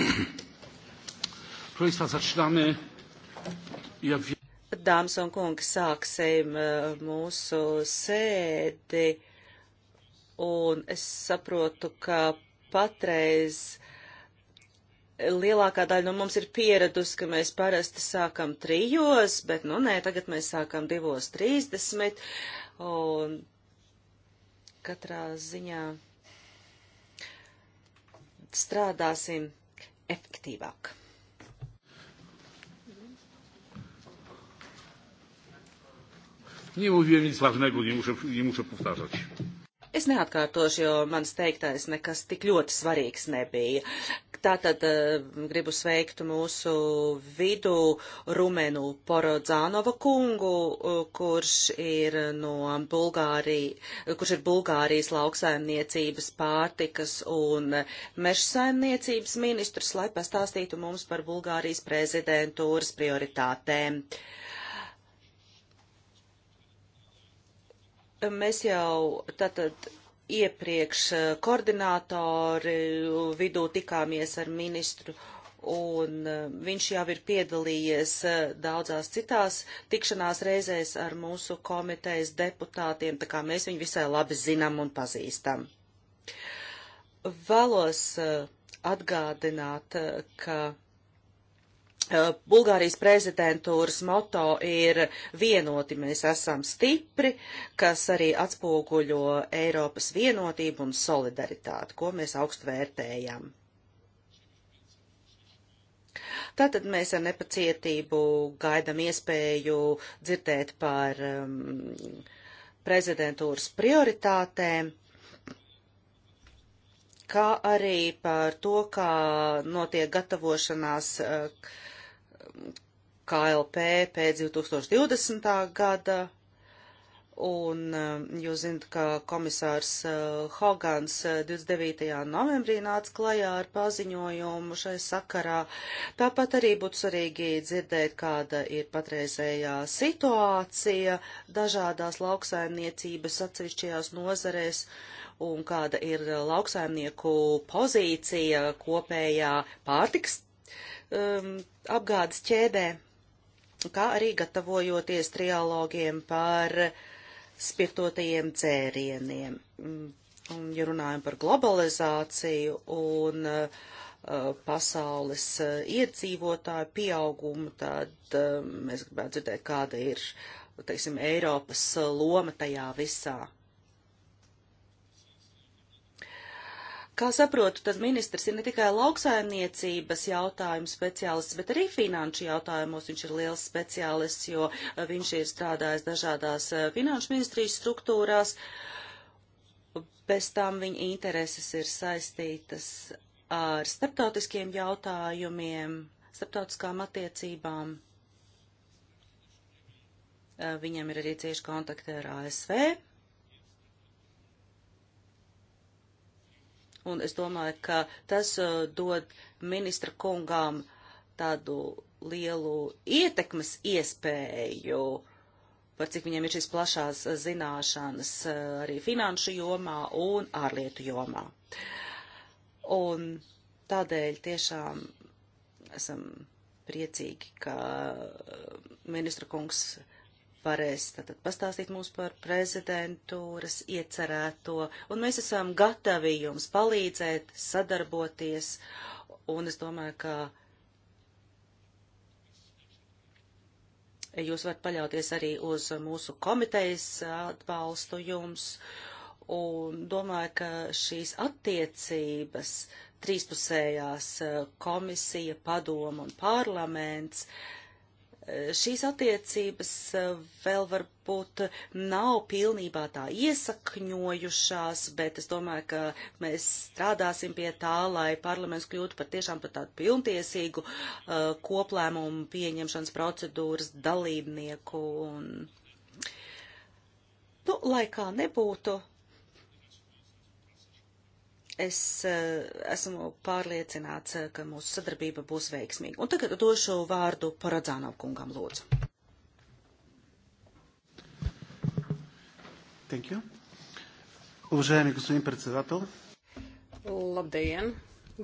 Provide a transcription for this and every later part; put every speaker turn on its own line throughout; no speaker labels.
Dāmas un kungi, sāksim e, mūsu sēdi, un es saprotu, ka patreiz lielākā daļa no mums ir pieradusi, ka mēs parasti sākam trijos, bet nu nē, tagad mēs sākam divos trīsdesmit, un katrā ziņā strādāsim efektīvāk.
Nie mówiłem nic ważnego, nie muszę, nie muszę powtarzać.
Es neatkārtošu, jo mans teiktais nekas tik ļoti svarīgs nebija. Tātad eh, gribu sveikt mūsu vidu Rumenu Porodzānova kungu, eh, kurš ir no Bulgārija, kurš ir Bulgārijas lauksaimniecības pārtikas un mežsaimniecības ministrs, lai pastāstītu mums par Bulgārijas prezidentūras prioritātēm. Uh, Mēs jau tātad iepriekš eh, koordinātori vidū tikāmies ar ministru un eh, viņš jau ir piedalījies eh, daudzās citās tikšanās reizēs ar mūsu komitejas deputātiem, tā kā mēs viņu visai labi zinām un pazīstam. Vēlos atgādināt, ka Eh, Bulgārijas prezidentūras moto ir vienoti mēs esam stipri, kas arī atspoguļo Eiropas vienotību un solidaritāti, ko mēs augstu vērtējam. Tātad mēs ar nepacietību gaidam iespēju dzirdēt par um, prezidentūras prioritātēm kā arī par to, kā notiek gatavošanās uh, KLP pēc 2020. gada. Un um, jūs zinat, ka komisārs uh, Hogans 29. Uh, novembrī nāca klajā ar paziņojumu šai sakarā. Tāpat arī būtu svarīgi dzirdēt, kāda ir patreizējā situācija dažādās lauksaimniecības atsevišķajās nozarēs un kāda ir uh, lauksaimnieku pozīcija kopējā pārtiks um, apgādes ķēdē kā arī gatavojoties trialogiem par spirtotajiem dzērieniem. Mm, un, ja runājam par globalizāciju un uh, pasaules uh, iedzīvotāju pieaugumu, tad uh, mēs gribētu dzirdēt, kāda ir, teiksim, Eiropas loma tajā visā. Kā saprotu, tad ministrs ir ne tikai lauksaimniecības jautājumu speciālists, bet arī finanšu jautājumos viņš ir liels speciālists, jo eh, viņš ir strādājis dažādās eh, finanšu ministrijas struktūrās. Bez tam viņa intereses ir saistītas ar starptautiskiem jautājumiem, starptautiskām attiecībām. Eh, viņam ir arī cieši kontakti ar ASV. Un es domāju, ka tas uh, dod ministra kungām tādu lielu ietekmes iespēju, par cik viņiem ir šīs plašās zināšanas uh, arī finanšu jomā un ārlietu jomā. Un tādēļ tiešām esam priecīgi, ka ministra kungs uh, varēs tātad pastāstīt mums par prezidentūras iecerēto, un mēs esam gatavi jums palīdzēt, sadarboties, un es domāju, ka jūs varat paļauties arī uz mūsu komitejas atbalstu jums, un domāju, ka šīs attiecības trīspusējās eh, komisija, padoma un parlaments uh, šīs attiecības eh, vēl varbūt nav pilnībā tā iesakņojušās, bet es domāju, ka mēs strādāsim pie tā, lai parlaments kļūtu pat tiešām par tādu pilntiesīgu uh, koplēmumu pieņemšanas procedūras dalībnieku. Un, nu, lai kā nebūtu, es eh, esmu pārliecināts, eh, ka mūsu sadarbība būs veiksmīga. Un tagad došu vārdu Paradzānav kungam lūdzu.
Thank you. Уважаеми господин председател. Labdien!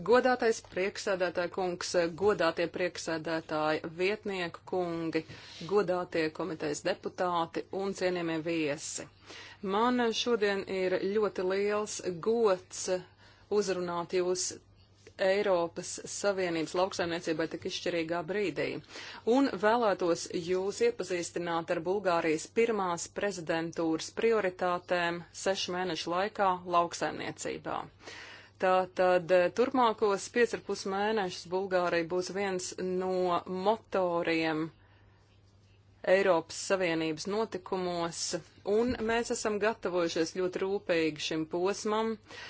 Godātais prieksēdētāja kungs, godātie prieksēdētāji vietnieku kungi, godātie komitejas deputāti un cienījamie viesi. Man šodien ir ļoti liels gods uzrunāt jūs Eiropas Savienības lauksaimniecībai tik izšķirīgā brīdī. Un vēlētos jūs iepazīstināt ar Bulgārijas pirmās prezidentūras prioritātēm sešu mēnešu laikā lauksaimniecībā. Tātad turpmākos 5,5 mēnešus Bulgārija būs viens no motoriem Eiropas Savienības notikumos, un mēs esam gatavojušies ļoti rūpīgi šim posmam. Uh,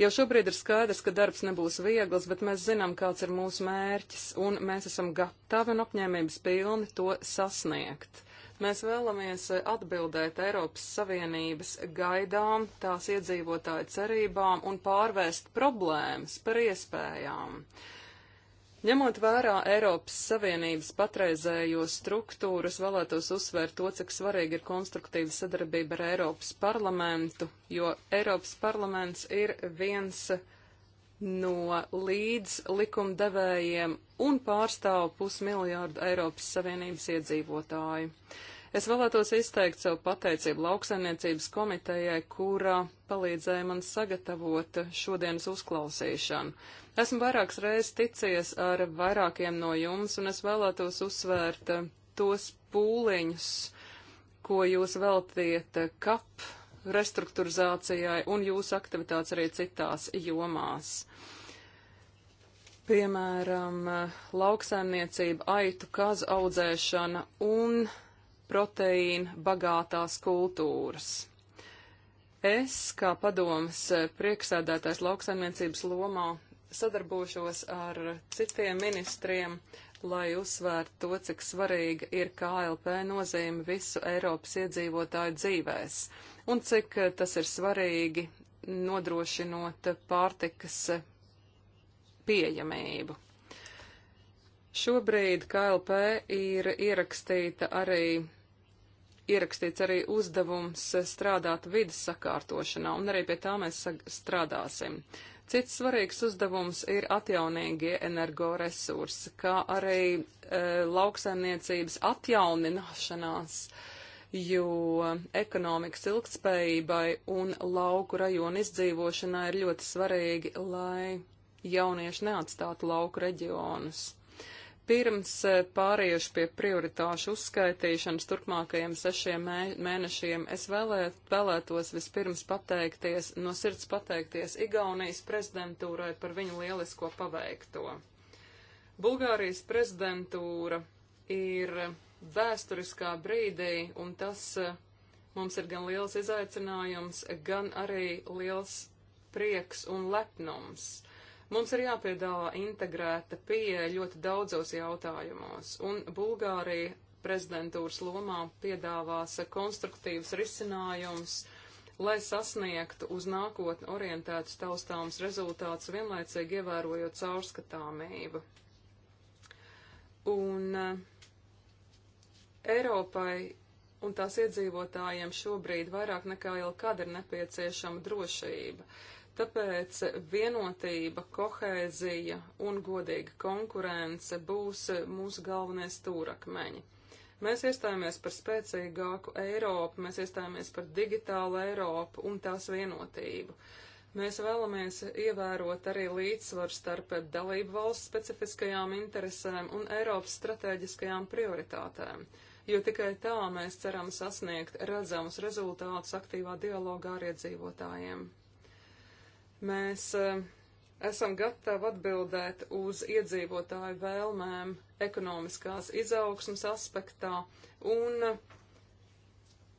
Jau šobrīd ir skaidrs, ka darbs nebūs viegls, bet mēs zinām, kāds ir mūsu mērķis, un mēs esam gatavi un apņēmības pilni to sasniegt. Mēs vēlamies atbildēt Eiropas Savienības gaidām, tās iedzīvotāju cerībām un pārvērst problēmas par iespējām. Uh, Ņemot vērā Eiropas Savienības patreizējo struktūru, es vēlētos uzsvērt to, cik svarīgi ir konstruktīva sadarbība ar Eiropas parlamentu, jo Eiropas parlaments ir viens no līdz likumdevējiem un pārstāv pusmiljārdu Eiropas Savienības iedzīvotāju. Es vēlētos izteikt savu pateicību lauksaimniecības komitejai, kura palīdzēja man sagatavot šodienas uzklausīšanu. Esmu vairākas reizes ticies ar vairākiem no jums, un es vēlētos uzsvērt eh, tos pūliņus, ko jūs veltiet eh, kap restruktūrizācijai un jūsu aktivitātes arī citās jomās. Piemēram, eh, lauksaimniecība, aitu kazu audzēšana un proteīna bagātās kultūras. Es, kā padomas prieksēdētājs lauksaimniecības lomā, sadarbošos ar citiem ministriem, lai uzsvērtu to, cik svarīga ir KLP nozīme visu Eiropas iedzīvotāju dzīvēs un cik tas ir svarīgi nodrošinot pārtikas pieejamību. Šobrīd KLP ir ierakstīta arī ierakstīts arī uzdevums strādāt vidas sakārtošanā, un arī pie tā mēs strādāsim. Cits svarīgs uzdevums ir atjaunīgie energoresursi, kā arī e, lauksaimniecības atjaunināšanās, jo ekonomikas ilgtspējībai un lauku rajonu izdzīvošanai ir ļoti svarīgi, lai jaunieši neatstātu lauku reģionus. Pirms eh, pāriešu pie prioritāšu uzskaitīšanas turpmākajiem sešiem mēnešiem, es vēlēt, vēlētos vispirms pateikties, no sirds pateikties Igaunijas prezidentūrai par viņu lielisko paveikto. Bulgārijas prezidentūra ir vēsturiskā brīdī, un tas eh, mums ir gan liels izaicinājums, gan arī liels prieks un lepnums. Mums ir jāpiedāvā integrēta pieeja ļoti daudzos jautājumos, un Bulgārija prezidentūras lomā piedāvās konstruktīvs risinājums, lai sasniegtu uz nākotni orientētus taustāms rezultātus, vienlaicīgi ievērojot caurskatāmību. Un eh, Eiropai un tās iedzīvotājiem šobrīd vairāk nekā jebkad ir nepieciešama drošība. Tāpēc vienotība, kohēzija un godīga konkurence būs mūsu galvenie stūrakmeņi. Mēs iestājāmies par spēcīgāku Eiropu, mēs iestājāmies par digitālu Eiropu un tās vienotību. Mēs vēlamies ievērot arī līdzsvaru starp dalību valsts specifiskajām interesēm un Eiropas strateģiskajām prioritātēm, jo tikai tā mēs ceram sasniegt redzamus rezultātus aktīvā dialogā ar iedzīvotājiem. Mēs eh, esam gatavi atbildēt uz iedzīvotāju vēlmēm ekonomiskās izaugsmas aspektā un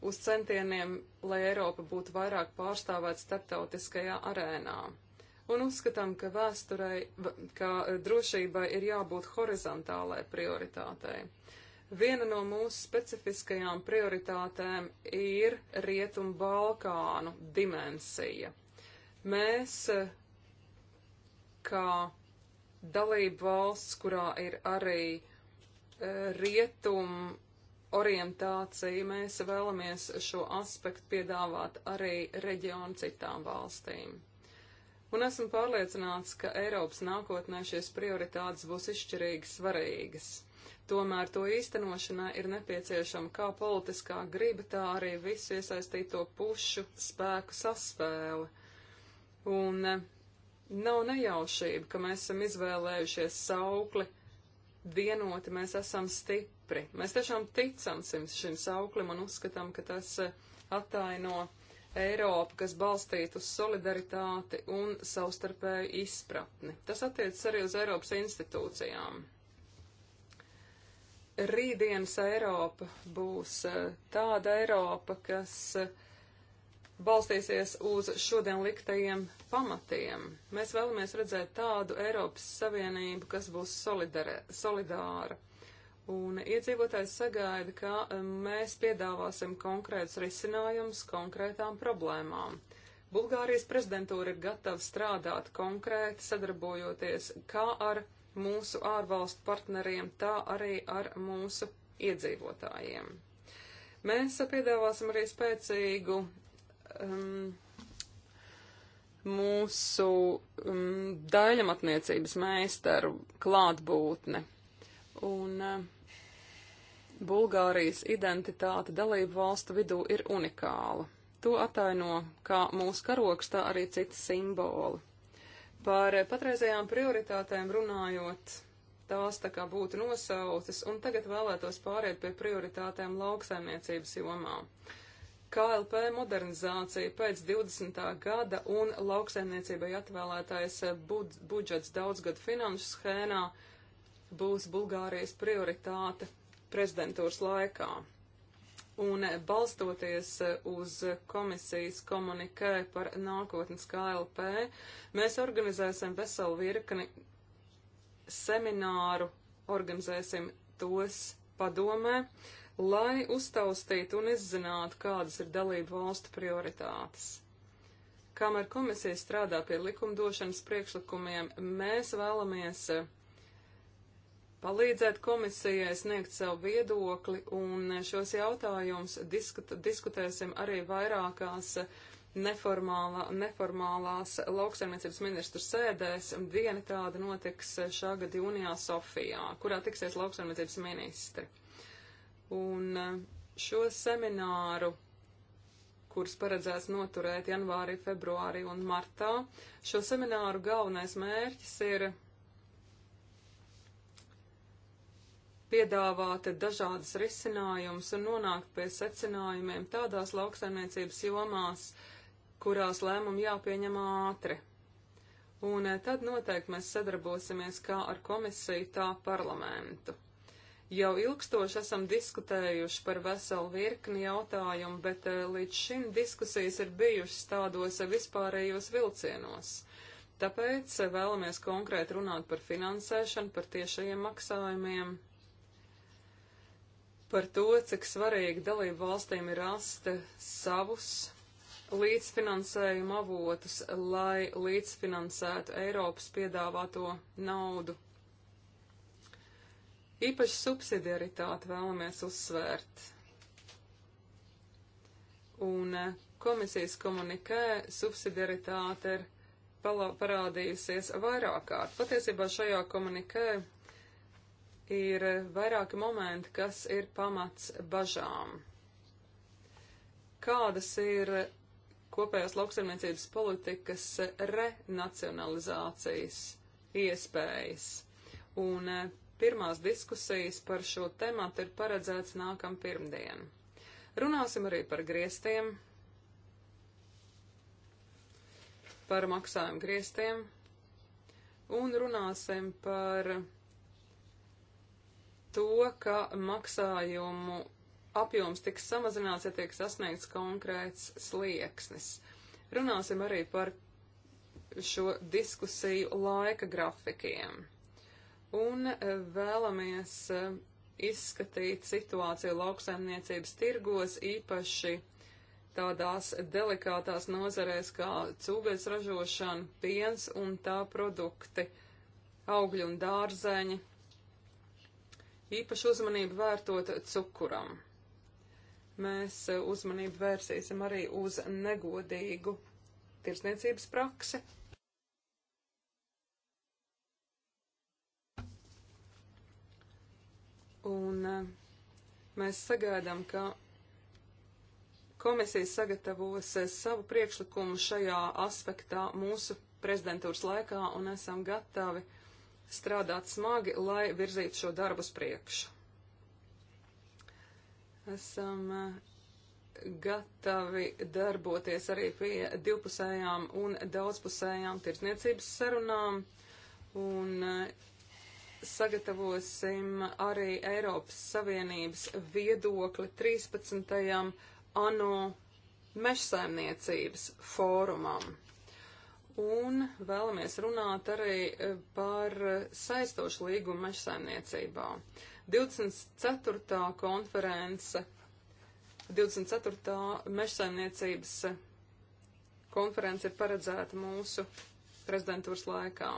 uz centieniem, lai Eiropa būtu vairāk pārstāvēta starptautiskajā arēnā. Un uzskatām, ka vēsturei, ka drošībai ir jābūt horizontālai prioritātei. Viena no mūsu specifiskajām prioritātēm ir Rietumu Balkānu dimensija. Mēs, kā dalība valsts, kurā ir arī e, rietumu orientācija, mēs vēlamies šo aspektu piedāvāt arī reģionu citām valstīm. Un esmu pārliecināts, ka Eiropas nākotnē šīs prioritātes būs izšķirīgi svarīgas. Tomēr to īstenošanai ir nepieciešama kā politiskā griba, tā arī visu iesaistīto pušu spēku saspēle. Un eh, nav nejaušība, ka mēs esam izvēlējušies saukli vienoti, mēs esam stipri. Mēs tiešām ticam šim sauklim un uzskatām, ka tas eh, attaino Eiropu, kas balstītu uz solidaritāti un savstarpēju izpratni. Tas attiecas arī uz Eiropas institūcijām. Rītdienas Eiropa būs eh, tāda Eiropa, kas uh, balstīsies uz šodien liktajiem pamatiem. Mēs vēlamies redzēt tādu Eiropas Savienību, kas būs solidare, solidāra. Un iedzīvotājs sagaida, ka um, mēs piedāvāsim konkrēts risinājums konkrētām problēmām. Bulgārijas prezidentūra ir gatava strādāt konkrēti, sadarbojoties kā ar mūsu ārvalstu partneriem, tā arī ar mūsu iedzīvotājiem. Mēs piedāvāsim arī spēcīgu um, mūsu um, daļamatniecības meistaru klātbūtne. Un um, Bulgārijas identitāte dalību valstu vidū ir unikāla. To ataino kā mūsu karoks, tā arī citi simboli. Par patreizējām prioritātēm runājot, tās tā kā būtu nosautas, un tagad vēlētos pāriet pie prioritātēm lauksaimniecības jomā. Uh, KLP modernizācija pēc 20. gada un lauksaimniecībai atvēlētais eh, budžets daudzgadu finanšu schēnā būs Bulgārijas prioritāte prezidentūras laikā. Un eh, balstoties eh, uz komisijas komunikē par nākotnes KLP, mēs organizēsim veselu virkni semināru, organizēsim tos padomē. Uh, lai uztaustītu un izzinātu, kādas ir dalību valstu prioritātes. Kamēr komisija strādā pie likumdošanas priekšlikumiem, mēs vēlamies eh, palīdzēt komisijai sniegt savu viedokli, un šos jautājumus diskut, diskutēsim arī vairākās eh, neformālā, neformālās lauksaimniecības ministru sēdēs. Viena tāda notiks eh, šā gada jūnijā Sofijā, kurā tiksies lauksaimniecības ministri. Un eh, šo semināru, kurus paredzēs noturēt janvārī, februārī un martā, šo semināru galvenais mērķis ir piedāvāt dažādas risinājumus un nonākt pie secinājumiem tādās lauksaimniecības jomās, kurās lēmumi jāpieņem ātri. Un eh, tad noteikti mēs sadarbosimies kā ar komisiju, tā parlamentu. Jau ilgstoši esam diskutējuši par veselu virkni jautājumu, bet eh, līdz šim diskusijas ir bijušas tādos eh, vispārējos vilcienos. Tāpēc eh, vēlamies konkrēti runāt par finansēšanu, par tiešajiem maksājumiem, par to, cik svarīgi dalību valstīm ir rast savus līdzfinansējuma avotus, lai līdzfinansētu Eiropas piedāvāto naudu Īpaši subsidiaritāti vēlamies uzsvērt. Un eh, komisijas komunikē subsidiaritāte ir parādījusies vairāk kārt. Patiesībā šajā komunikē ir eh, vairāki momenti, kas ir pamats bažām. Kādas ir kopējās lauksaimniecības politikas renacionalizācijas iespējas? Un eh, Pirmās diskusijas par šo tematu ir paredzēts nākam pirmdien. Runāsim arī par griestiem, par maksājumu griestiem un runāsim par to, ka maksājumu apjoms tiks samazināts, ja tiek sasniegts konkrēts slieksnis. Runāsim arī par šo diskusiju laika grafikiem un e, vēlamies e, izskatīt situāciju lauksaimniecības tirgos īpaši tādās delikātās nozarēs kā cūgaļas ražošana, piens un tā produkti, augļi un dārzeņi. Īpaši uzmanību vērtot cukuram. Mēs e, uzmanību vērsīsim arī uz negodīgu tirsniecības praksi Un eh, mēs sagaidām, ka komisija sagatavos eh, savu priekšlikumu šajā aspektā mūsu prezidentūras laikā un esam gatavi strādāt smagi, lai virzītu šo darbu uz priekšu. Esam eh, gatavi darboties arī pie divpusējām un daudzpusējām tirsniecības sarunām. Un sagatavosim arī Eiropas Savienības viedokli 13. ANO mežsaimniecības fórumam. Un vēlamies runāt arī e, par saistošu līgumu mežsaimniecībā. 24. konference, 24. mežsaimniecības konference ir paredzēta mūsu prezidentūras laikā.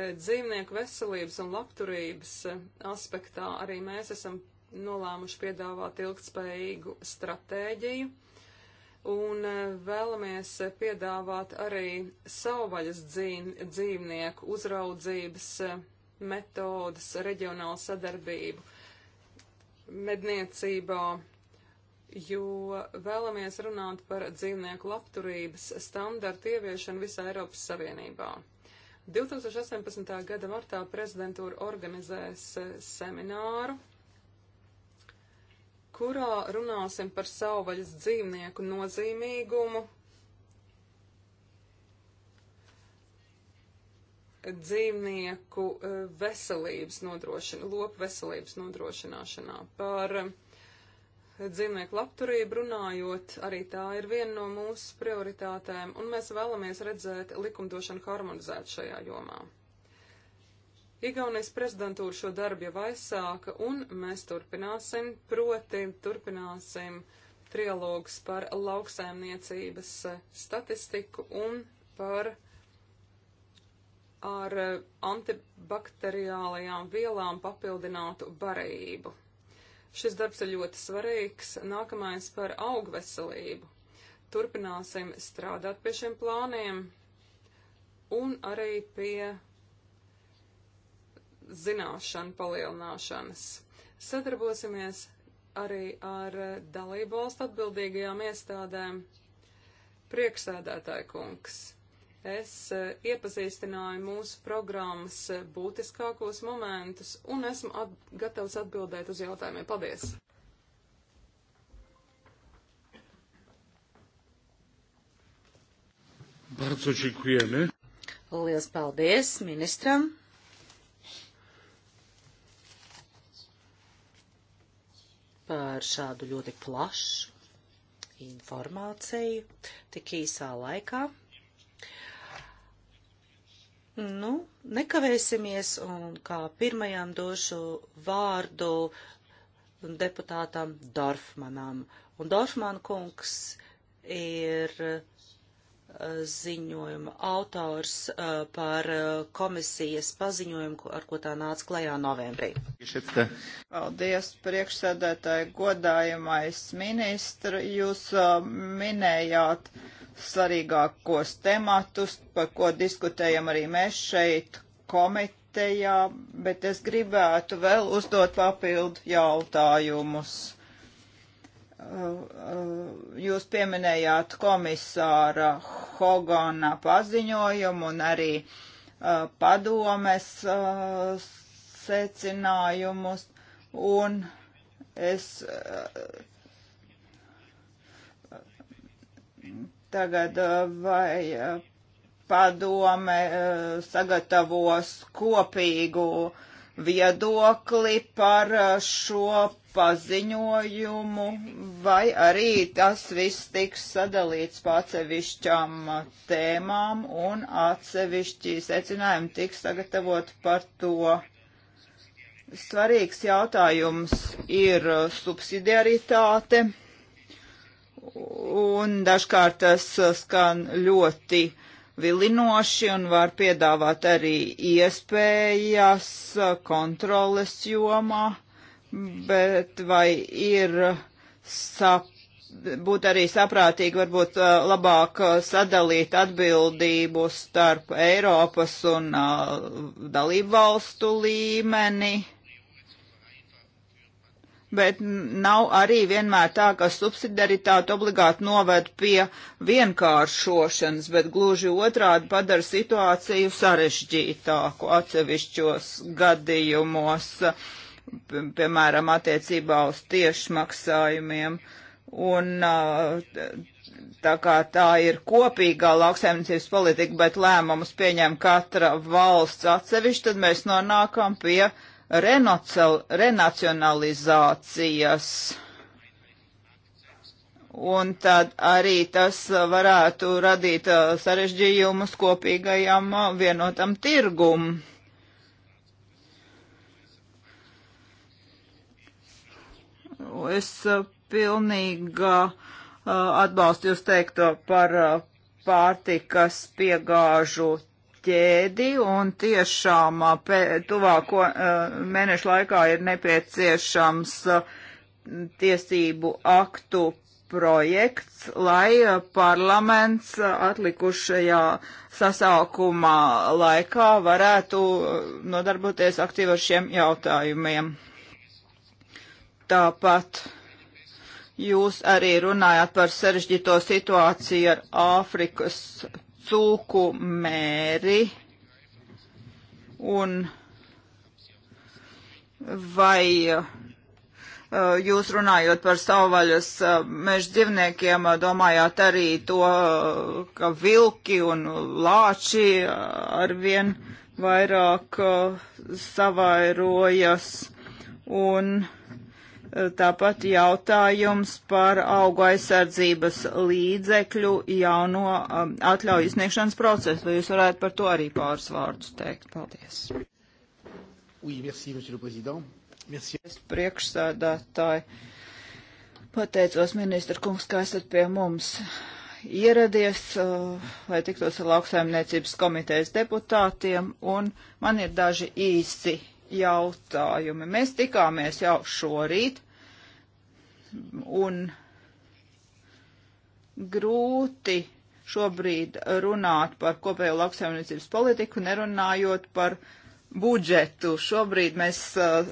Eh, dzīvnieku veselības un labturības eh, aspektā arī mēs esam nolēmuši piedāvāt ilgtspējīgu stratēģiju un eh, vēlamies piedāvāt arī savvaļas dzīv, dzīvnieku uzraudzības metodas, reģionālu sadarbību medniecībā, jo vēlamies runāt par dzīvnieku labturības standartu ieviešanu visā Eiropas Savienībā. 2018. gada martā prezidentūra organizēs eh, semināru, kurā runāsim par savvaļas dzīvnieku nozīmīgumu dzīvnieku eh, veselības nodrošina, lopu veselības nodrošināšanā, par dzīvnieku labturību runājot, arī tā ir viena no mūsu prioritātēm, un mēs vēlamies redzēt likumdošanu harmonizēt šajā jomā. Igaunijas prezidentūra šo darbu jau aizsāka, un mēs turpināsim, proti turpināsim trialogus par lauksaimniecības statistiku un par ar eh, antibakteriālajām vielām papildinātu barību. Šis darbs ir ļoti svarīgs. Nākamais par augveselību. Turpināsim strādāt pie šiem plāniem un arī pie zināšanu palielināšanas. Sadarbosimies arī ar dalību valstu atbildīgajām iestādēm. Prieksēdētāji kungs, Es eh, iepazīstināju mūsu programmas eh, būtiskākos momentus un esmu at gatavs atbildēt uz jautājumiem. Paldies!
Bardzo dziękujemy. Lielas paldies ministram. Par šādu ļoti plašu informāciju tik īsā laikā. Nu, nekavēsimies un kā pirmajam došu vārdu deputātam Dorfmanam. Un Dorfman kungs ir eh, ziņojuma autors eh, par eh, komisijas paziņojumu, ar ko tā nāca klajā novembrī.
Paldies, priekšsēdētāji, godājamais ministri. Jūs minējāt. Uh, svarīgākos tematus, par ko diskutējam arī mēs šeit komitejā, bet es gribētu vēl uzdot papildu jautājumus. Uh, uh, jūs pieminējāt komisāra Hogana paziņojumu un arī uh, padomes secinājumus, un es Tagad uh, vai uh, padome uh, sagatavos kopīgu viedokli par šo paziņojumu, vai arī tas viss tiks sadalīts pa atsevišķām tēmām un atsevišķi secinājumi tiks sagatavot par to. Svarīgs jautājums ir subsidiaritāte un dažkārt tas skan ļoti vilinoši un var piedāvāt arī iespējas kontroles jomā, bet vai ir sap, būt arī saprātīgi varbūt uh, labāk uh, sadalīt atbildību starp Eiropas un uh, dalību valstu līmeni? bet nav arī vienmēr tā, ka subsidiaritāte obligāti noved pie vienkāršošanas, bet gluži otrādi padara situāciju sarežģītāku atsevišķos gadījumos, piemēram, attiecībā uz tiešmaksājumiem. Un tā kā tā ir kopīgā lauksaimniecības politika, bet lēmumus pieņem katra valsts atsevišķi, tad mēs nonākam pie uh, renacionalizācijas. Un tad arī tas varētu radīt uh, sarežģījumus kopīgajam uh, vienotam tirgumam. Es uh, pilnīgi atbalstu jūs teikto par pārtikas piegāžu ķēdi un tiešām uh, tuvāko uh, mēnešu laikā ir nepieciešams uh, tiesību aktu projekts, lai parlaments atlikušajā sasaukumā laikā varētu nodarboties aktīvi ar šiem jautājumiem. Tāpat jūs arī runājāt par sarežģīto situāciju ar Āfrikas cūku mēri un vai uh, jūs runājot par savvaļas uh, meža dzīvniekiem, uh, domājāt arī to, ka vilki un lāči arvien vairāk savairojas un Tāpat jautājums par augu aizsardzības līdzekļu jauno um, atļauju izsniegšanas procesu. Vai jūs varētu par to arī pāris vārdus teikt? Paldies. Oui, merci, monsieur le président. Merci. Es priekšsēdētāji pateicos, ministra kungs, ka esat pie mums ieradies, uh, lai tiktos ar lauksaimniecības komitejas deputātiem, un man ir daži īsi jautājumi. Mēs tikāmies jau šorīt un grūti šobrīd runāt par kopējo lauksaimniecības politiku, nerunājot par budžetu. Šobrīd mēs uh,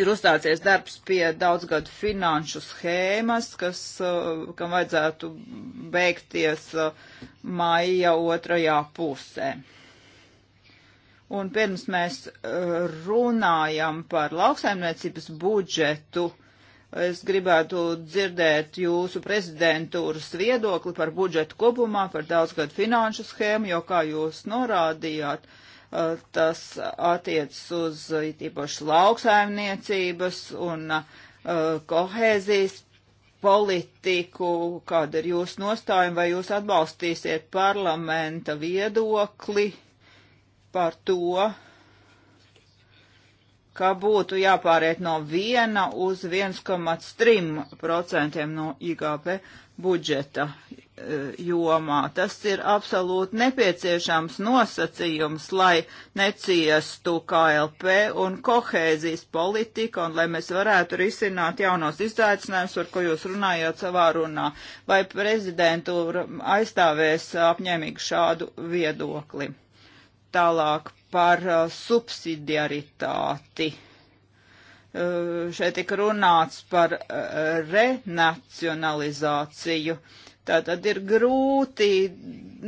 ir uzstācies darbs pie daudzgadu finanšu schēmas, kas, uh, kam vajadzētu beigties uh, maija otrajā pusē. Un pirms mēs eh, runājam par lauksaimniecības budžetu, es gribētu dzirdēt jūsu prezidentūras viedokli par budžetu kopumā, par daudzgadu finanšu schēmu, jo, kā jūs norādījāt, eh, tas attiecas uz eh, īpaši lauksaimniecības un uh, kohēzijas politiku, kāda ir jūsu nostājuma, vai jūs atbalstīsiet parlamenta viedokli par to, ka būtu jāpāriet no 1 uz 1,3% no IKP budžeta eh, jomā. Tas ir absolūti nepieciešams nosacījums, lai neciestu KLP un kohēzijas politika, un lai mēs varētu risināt jaunos izaicinājumus, par ko jūs runājāt savā runā. Vai prezidentūra aizstāvēs apņēmīgi šādu viedokli? Tālāk par uh, subsidiaritāti. Uh, šeit tika runāts par uh, renacionalizāciju. Uh, Tātad ir grūti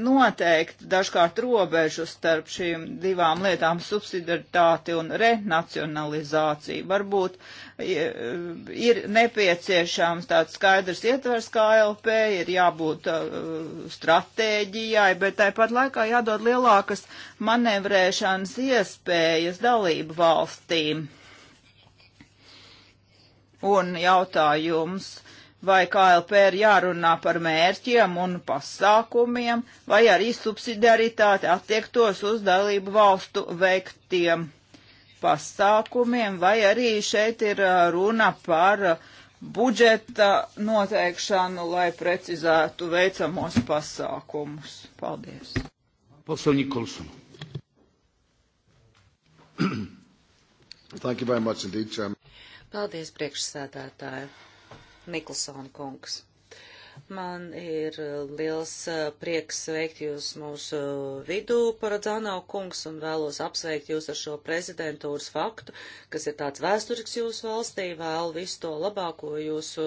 noteikt dažkārt robežu starp šīm divām lietām - subsidiaritāti un renacionalizāciju. Varbūt ir nepieciešams tāds skaidrs ietvers kā LP, ir jābūt uh, stratēģijai, bet tāpat laikā jādod lielākas manevrēšanas iespējas dalību valstīm. Un jautājums vai KLP ir jārunā par mērķiem un pasākumiem, vai arī subsidiaritāte attiektos uz dalību valstu veiktiem pasākumiem, vai arī šeit ir runa par budžeta noteikšanu, lai precizētu veicamos pasākumus. Paldies.
Posel Nikolson. Thank you very much indeed, Chairman. Paldies, priekšsēdētāji. Niklsona kungs. Man ir uh, liels uh, prieks sveikt jūs mūsu uh, vidū, Paradzānau kungs, un vēlos apsveikt jūs ar šo prezidentūras faktu, kas ir tāds vēsturisks jūsu valstī, vēl visu to labāko jūsu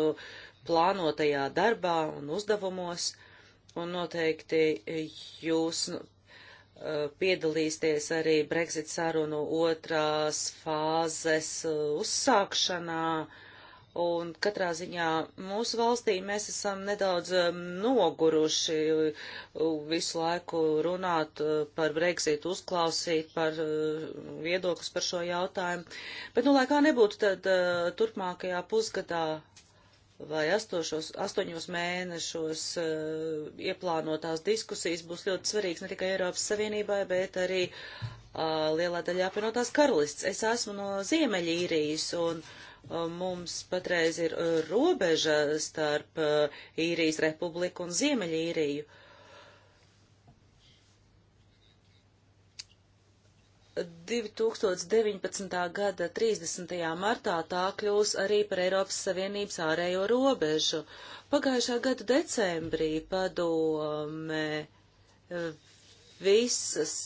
plānotajā darbā un uzdevumos, un noteikti jūs nu, piedalīsties arī Brexit sarunu otrās fāzes uzsākšanā. Uh, Un katrā ziņā mūsu valstī mēs esam nedaudz um, noguruši visu laiku runāt uh, par Brexit, uzklausīt par uh, viedoklis par šo jautājumu. Bet, nu, lai kā nebūtu, tad uh, turpmākajā pusgadā vai astošos, astoņos mēnešos ieplānotās diskusijas būs ļoti svarīgas ne tikai Eiropas Savienībai, bet arī lielā daļā apvienotās karalists. Es esmu no Ziemeļīrijas un. Uh, mums patreiz ir uh, robeža starp uh, īrijas republiku un Ziemeļīriju. gada 30. martā tā kļūs arī par Eiropas Savienības ārējo robežu. Pagājušā gada decembrī padome visas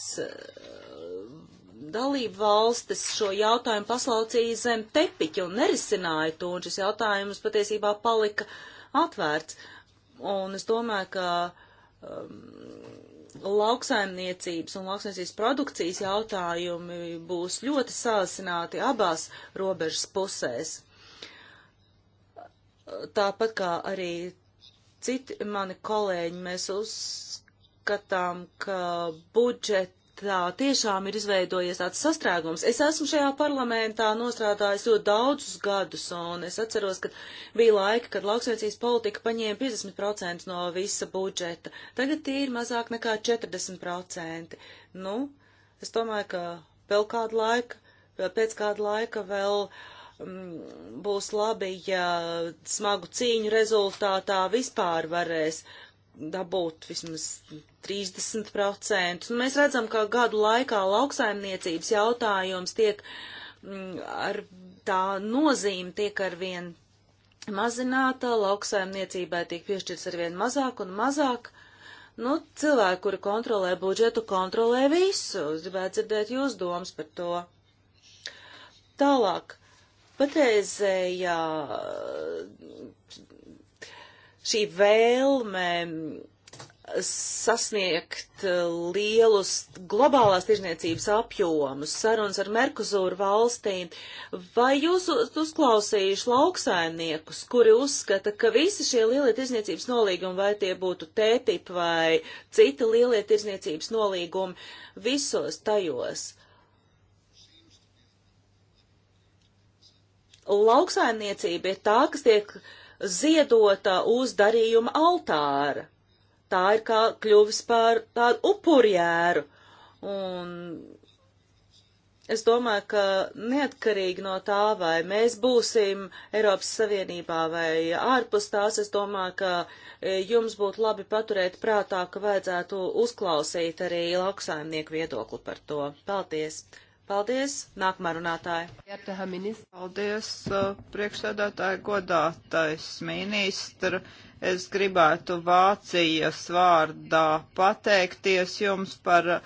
dalību valstis šo jautājumu paslaucīja zem tepiķa un nerisināja to, un šis jautājums patiesībā palika atvērts. Un es domāju, ka um, lauksaimniecības un lauksaimniecības produkcijas jautājumi būs ļoti sāsināti abās robežas pusēs. Tāpat kā arī citi mani kolēģi, mēs uzskatām, ka budžeta tā tiešām ir izveidojies tāds sastrēgums. Es esmu šajā parlamentā nostrādājis ļoti daudzus gadus, un es atceros, ka bija laika, kad lauksaimniecības politika paņēma 50% no visa budžeta. Tagad tie ir mazāk nekā 40%. Nu, es domāju, ka vēl kādu laiku, pēc kādu laika vēl mm, būs labi, ja smagu cīņu rezultātā vispār varēs dabūt vismaz 30%. Un mēs redzam, ka gadu laikā lauksaimniecības jautājums tiek mm, ar tā nozīme tiek arvien mazināta, lauksaimniecībai tiek piešķirts arvien mazāk un mazāk. Nu, cilvēki, kuri kontrolē budžetu, kontrolē visu. Es gribētu dzirdēt jūs domas par to. Tālāk. Patreizējā šī vēlme sasniegt lielus globālās tirzniecības apjomus, sarunas ar Merkuzūru valstīm, vai jūs uzklausījuši lauksainiekus, kuri uzskata, ka visi šie lielie tirzniecības nolīgumi, vai tie būtu tētip vai citi lielie tirzniecības nolīgumi, visos tajos lauksaimniecība ir tā, kas tiek ziedota uh, uz darījuma altāra. Tā ir kā kļuvis par tādu upurjēru. Un es domāju, ka neatkarīgi no tā, vai mēs būsim Eiropas Savienībā vai ārpus tās, es domāju, ka e, jums būtu labi paturēt prātā, ka vajadzētu uzklausīt arī lauksaimnieku viedokli par to. Paldies! Paldies, nākamā runātāja.
Paldies, uh, priekšsēdētāja godātais ministra. Es gribētu Vācijas vārdā pateikties jums par uh,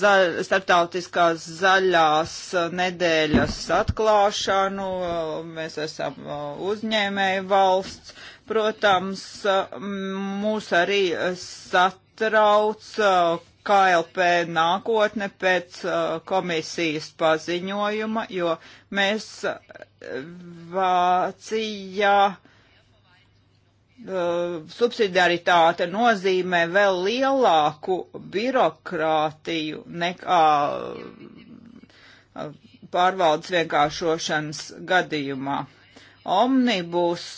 zaļ, starptautiskās zaļās uh, nedēļas atklāšanu. Mēs esam uzņēmēji valsts. Protams, mūs arī satrauc KLP nākotne pēc uh, komisijas paziņojuma, jo mēs uh, Vācijā uh, subsidiaritāte nozīmē vēl lielāku birokrātiju nekā pārvaldes vienkāršošanas gadījumā. Omnibus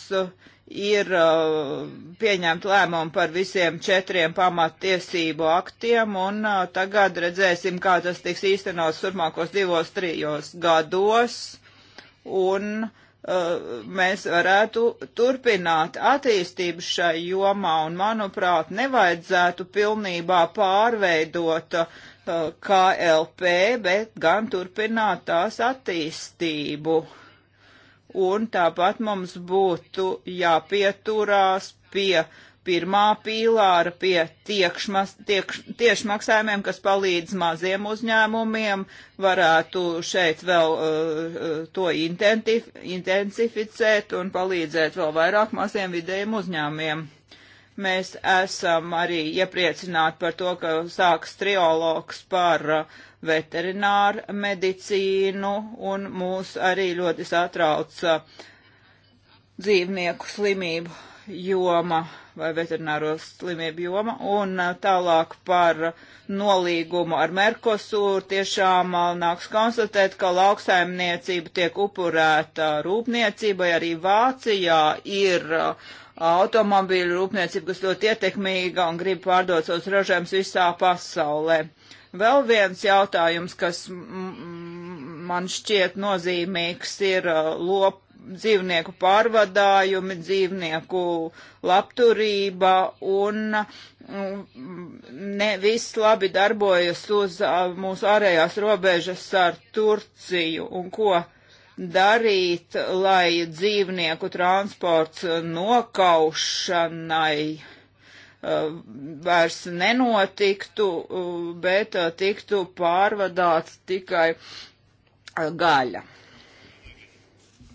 ir uh, pieņemt lēmumu par visiem četriem pamattiesību aktiem, un uh, tagad redzēsim, kā tas tiks īstenos turpmākos divos, trijos gados, un uh, mēs varētu turpināt attīstību šai jomā, un, manuprāt, nevajadzētu pilnībā pārveidot uh, KLP, bet gan turpināt tās attīstību un tāpat mums būtu jāpieturās pie pirmā pīlāra, pie tiekšmas, tiekš, tiešmaksājumiem, kas palīdz maziem uzņēmumiem, varētu šeit vēl uh, uh to intensif, intensificēt un palīdzēt vēl vairāk maziem vidējiem uzņēmumiem. Mēs esam arī iepriecināti par to, ka sāks triologs par uh, veterināru medicīnu un mūs arī ļoti satrauc uh, dzīvnieku slimību joma vai veterināro slimību joma un uh, tālāk par nolīgumu ar Merkosūru tiešām uh, nāks konstatēt, ka lauksaimniecība tiek upurēta rūpniecībai. Arī Vācijā ir automobīļu rūpniecība, kas ļoti ietekmīga un grib pārdot savus ražojumus visā pasaulē. Vēl viens jautājums, kas man šķiet nozīmīgs, ir uh, lop, dzīvnieku pārvadājumi, dzīvnieku labturība un mm, ne viss labi darbojas uz uh, mūsu ārējās robežas ar Turciju un ko darīt, lai dzīvnieku transports nokaušanai Uh, vairs nenotiktu, uh, bet uh, tiktu pārvadāts tikai gaļa.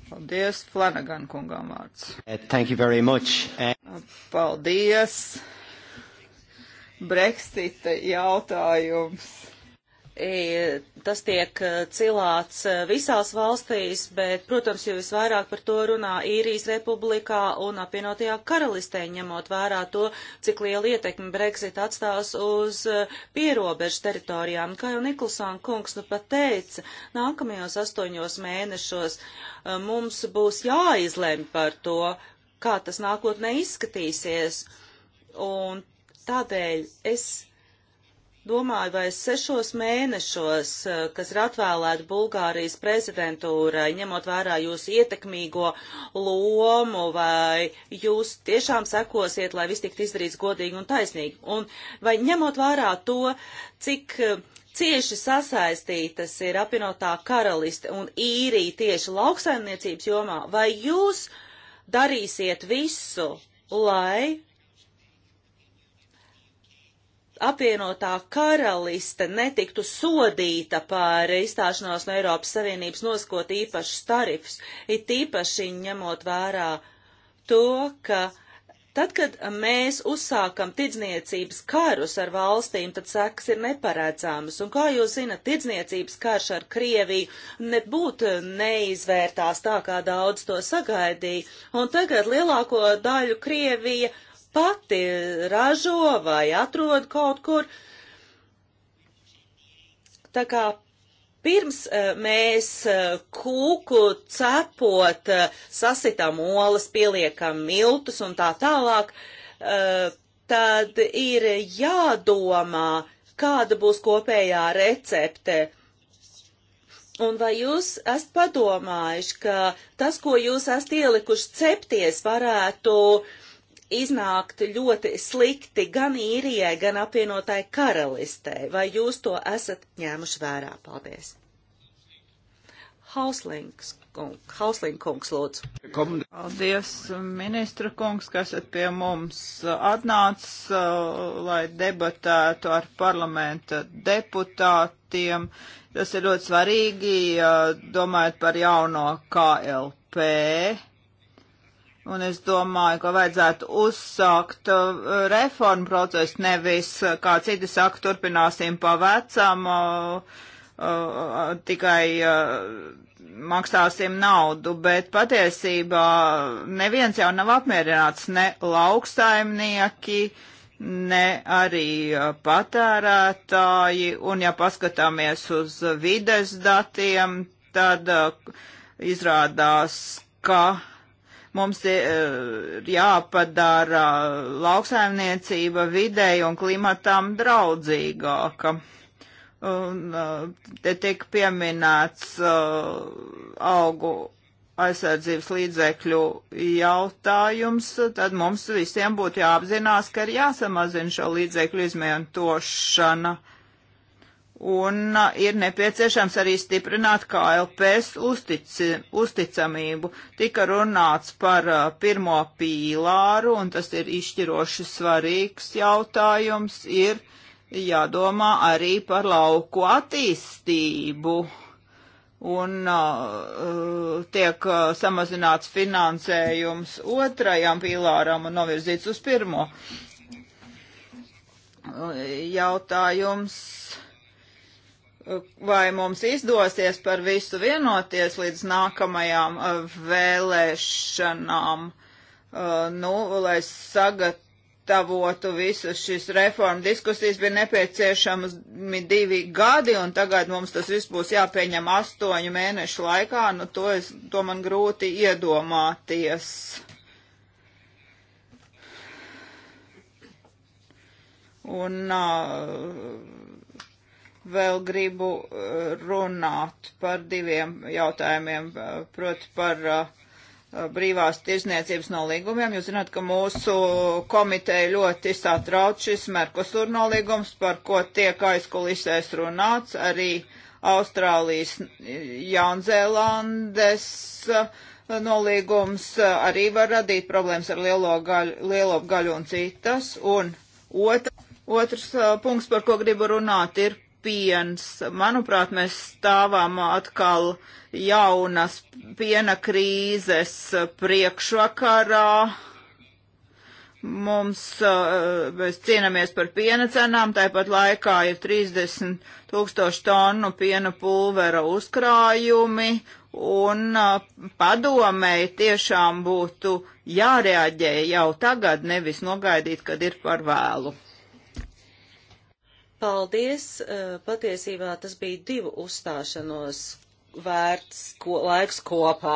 Paldies, Flanagan kungam vārds. Thank you very much. Paldies.
Brexita jautājums tas tiek uh, cilāts uh, visās valstīs, bet, protams, jau visvairāk par to runā īrijas republikā un apvienotajā karalistē, ņemot vērā to, cik liela ietekme Brexit atstās uz uh, pierobežu teritorijām. Kā jau Niklsona kungs nu pat teica, nākamajos astoņos mēnešos mums būs jāizlem par to, kā tas nākotnē izskatīsies. Un tādēļ es domāju, vai sešos mēnešos, eh, kas ir atvēlēti Bulgārijas prezidentūrai, ņemot vērā jūsu ietekmīgo lomu, vai jūs tiešām sekosiet, lai viss tiktu izdarīts godīgi un taisnīgi? Un vai ņemot vērā to, cik eh, cieši sasaistītas ir apvienotā karaliste un īrija tieši lauksaimniecības jomā, vai jūs darīsiet visu, lai apvienotā karaliste netiktu sodīta par izstāšanos no Eiropas Savienības noskot īpašus tarifus, it īpaši ņemot vērā to, ka tad, kad mēs uzsākam tirdzniecības karus ar valstīm, tad sekas ir neparedzāmas. Un kā jūs zinat, tirdzniecības karš ar Krieviju nebūtu neizvērtās tā, kā daudz to sagaidīja. Un tagad lielāko daļu Krievija pati ražo vai atrod kaut kur. Tā kā pirms e, mēs e, kūku cepot, e, sasitām olas, pieliekam miltus un tā tālāk, tad ir jādomā, kāda būs kopējā recepte. Un vai jūs esat padomājuši, ka tas, ko jūs esat ielikuši cepties, varētu uh, iznākt ļoti slikti gan īrijai, gan apvienotai karalistei. Vai jūs to esat ņēmuši vērā? Paldies! Hauslinks kungs, Hauslink
kungs lūdzu. Paldies, ministra kungs, kas esat pie mums uh, atnācis, uh, lai debatētu ar parlamenta deputātiem. Tas ir ļoti svarīgi, uh, domājot par jauno KLP Un es domāju, ka vajadzētu uzsākt uh, reformu procesu, nevis, uh, kā citi saka, turpināsim pa vecam, uh, tikai maksāsim naudu, bet patiesībā neviens jau nav apmierināts, ne lauksaimnieki, ne arī patērētāji, un ja paskatāmies uz vides datiem, tad izrādās, ka Mums ir eh, jāpadara lauksaimniecība videi un klimatām draudzīgāka. Un eh, te tiek pieminēts eh, augu aizsardzības līdzekļu jautājums, tad mums visiem būtu jāapzinās, ka ir jāsamazina šo līdzekļu izmantošana. Uh, Un ir nepieciešams arī stiprināt KLPs uztici, uzticamību. Tika runāts par pirmo pīlāru, un tas ir izšķiroši svarīgs jautājums, ir jādomā arī par lauku attīstību. Un uh, tiek samazināts finansējums otrajam pīlāram un novirzīts uz pirmo. Jautājums vai mums izdosies par visu vienoties līdz nākamajām uh, vēlēšanām, uh, nu, lai sagatavotu visu šis reformu diskusijas, bija nepieciešami divi gadi, un tagad mums tas viss būs jāpieņem astoņu mēnešu laikā, nu, to, es, to man grūti iedomāties. Un uh, vēl gribu eh, runāt par diviem jautājumiem, eh, proti par eh, brīvās tirzniecības nolīgumiem. Jūs zināt, ka mūsu komiteja ļoti satrauc šis Merkosur nolīgums, par ko tiek aizkulisēs runāts arī Austrālijas, Jaunzēlandes nolīgums arī var radīt problēmas ar lielo gaļu, lielo gaļu un citas. Un otra, otrs punkts, par ko gribu runāt, ir piens. Manuprāt, mēs stāvām atkal jaunas piena krīzes priekšvakarā. Mums, eh, mēs cīnāmies par piena cenām, tāpat laikā ir 30 tūkstoši tonu piena pulvera uzkrājumi, un eh, padomēji tiešām būtu jārēģē jau tagad, nevis nogaidīt, kad
ir par vēlu. Paldies! Eh, patiesībā tas bija divu uzstāšanos vērts ko, laiks kopā.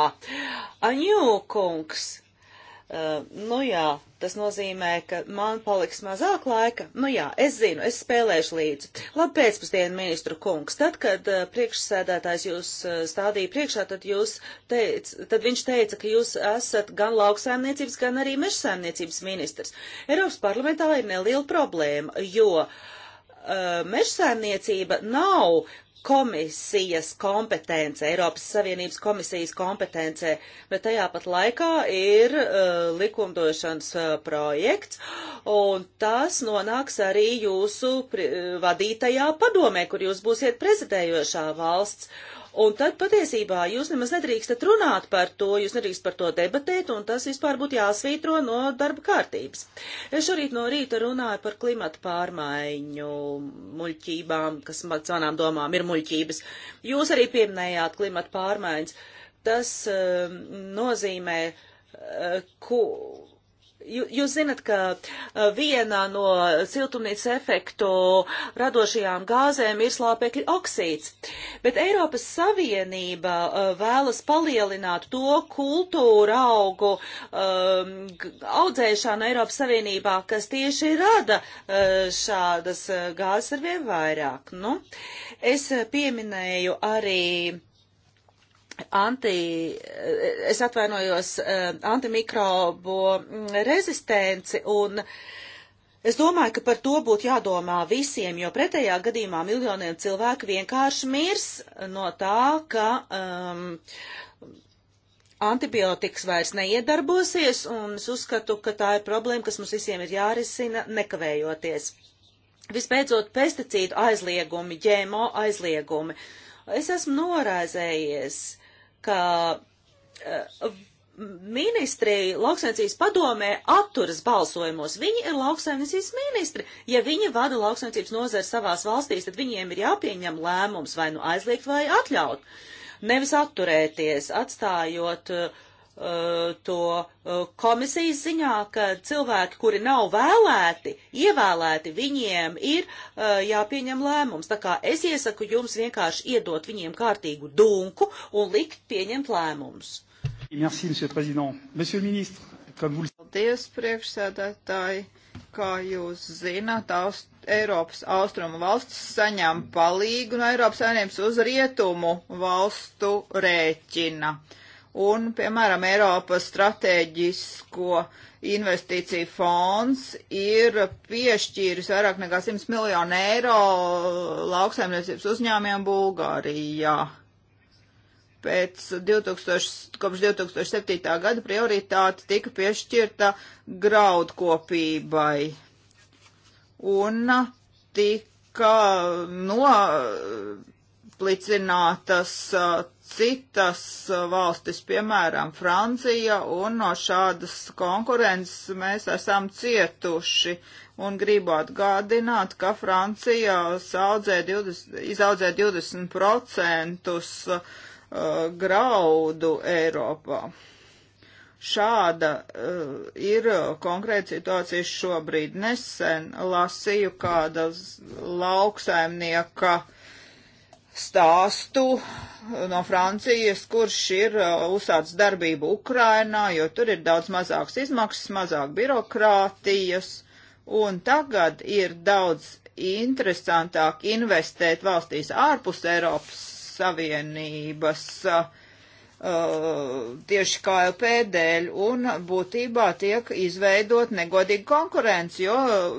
Aņū, kungs! Uh, nu jā, tas nozīmē, ka man paliks mazāk laika. Nu jā, es zinu, es spēlēšu līdzi. Labi pēcpusdienu, ministru kungs. Tad, kad uh, priekšsēdētājs jūs uh, stādīja priekšā, tad, jūs teic, tad viņš teica, ka jūs esat gan lauksaimniecības, gan arī mežsaimniecības ministrs. Eiropas parlamentā ir neliela problēma, jo uh, Uh, mežsaimniecība nav komisijas kompetence, Eiropas Savienības komisijas kompetence, bet tajā pat laikā ir uh, likumdošanas uh, projekts, un tas nonāks arī jūsu pri, vadītajā padomē, kur jūs būsiet prezidējošā valsts, Un tad patiesībā jūs nemaz nedrīkstat runāt par to, jūs nedrīkst par to debatēt, un tas vispār būtu jāsvītro no darba kārtības. Es šorīt no rīta runāju par klimatu pārmaiņu muļķībām, kas manām domām ir muļķības. Jūs arī pieminējāt klimatu pārmaiņas. Tas uh, nozīmē, uh, eh, ko jūs zinat, ka viena no siltumnīca efektu radošajām gāzēm ir slāpekļa oksīds, bet Eiropas Savienība vēlas palielināt to kultūru augu um, audzēšanu Eiropas Savienībā, kas tieši rada šādas gāzes ar vien vairāk. Nu, es pieminēju arī anti, es atvainojos, eh, antimikrobo rezistenci un es domāju, ka par to būtu jādomā visiem, jo pretējā gadījumā miljoniem cilvēku vienkārši mirs no tā, ka um, antibiotikas vairs neiedarbosies un es uzskatu, ka tā ir problēma, kas mums visiem ir jārisina nekavējoties. Vispēcot, pesticīdu aizliegumi, ģēmo aizliegumi. Es esmu noraizējies ka eh, ministri lauksaimniecības padomē atturas balsojumos. Viņi ir lauksaimniecības ministri. Ja viņi vada lauksaimniecības nozari savās valstīs, tad viņiem ir jāpieņem lēmums vai nu aizliegt vai atļaut. Nevis atturēties, atstājot uh, Uh, to uh, komisijas ziņā, ka cilvēki, kuri nav vēlēti, ievēlēti, viņiem ir uh, jāpieņem lēmums. Tā kā es iesaku jums vienkārši iedot viņiem kārtīgu dunku un likt pieņemt lēmumus. Merci,
monsieur le président. Monsieur le ministre, comme vous le
Paldies, priekšsēdētāji. Kā
jūs zināt, Aust Eiropas austrumu valstis saņem palīgu no Eiropas saimnības uz rietumu valstu rēķina. Uh, un, piemēram, Eiropas strateģisko investīciju fonds ir piešķīris vairāk nekā 100 miljonu eiro lauksaimniecības uzņēmiem Bulgārijā. Pēc 2000, kopš 2007. gada prioritāte tika piešķirta graudkopībai un tika no plicinātas citas uh, valstis, piemēram, Francija, un no šādas konkurences mēs esam cietuši. Un gribu atgādināt, ka Francija 20, izaudzē 20% uh, graudu Eiropā. Šāda uh, ir konkrēta situācija šobrīd. Nesen lasīju kādas lauksaimnieka uh, stāstu no Francijas, kurš ir uh, uzsācis darbību Ukrainā, jo tur ir daudz mazāks izmaksas, mazāk birokrātijas, un tagad ir daudz interesantāk investēt valstīs ārpus Eiropas Savienības uh, tieši KLP dēļ, un būtībā tiek izveidot negodīga konkurence, jo uh,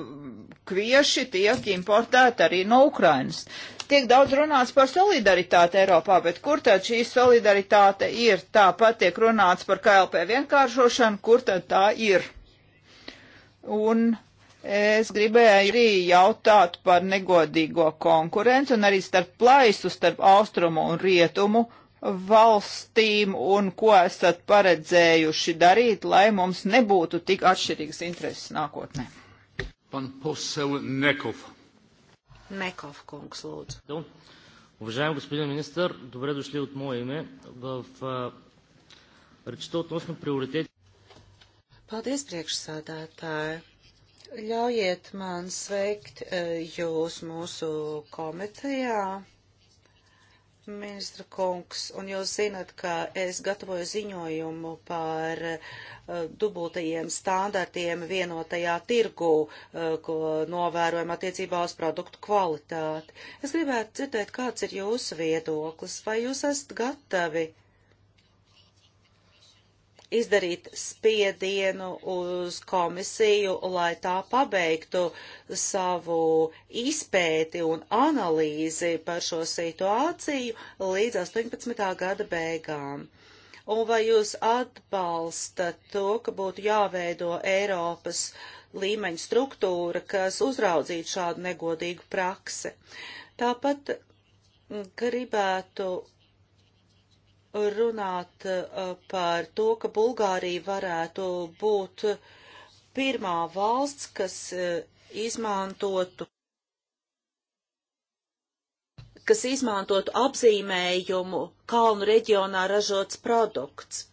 kvieši tiek importēti arī no Ukrainas tiek daudz runāts par solidaritāti Eiropā, bet kur tad šī solidaritāte ir? Tāpat tiek runāts par KLP vienkāršošanu, kur tad tā ir? Un es gribēju arī jautāt par negodīgo konkurenci un arī starp plaisu, starp austrumu un rietumu valstīm un ko esat paredzējuši darīt, lai mums nebūtu tik atšķirīgas intereses nākotnē.
Pan posel Nekov.
Неков Кункс Лудз. Уважаеми господин министр, добре дошли от мое име. В речта относно приоритети. Paldies, priekšsādātāji! Ļaujiet man sveikt jūs mūsu komitejā. Ministra kungs, un jūs zinat, ka es gatavoju ziņojumu par uh, dubultajiem standartiem vienotajā tirgū, uh, ko novērojam attiecībā uz produktu kvalitāti. Es gribētu citēt, kāds ir jūsu viedoklis, vai jūs esat gatavi izdarīt spiedienu uz komisiju, lai tā pabeigtu savu izpēti un analīzi par šo situāciju līdz 18. gada beigām. Un vai jūs atbalstat to, ka būtu jāveido Eiropas līmeņa struktūra, kas uzraudzītu šādu negodīgu praksi? Tāpat gribētu runāt uh, par to, ka Bulgārija varētu būt pirmā valsts, kas uh, izmantotu kas izmantotu apzīmējumu kalnu reģionā ražots produkts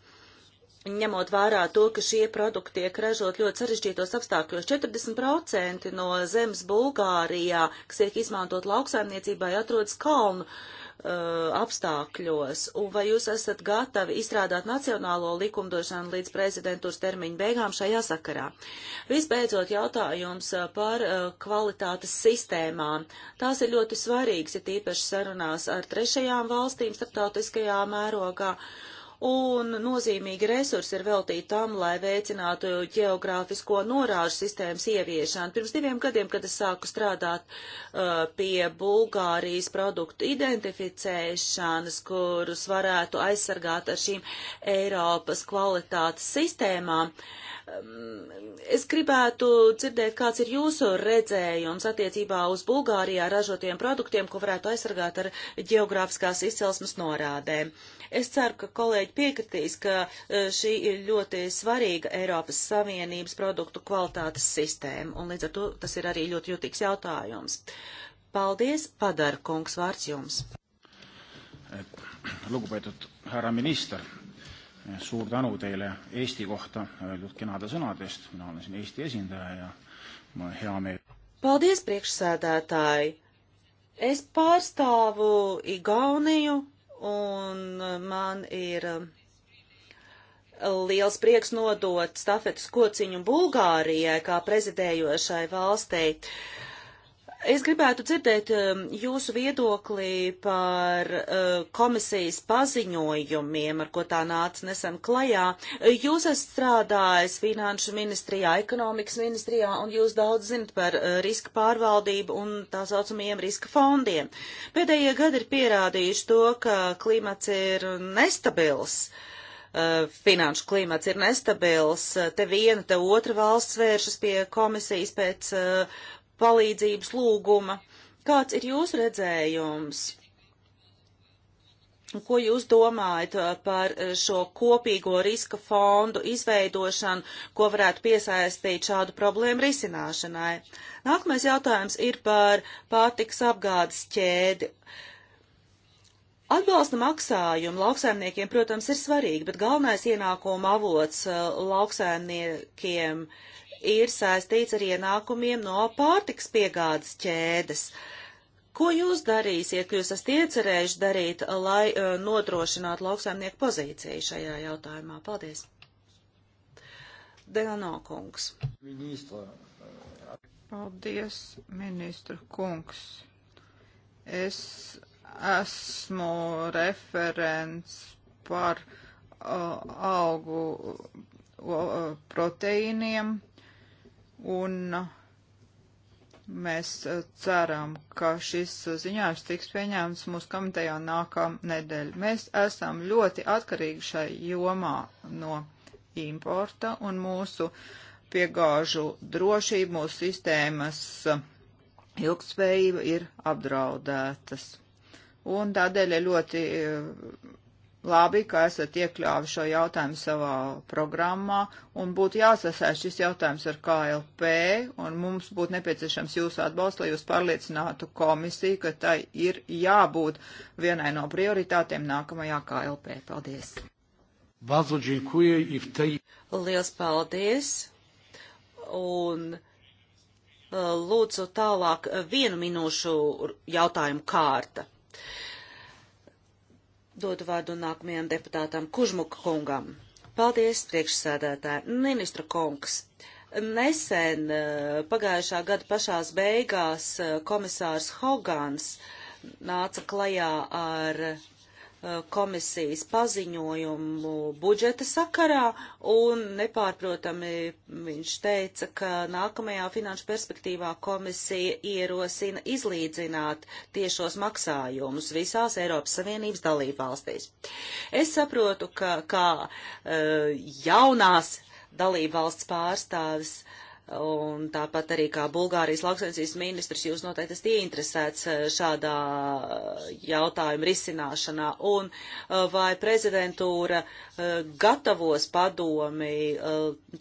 ņemot vērā to, ka šie produkti tiek ražot ļoti sarežģītos apstākļos. 40% no zemes Bulgārijā, kas tiek izmantot lauksaimniecībai, atrodas kalnu Uh, apstākļos, un vai jūs esat gatavi izstrādāt nacionālo likumdošanu līdz prezidentūras termiņa beigām šajā sakarā? Visbeidzot, jautājums uh, par uh, kvalitātes sistēmām. Tās ir ļoti svarīgas, ir ja tīpaši sarunās ar trešajām valstīm starptautiskajā mērogā. Uh, un nozīmīgi resursi ir veltīti tam, lai veicinātu geogrāfisko norāžu sistēmas ieviešanu. Pirms diviem gadiem, kad es sāku strādāt uh, pie Bulgārijas produktu identificēšanas, kurus varētu aizsargāt ar šīm Eiropas kvalitātes sistēmām, uh, Um, es gribētu dzirdēt, kāds ir jūsu redzējums attiecībā uz Bulgārijā ražotiem produktiem, ko varētu aizsargāt ar geogrāfiskās izcelsmes norādēm. Es ceru, ka kolēģi piekritīs, ka uh, šī ir ļoti svarīga Eiropas Savienības produktu kvalitātes sistēma, un līdz ar to tas ir arī ļoti jūtīgs jautājums. Paldies, padara kungs vārds jums.
Lugupeetud härra minister, suur tänu teile Eesti kohta öeldud kenade sõnade eest, mina olen siin Eesti esindaja ja mul on hea meel.
paldies, priekšsēdētāji! Es pārstāvu Igauniju un man ir um, liels prieks nodot stafetes kociņu Bulgārijai kā prezidējošai valstei. Uh, Es gribētu dzirdēt um, jūsu viedoklī par uh, komisijas paziņojumiem, ar ko tā nāca nesen klajā. Jūs esat strādājis Finanšu ministrijā, ekonomikas ministrijā, un jūs daudz zinat par uh, riska pārvaldību un tā saucamajiem riska fondiem. Pēdējie gadi ir pierādījuši to, ka klimats ir nestabils. Uh, finanšu klimats ir nestabils, te viena, te otra valsts vēršas pie komisijas pēc uh, palīdzības lūguma. Kāds ir jūsu redzējums? Ko jūs domājat uh, par uh, šo kopīgo riska fondu izveidošanu, ko varētu piesaistīt šādu problēmu risināšanai? Nākamais jautājums ir par pārtiks apgādes ķēdi. Atbalsta maksājumi lauksaimniekiem, protams, ir svarīgi, bet galvenais ienākuma avots uh, lauksaimniekiem ir saistīts ar ienākumiem no pārtiks piegādes ķēdes. Ko jūs darīsiet, ko jūs esat iecerējuši darīt, lai uh, nodrošinātu lauksaimnieku pozīciju šajā jautājumā? Paldies! Delano kungs. Ministra.
Paldies, ministra kungs. Es esmu referents par uh, e, augu uh, e, proteīniem un mēs ceram, ka šis ziņājums tiks pieņēmts mūsu komitejā nākam nedēļ. Mēs esam ļoti atkarīgi šai jomā no importa un mūsu piegāžu drošību, mūsu sistēmas ilgspējība ir apdraudētas. Un tādēļ ir ļoti labi, ka esat iekļāvi šo jautājumu savā programmā, un būtu jāsasaist šis jautājums ar KLP, un mums būtu nepieciešams jūsu atbalsts, lai jūs pārliecinātu komisiju, ka tai ir jābūt vienai no prioritātēm nākamajā KLP. Paldies!
Liels paldies! Un e, lūdzu tālāk vienu minūšu jautājumu kārta. Uh, Dodu vārdu nākamajam deputātam Kužmuka kungam. Paldies, priekšsēdētāji. Ministra kungs, nesen eh, pagājušā gada pašās beigās eh, komisārs Hogans nāca klajā ar Eh, komisijas paziņojumu budžeta sakarā, un nepārprotami viņš teica, ka nākamajā finanšu perspektīvā komisija ierosina izlīdzināt tiešos maksājumus visās Eiropas Savienības dalībvalstīs. Es saprotu, ka kā eh, jaunās dalībvalsts pārstāvis uh, Un tāpat arī kā Bulgārijas lauksaimniecības ministrs, jūs noteikti esat ieinteresēts eh, šādā eh, jautājuma risināšanā. Un eh, vai prezidentūra gatavos padomi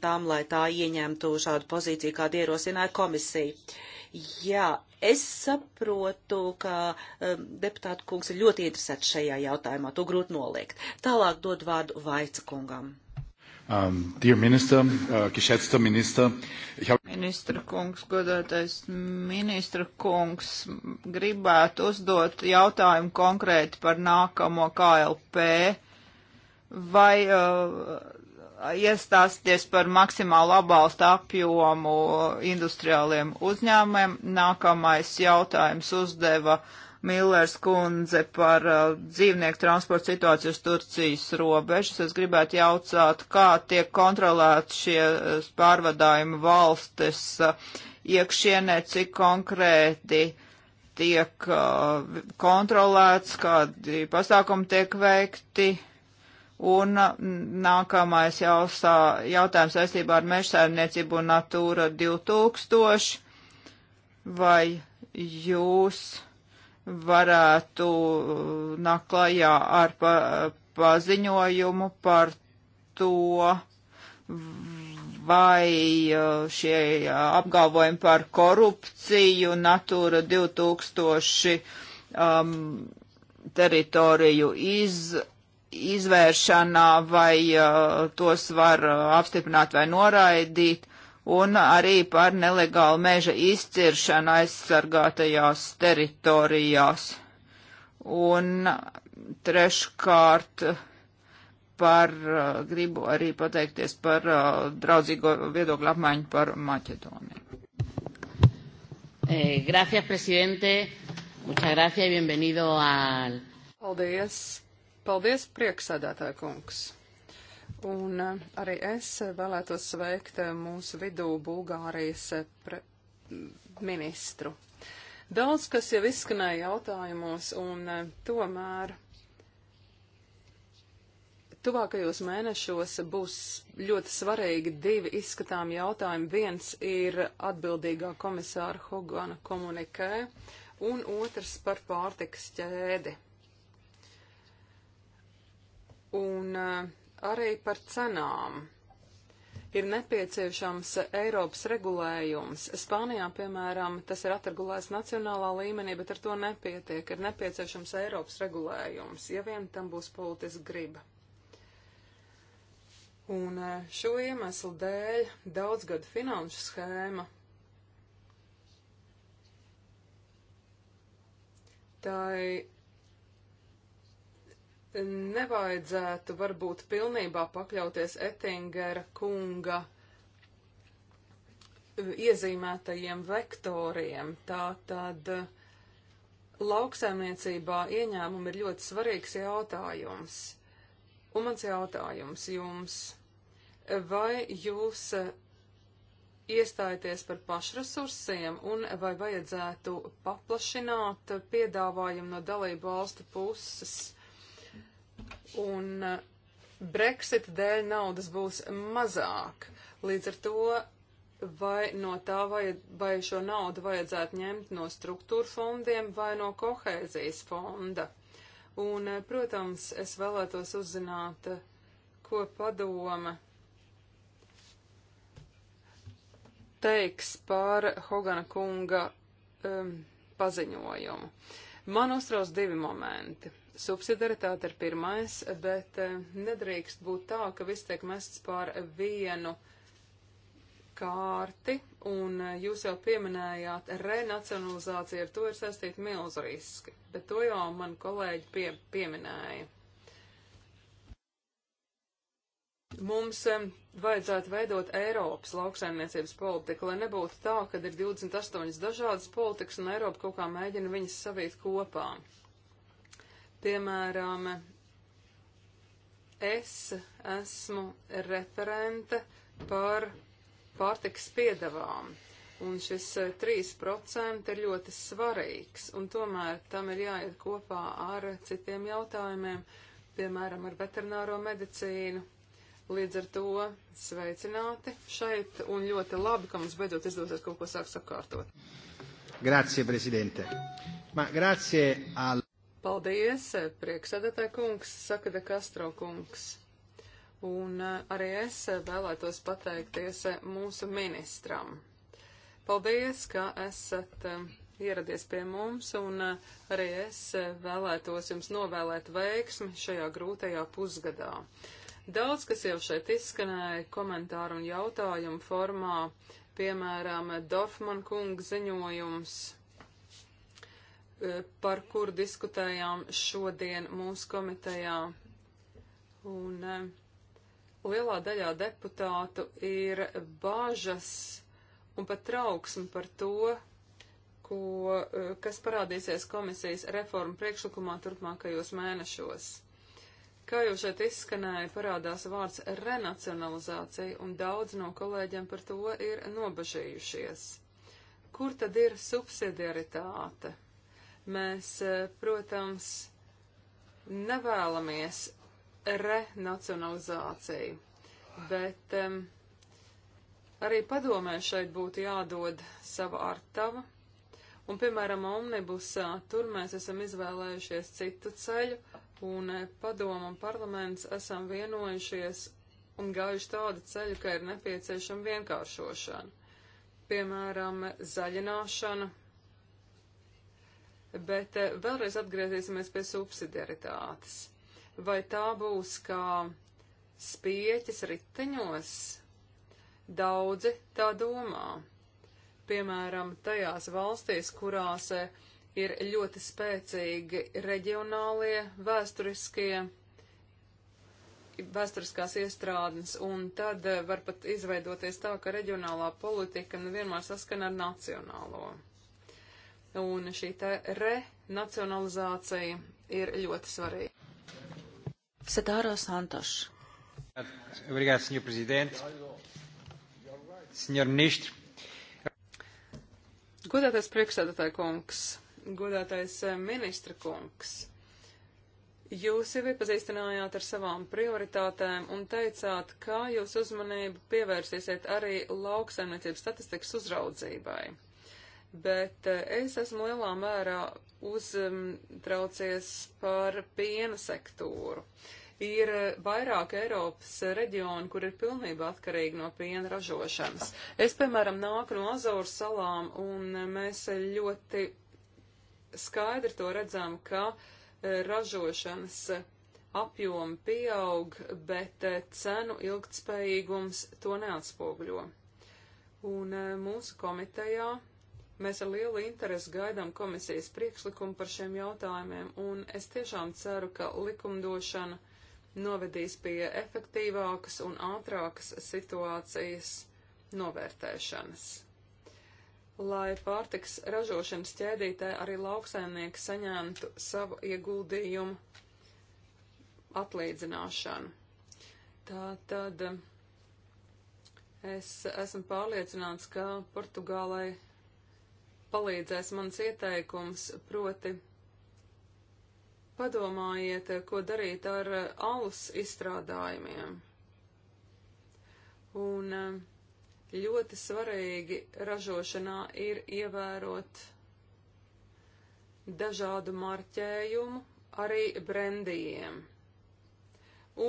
tam, lai tā ieņemtu šādu pozīciju, kādu ierosināja komisija? Jā, es saprotu, ka deputāta kungs ir ļoti interesēts šajā jautājumā, to grūti noliegt. Tālāk dod vārdu Vaica kungam.
Um, dear Minister, uh, geschätzter Minister, ich habe. Ministra kungs, godātais ministra kungs, gribētu uzdot jautājumu konkrēti par nākamo KLP. Vai uh, iestāsties par maksimālu atbalsta apjomu industriāliem uzņēmumiem? Nākamais jautājums uzdeva uh, Millers kundze par uh, dzīvnieku transportu situāciju uz Turcijas robežas. Es gribētu jautāt, kā tiek kontrolēts šie uh, pārvadājumi valstis uh, iekšienē, cik konkrēti tiek uh, kontrolēts, kādi pasākumi tiek veikti. Un uh, nākamais jausā, jautājums saistībā ar mežsērniecību un Natūra 2000. Vai jūs varētu uh, nākt klajā ar pa, paziņojumu par to, vai uh, šie uh, apgalvojumi par korupciju Natūra 2000 um, teritoriju iz, izvēršanā, vai uh, tos var apstiprināt vai noraidīt un arī par nelegālu meža izciršanu aizsargātajās teritorijās. Un treškārt par, uh, gribu arī pateikties par uh, draudzīgo viedokļu apmaiņu par Maķedoniju.
Eh, gracias, presidente. Muchas gracias y bienvenido al. Paldies. Paldies, prieksēdētāja kungs. Un eh, arī es vēlētos sveikt eh, mūsu vidū Bulgārijas eh, ministru. Daudz, kas jau izskanēja jautājumos, un tomēr tuvākajos mēnešos būs ļoti svarīgi divi izskatām jautājumi. Viens ir atbildīgā komisāra Hogana komunikē, un otrs par pārtikas ķēdi. Un uh, arī par cenām. Ir nepieciešams Eiropas regulējums. Spānijā, piemēram, tas ir atregulēts nacionālā līmenī, bet ar to nepietiek. Ir nepieciešams Eiropas regulējums, ja vien tam būs politiska griba. Un e, šo iemeslu dēļ daudzgadu finanšu schēma tai nevajadzētu varbūt pilnībā pakļauties Ettingera kunga iezīmētajiem vektoriem. Tā tad uh, lauksaimniecībā ieņēmumi ir ļoti svarīgs jautājums. Un mans jautājums jums, vai jūs uh, iestājaties par pašresursiem un vai vajadzētu paplašināt piedāvājumu no dalību valstu puses? Un eh, Brexita dēļ naudas būs mazāk. Līdz ar to vai no tā vajad, vai šo naudu vajadzētu ņemt no struktūra fondiem vai no kohēzijas fonda. Un, eh, protams, es vēlētos uzzināt, eh, ko padome teiks par Hogana kunga um, paziņojumu. Man uztrauc divi momenti. Subsidaritāte ir pirmais, bet eh, nedrīkst būt tā, ka viss tiek mests pār vienu kārti, un eh, jūs jau pieminējāt, renacionalizācija ar to ir saistīta milzu riski, bet to jau man kolēģi pie, pieminēja. Mums eh, vajadzētu veidot Eiropas lauksaimniecības politiku, lai nebūtu tā, ka ir 28 dažādas politikas un Eiropa kaut kā mēģina viņas savīt kopā. Piemēram, es esmu referente par pārtiks piedevām. Un šis 3% eh, ir ļoti svarīgs, un tomēr tam ir jāiet kopā ar citiem jautājumiem, piemēram, ar veterināro medicīnu. Līdz ar to sveicināti šeit, un ļoti labi, ka mums beidzot izdosies kaut ko sākt sakārtot.
Grazie, prezidente. Ma grazie al...
Paldies, priekšsēdētāj kungs, saka de Castro kungs. Un eh, arī es eh, vēlētos pateikties eh, mūsu ministram. Paldies, ka esat ieradies pie mums, un arī es vēlētos jums novēlēt veiksmi šajā grūtajā pusgadā. Daudz, kas jau šeit izskanēja komentāru un jautājumu formā, piemēram, Dorfman kunga ziņojums E, par kuru diskutējām šodien mūsu komitejā. Un e, lielā daļā deputātu ir bāžas un pat trauksme par to, ko, e, kas parādīsies komisijas reformu priekšlikumā turpmākajos mēnešos. Kā jau šeit izskanēja, parādās vārds renacionalizācija, un daudz no kolēģiem par to ir nobažījušies. Kur tad ir subsidiaritāte? Mēs, e, protams, nevēlamies renacionalizāciju, bet um, arī padomē šeit būtu jādod sava artava. Un, piemēram, omnibusā tur mēs esam izvēlējušies citu ceļu, un e, padomu un parlaments esam vienojušies un gājuši tādu ceļu, ka ir nepieciešama vienkāršošana. Piemēram, zaļināšana, Bet eh, vēlreiz atgriezīsimies pie subsidiaritātes. Vai tā būs kā spieķis riteņos? Daudzi tā domā. Piemēram, tajās valstīs, kurās eh, ir ļoti spēcīgi reģionālie vēsturiskie vēsturiskās iestrādnes, un tad eh, var pat izveidoties tā, ka reģionālā politika nevienmēr saskana ar nacionālo un šī te renacionalizācija ir ļoti svarīga.
Sedāro Santoš. Obrigado, senhor presidente. Senhor ministro.
Godātais priekšsēdētāja kungs, godātais eh, ministra kungs. Jūs jau iepazīstinājāt ar savām prioritātēm un teicāt, kā jūs uzmanību pievērsīsiet arī lauksaimniecības statistikas uzraudzībai bet eh, es esmu lielā mērā uztraucies par piena sektoru. Ir eh, vairāk Eiropas reģionu, kur ir pilnībā atkarīgi no piena ražošanas. Es, piemēram, nāku no Azoru salām, un eh, mēs ļoti skaidri to redzam, ka ražošanas apjomi pieaug, bet cenu ilgtspējīgums to neatspoguļo. Un mūsu komitejā Mēs ar lielu interesi gaidām komisijas priekšlikumu par šiem jautājumiem, un es tiešām ceru, ka likumdošana novedīs pie efektīvākas un ātrākas situācijas novērtēšanas. Lai pārtiks ražošanas ķēdītē arī lauksaimnieki saņemtu savu ieguldījumu atlīdzināšanu. Tā tad eh, es esmu pārliecināts, ka Portugālai palīdzēs mans ieteikums, proti padomājiet, ko darīt ar eh, alus izstrādājumiem. Un eh, ļoti svarīgi ražošanā ir ievērot dažādu marķējumu arī brendījiem.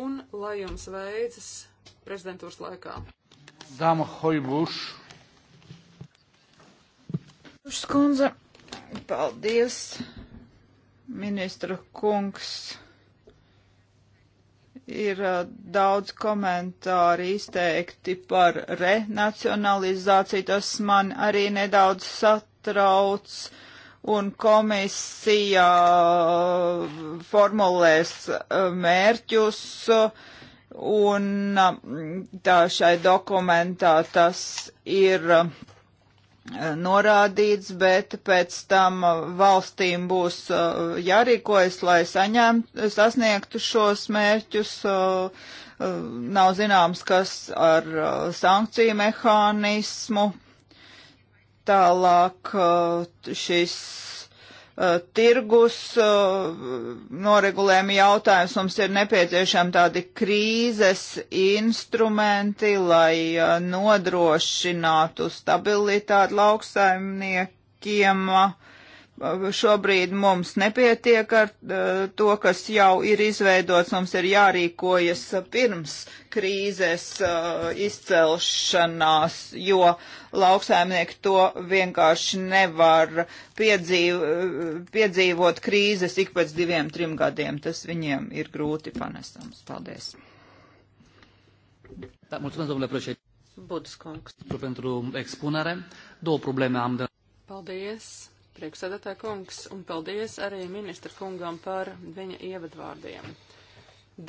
Un lai jums veicas prezidentūras laikā.
Dāma Hojbuša. Skundze, paldies, ministra kungs. Ir daudz komentāri izteikti par renacionalizāciju. Tas man arī nedaudz satrauc un komisija formulēs mērķus, un tā šai dokumentā tas ir norādīts, bet pēc tam valstīm būs eh, jārīkojas, lai saņemt, sasniegtu šos mērķus. Eh, eh, nav zināms, kas ar sankciju mehānismu. Tālāk šis Eh, tirgus eh, noregulējumi jautājums. Mums ir nepieciešami tādi krīzes instrumenti, lai eh, nodrošinātu stabilitāti lauksaimniekiem. Uh, Šobrīd mums nepietiek ar eh, to, kas jau ir izveidots, mums ir jārīkojas pirms krīzes eh, izcelšanās, jo lauksaimnieki to vienkārši nevar piedzīv, piedzīvot krīzes ik pēc diviem, trim gadiem. Tas viņiem ir grūti panesams. Paldies!
Da, mulțumesc, domnule președinte. Budskungs. Pentru expunere. Două probleme am de... Paldies priekšsēdētāja kungs, un paldies arī ministra kungam par viņa ievadvārdiem.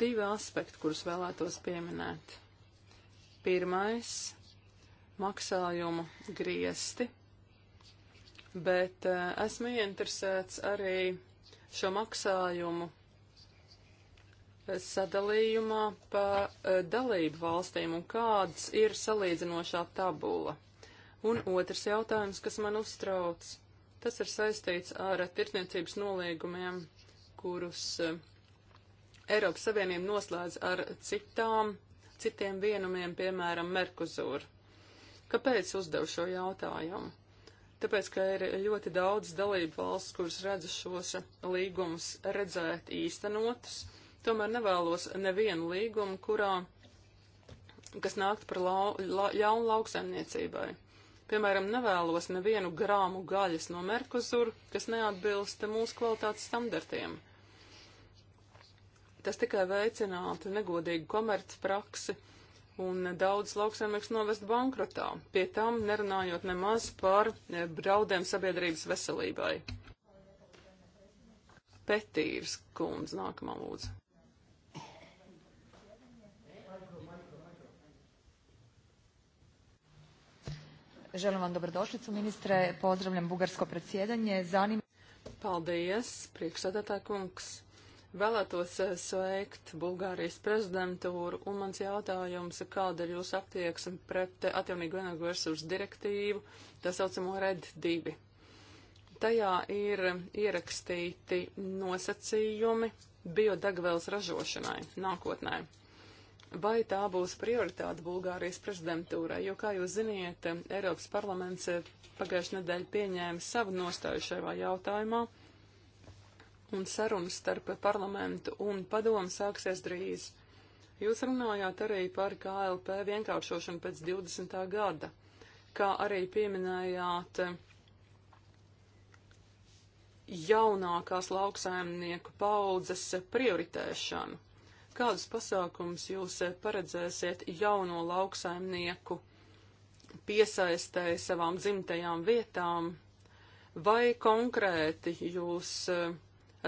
Divi aspekti, kurus vēlētos pieminēt. Pirmais - maksājumu griesti, bet uh, esmu ieinteresēts arī šo maksājumu eh, sadalījumā pa uh, dalību valstīm un kāds ir salīdzinošā tabula. Un otrs jautājums, kas man uztrauc Tas ir saistīts ar tirtniecības noliegumiem, kurus eh, Eiropas Savienība noslēdz ar citām, citiem vienumiem, piemēram, Merkuzūru. Kāpēc uzdevu šo jautājumu? Tāpēc, ka ir ļoti daudz dalību valsts, kuras redz šos līgumus redzēt īstenotus, tomēr nevēlos nevienu līgumu, kurā, kas nākt par lau, la, jaunu lauksaimniecībai. Piemēram, nevēlos nevienu grāmu gaļas no Merkuzur, kas neatbilst mūsu kvalitātes standartiem. Tas tikai veicinātu negodīgu komercpraksi un daudz lauksaimnieks novest bankrotā, pie tam nerunājot nemaz par e, draudiem sabiedrības veselībai. Petīrs kundze nākamā lūdzu. Želim vam dobrodošlicu, ministre. Pozdravljam bugarsko predsjedanje. Zanim... Paldies, priekšsēdētā kungs. Vēlētos eh, sveikt Bulgārijas prezidentūru, un mans jautājums ir, kāda ir jūsu attieksme pret atjaunīgu energoresursu direktīvu, tā saucamo RED 2? Tajā ir ierakstīti nosacījumi biodegvielas ražošanai nākotnē vai tā būs prioritāte Bulgārijas prezidentūrai, jo, kā jūs ziniet, Eiropas parlaments eh, pagājušajā nedēļā pieņēma savu nostāju šajā jautājumā, un sarunas starp parlamentu un padomu sāksies drīz. Jūs runājāt arī par KLP vienkāršošanu pēc 20. gada, kā arī pieminējāt eh, jaunākās lauksaimnieku paudzes prioritēšanu. Kādus pasākumus jūs eh, paredzēsiet jauno lauksaimnieku piesaistēji savām dzimtajām vietām, vai konkrēti jūs eh,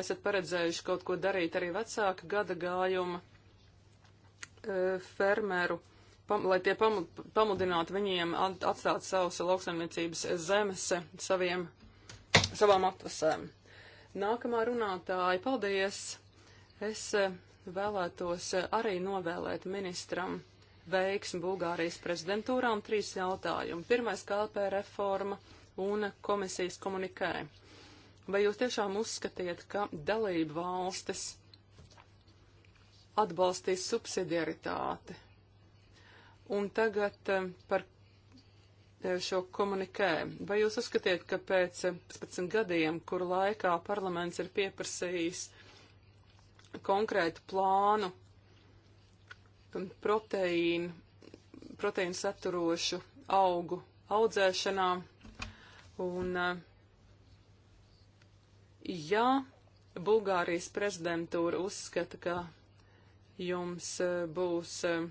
esat paredzējuši kaut ko darīt arī vecāka gada gājuma eh, fermeru, pam, lai tie pam, pamudinātu viņiem atstāt savus lauksaimniecības zemes saviem, savām atvasēm. Nākamā runātāja, paldies! Es vēlētos eh, arī novēlēt ministram veiksmi Bulgārijas prezidentūrām trīs jautājumi. Pirmais KLP reforma un komisijas komunikē. Vai jūs tiešām uzskatiet, ka dalība valstis atbalstīs subsidiaritāti? Un tagad eh, par eh, šo komunikē. Vai jūs uzskatiet, ka pēc 15 gadiem, kuru laikā parlaments ir pieprasījis uh, konkrētu plānu proteīnu, proteīnu saturošu augu audzēšanā. Un, eh, ja Bulgārijas prezidentūra uzskata, ka jums eh, būs eh,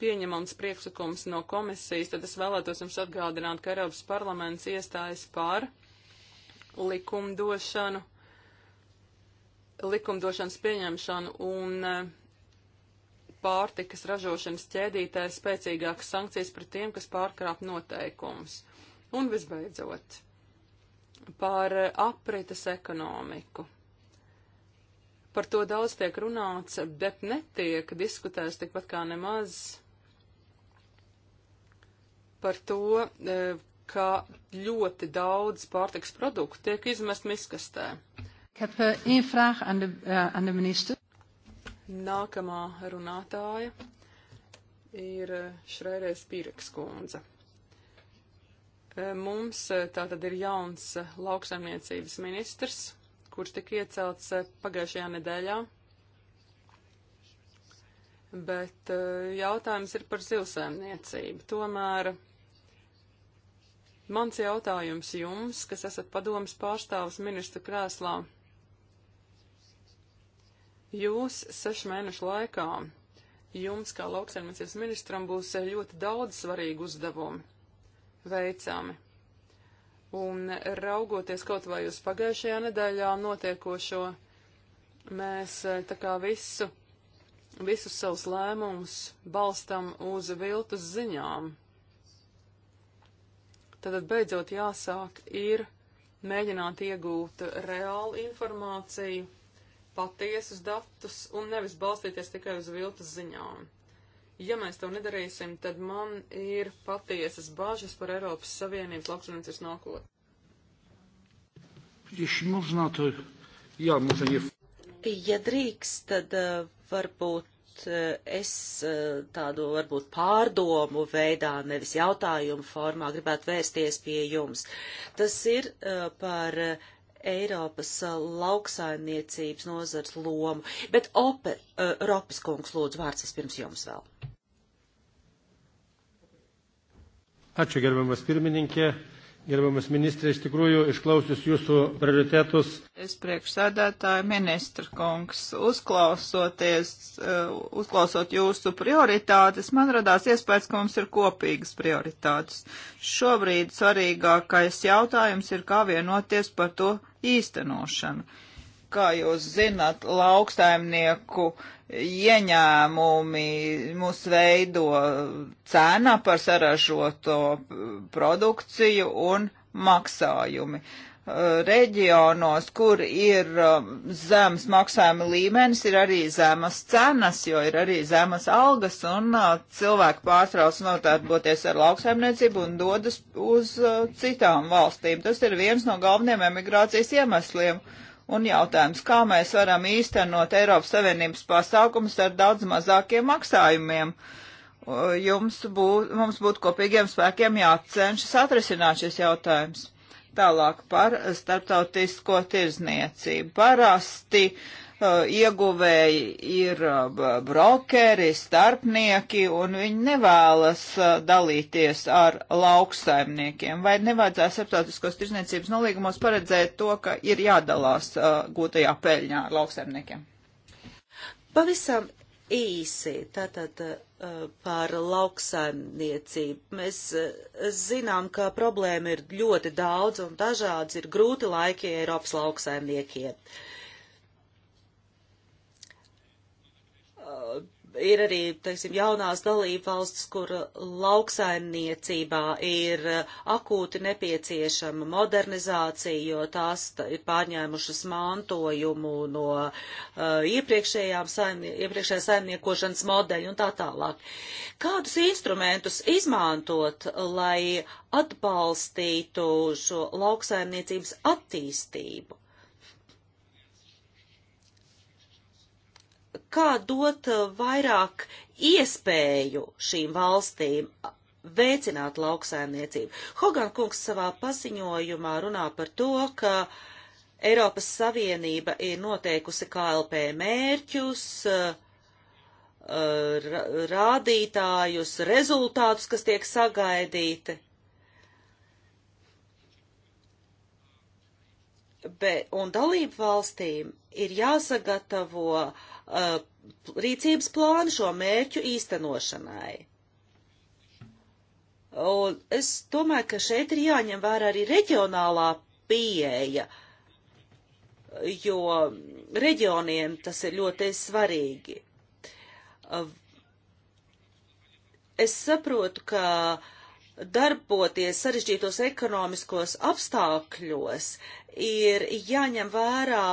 pieņemams priekšlikums no komisijas, tad es vēlētos jums atgādināt, ka Eiropas parlaments iestājas par likumdošanu likumdošanas pieņemšanu un eh, pārtikas ražošanas ķēdītē spēcīgākas sankcijas pret tiem, kas pārkrāp noteikumus. Un visbeidzot, par eh, aprites ekonomiku. Par to daudz tiek runāts, bet netiek diskutēts tikpat kā nemaz par to, eh, ka ļoti daudz pārtiks produktu tiek izmest miskastē. Ik heb eh, één vraag aan de, eh, aan de minister. Nākamā runātāja ir eh, Šrērēs Pīreks kundze. Mums tātad ir jauns lauksaimniecības ministrs, kurš tika iecelts pagājušajā nedēļā. Bet jautājums ir par zilsēmniecību. Tomēr mans jautājums jums, kas esat padomas pārstāvs ministru krēslā, Jūs sešu mēnešu laikā jums, kā lauksaimniecības ministram, būs eh, ļoti daudz svarīgu uzdevumu veicami. Un raugoties kaut vai uz pagājušajā nedēļā notiekošo, mēs eh, tā kā visu, visus savus lēmumus balstam uz viltus ziņām. Tad beidzot jāsāk ir mēģināt iegūt reālu informāciju patiesus datus un nevis balstīties tikai uz viltus ziņām. Ja mēs to nedarīsim, tad man ir patiesas bažas par Eiropas Savienības lauksaimniecības
nākotni. Ja drīkst, tad eh, varbūt eh, es eh, tādu varbūt pārdomu veidā, nevis jautājumu formā, gribētu vērsties pie jums. Tas ir par Eiropas uh, lauksaimniecības nozars lomu. Bet Ope, uh, Ropas kungs, lūdzu, vārds vispirms jums vēl.
Ačiū, gerbiamas pirmininkė. Gerbiamas ministrė, iš tikrųjų, išklausius jūsu prioritetus. Es priekšsēdētāju ministra kungs, uzklausoties, uh, uzklausot jūsu prioritātes, man radās iespējas, ka mums ir kopīgas prioritātes. Šobrīd svarīgākais jautājums ir, kā vienoties par to, īstenošanu. Kā jūs zināt, lauksaimnieku ieņēmumi mūs veido cena par saražoto produkciju un maksājumi. Uh, reģionos, kur ir um, zemes maksājuma līmenis, ir arī zemas cenas, jo ir arī zemas algas, un uh, cilvēki pārtrauc notārboties ar lauksaimniecību un dodas uz uh, citām valstīm. Tas ir viens no galveniem emigrācijas iemesliem. Un jautājums, kā mēs varam īstenot Eiropas Savienības pasākumus ar daudz mazākiem maksājumiem? Uh, jums būtu, mums būtu kopīgiem spēkiem jācenšas atrisināt šis jautājums. Tālāk par starptautisko tirzniecību. Parasti uh, ieguvēji ir uh, brokeri, starpnieki, un viņi nevēlas uh, dalīties ar lauksaimniekiem. Vai nevajadzētu starptautiskos tirzniecības nolīgumos paredzēt to, ka ir jādalās uh, gūtajā peļņā ar
lauksaimniekiem? Pavisam īsi. Tātad. Tā par lauksaimniecību. Mēs eh, zinām, ka problēma ir ļoti daudz un dažādas, ir grūti laiki Eiropas lauksaimniekiem. Uh, ir arī, teiksim, jaunās dalība valsts, kur lauksaimniecībā ir uh, akūti nepieciešama modernizācija, jo tās ir pārņēmušas mantojumu no uh, iepriekšējām saimnie, iepriekšējā saimniekošanas modeļa un tā tālāk. Kādus instrumentus izmantot, lai atbalstītu šo lauksaimniecības attīstību? kā dot uh, vairāk iespēju šīm valstīm veicināt lauksaimniecību. Hogan kungs savā pasiņojumā runā par to, ka Eiropas Savienība ir noteikusi KLP mērķus, uh, uh, rādītājus, rezultātus, kas tiek sagaidīti. Be, un dalību valstīm ir jāsagatavo uh, uh, rīcības plānu šo mērķu īstenošanai. Un es domāju, ka šeit ir jāņem vērā arī reģionālā pieeja, jo reģioniem tas ir ļoti svarīgi. Uh, es saprotu, ka darboties sarežģītos ekonomiskos apstākļos ir jāņem vērā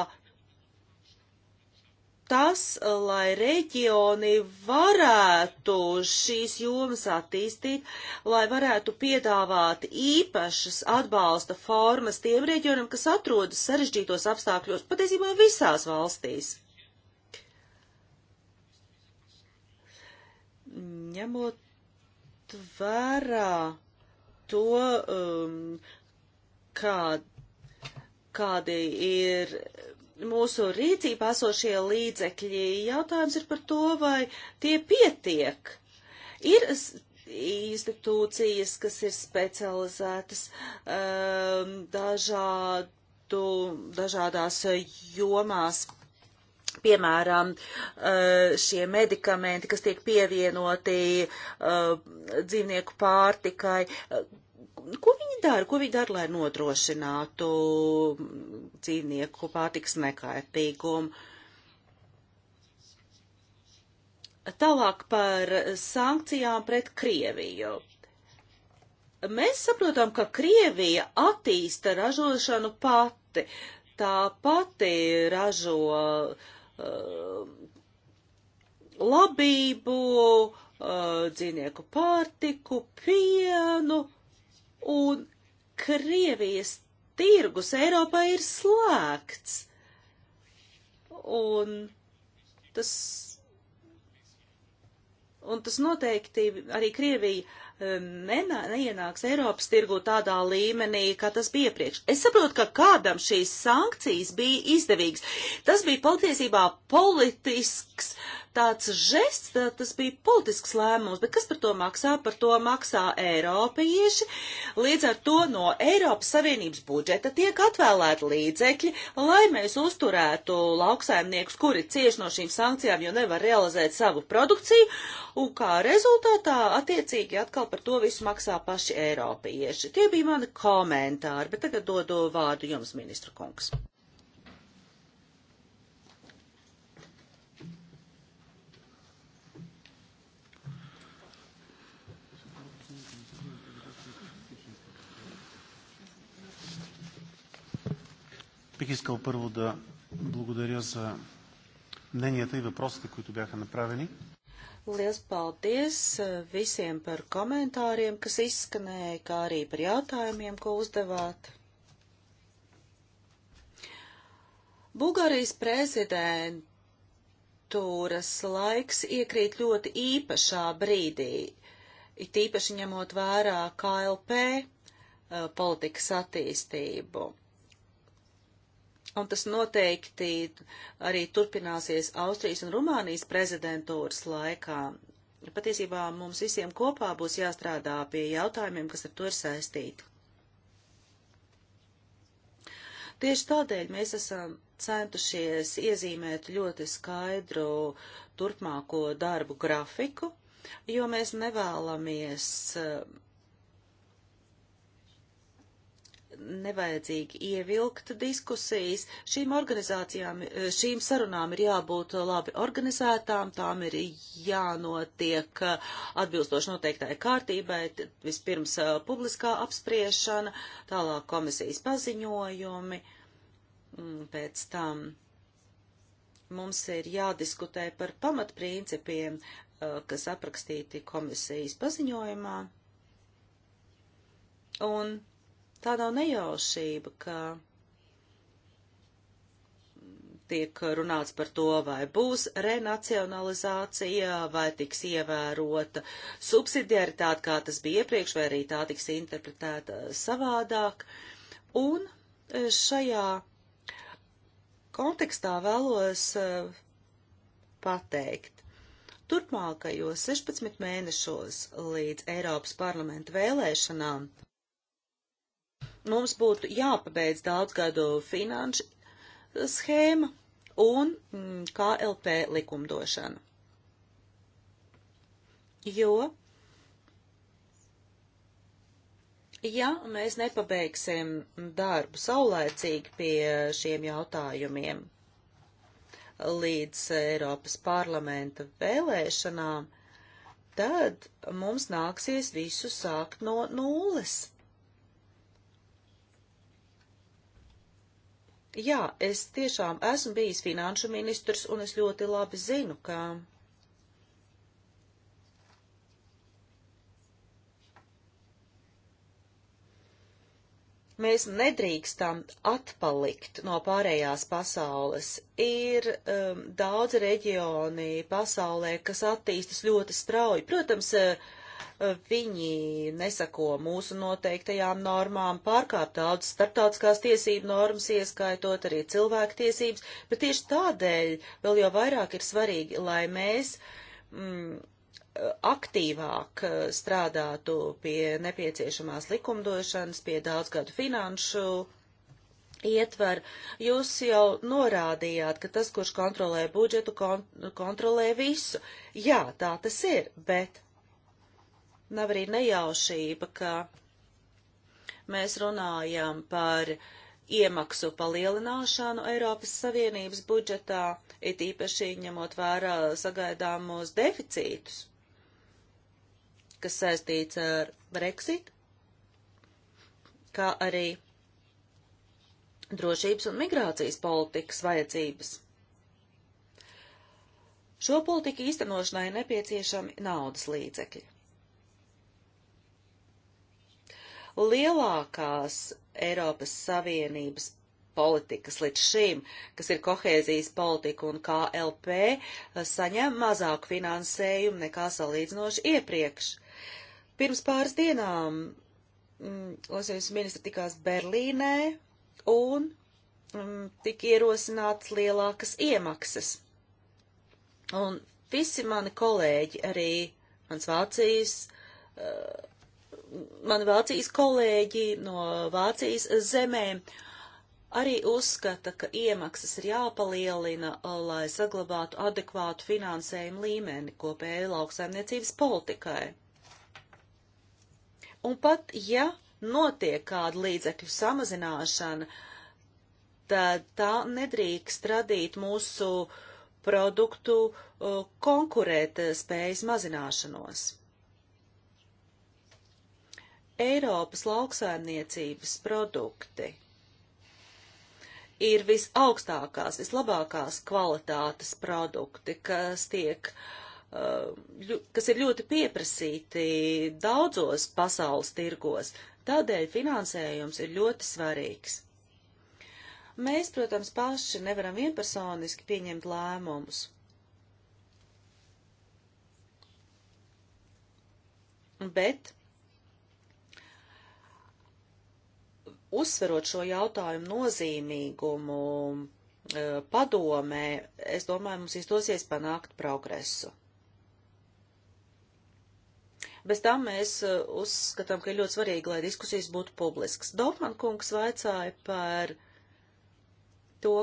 tas, lai reģioni varētu šīs jomas attīstīt, lai varētu piedāvāt īpašas atbalsta formas tiem reģionam, kas atrodas sarežģītos apstākļos patiesībā visās valstīs. Ņemot vērā to, um, kā, kādi ir mūsu rīcībā esošie līdzekļi. Jautājums ir par to, vai tie pietiek. Ir institūcijas, kas ir specializētas um, dažādu, dažādās jomās. Piemēram, eh, šie medikamenti, kas tiek pievienoti eh, dzīvnieku pārtikai, Ko viņi dara? Ko viņi dara, lai nodrošinātu dzīvnieku pārtiks nekārtīgumu? Tālāk par sankcijām pret Krieviju. Mēs saprotam, ka Krievija attīsta ražošanu pati. Tā pati ražo uh, labību, uh, dzīvnieku pārtiku, pienu. Uh, un Krievijas tirgus Eiropā ir slēgts. Un tas, un tas noteikti arī Krievija um, nenā, neienāks Eiropas tirgu tādā līmenī, kā tas bija iepriekš. Es saprotu, ka kādam šīs sankcijas bija izdevīgas. Tas bija patiesībā politisks uh, tāds žests, tā, tas bija politisks lēmums, bet kas par to maksā? Par to maksā Eiropieši. Līdz ar to no Eiropas Savienības budžeta tiek atvēlēti līdzekļi, lai mēs uzturētu lauksaimniekus, kuri cieši no šīm sankcijām, jo nevar realizēt savu produkciju, un kā rezultātā attiecīgi atkal par to visu maksā paši Eiropieši. Tie bija mani komentāri, bet tagad dodu vārdu jums, ministra kungs.
Бих искал първо да благодаря за мненията и въпросите, които бяха направени.
Liels paldies visiem par komentāriem, kas izskanēja, kā arī par jautājumiem, ko uzdevāt. Bulgārijas prezidentūras laiks iekrīt ļoti īpašā brīdī, it īpaši ņemot vērā KLP politikas attīstību. Un tas noteikti arī turpināsies Austrijas un Rumānijas prezidentūras laikā. Patiesībā mums visiem kopā būs jāstrādā pie jautājumiem, kas ar to ir saistīti. Tieši tādēļ mēs esam centušies iezīmēt ļoti skaidru turpmāko darbu grafiku, jo mēs nevēlamies uh, nevajadzīgi ievilkt diskusijas. Šīm organizācijām, šīm sarunām ir jābūt labi organizētām, tām ir jānotiek atbilstoši noteiktai kārtībai, vispirms publiskā apspriešana, tālāk komisijas paziņojumi, pēc tam mums ir jādiskutē par pamatprincipiem, kas aprakstīti komisijas paziņojumā. Un Tā nav nejaušība, ka tiek runāts par to, vai būs renacionalizācija, vai tiks ievērota subsidiaritāte, kā tas bija iepriekš, vai arī tā tiks interpretēta savādāk. Un šajā kontekstā vēlos eh, pateikt. Turpmākajos 16 mēnešos līdz Eiropas parlamenta vēlēšanām mums būtu jāpabeidz daudzgadu finanšu schēma un mm, KLP likumdošana. Jo, ja mēs nepabeigsim darbu saulēcīgi pie šiem jautājumiem līdz Eiropas parlamenta vēlēšanām, tad mums nāksies visu sākt no nulles. Jā, es tiešām esmu bijis finanšu ministrs, un es ļoti labi zinu, ka mēs nedrīkstam atpalikt no pārējās pasaules. Ir um, daudz reģioni pasaulē, kas attīstas ļoti strauji. Protams, uh, viņi nesako mūsu noteiktajām normām, pārkāp daudz starptautiskās tiesību normas, ieskaitot arī cilvēktiesības, bet tieši tādēļ vēl jau vairāk ir svarīgi, lai mēs mm, aktīvāk strādātu pie nepieciešamās likumdošanas, pie daudzgadu finanšu ietver. Jūs jau norādījāt, ka tas, kurš kontrolē budžetu, kont kontrolē visu. Jā, tā tas ir, bet nav arī nejaušība, ka mēs runājam par iemaksu palielināšanu Eiropas Savienības budžetā, it īpaši ņemot vērā sagaidāmos deficītus, kas saistīts ar Brexit, kā arī drošības un migrācijas politikas vajadzības. Šo politiku īstenošanai nepieciešami naudas līdzekļi. lielākās Eiropas Savienības politikas līdz šim, kas ir kohēzijas politika un KLP, saņem mazāku finansējumu nekā salīdzinoši iepriekš. Pirms pāris dienām mm, Latvijas ministra tikās Berlīnē un mm, tika ierosināts lielākas iemaksas. Un visi mani kolēģi, arī mans Vācijas uh, mani Vācijas kolēģi no Vācijas zemēm arī uzskata, ka iemaksas ir jāpalielina, uh, lai saglabātu adekvātu finansējumu līmeni kopēji lauksaimniecības politikai. Un pat ja notiek kāda līdzekļu samazināšana, tad tā nedrīkst radīt mūsu produktu uh, konkurēt uh, spējas mazināšanos. Eiropas lauksaimniecības produkti ir visaugstākās, vislabākās kvalitātes produkti, kas tiek uh, kas ir ļoti pieprasīti daudzos pasaules tirgos, tādēļ finansējums ir ļoti svarīgs. Mēs, protams, paši nevaram vienpersoniski pieņemt lēmumus. Bet uzsverot šo jautājumu nozīmīgumu e, padomē, es domāju, mums izdosies panākt progresu. Bez tam mēs e, uzskatām, ka ir ļoti svarīgi, lai diskusijas būtu publisks. Dortman kungs vaicāja par to,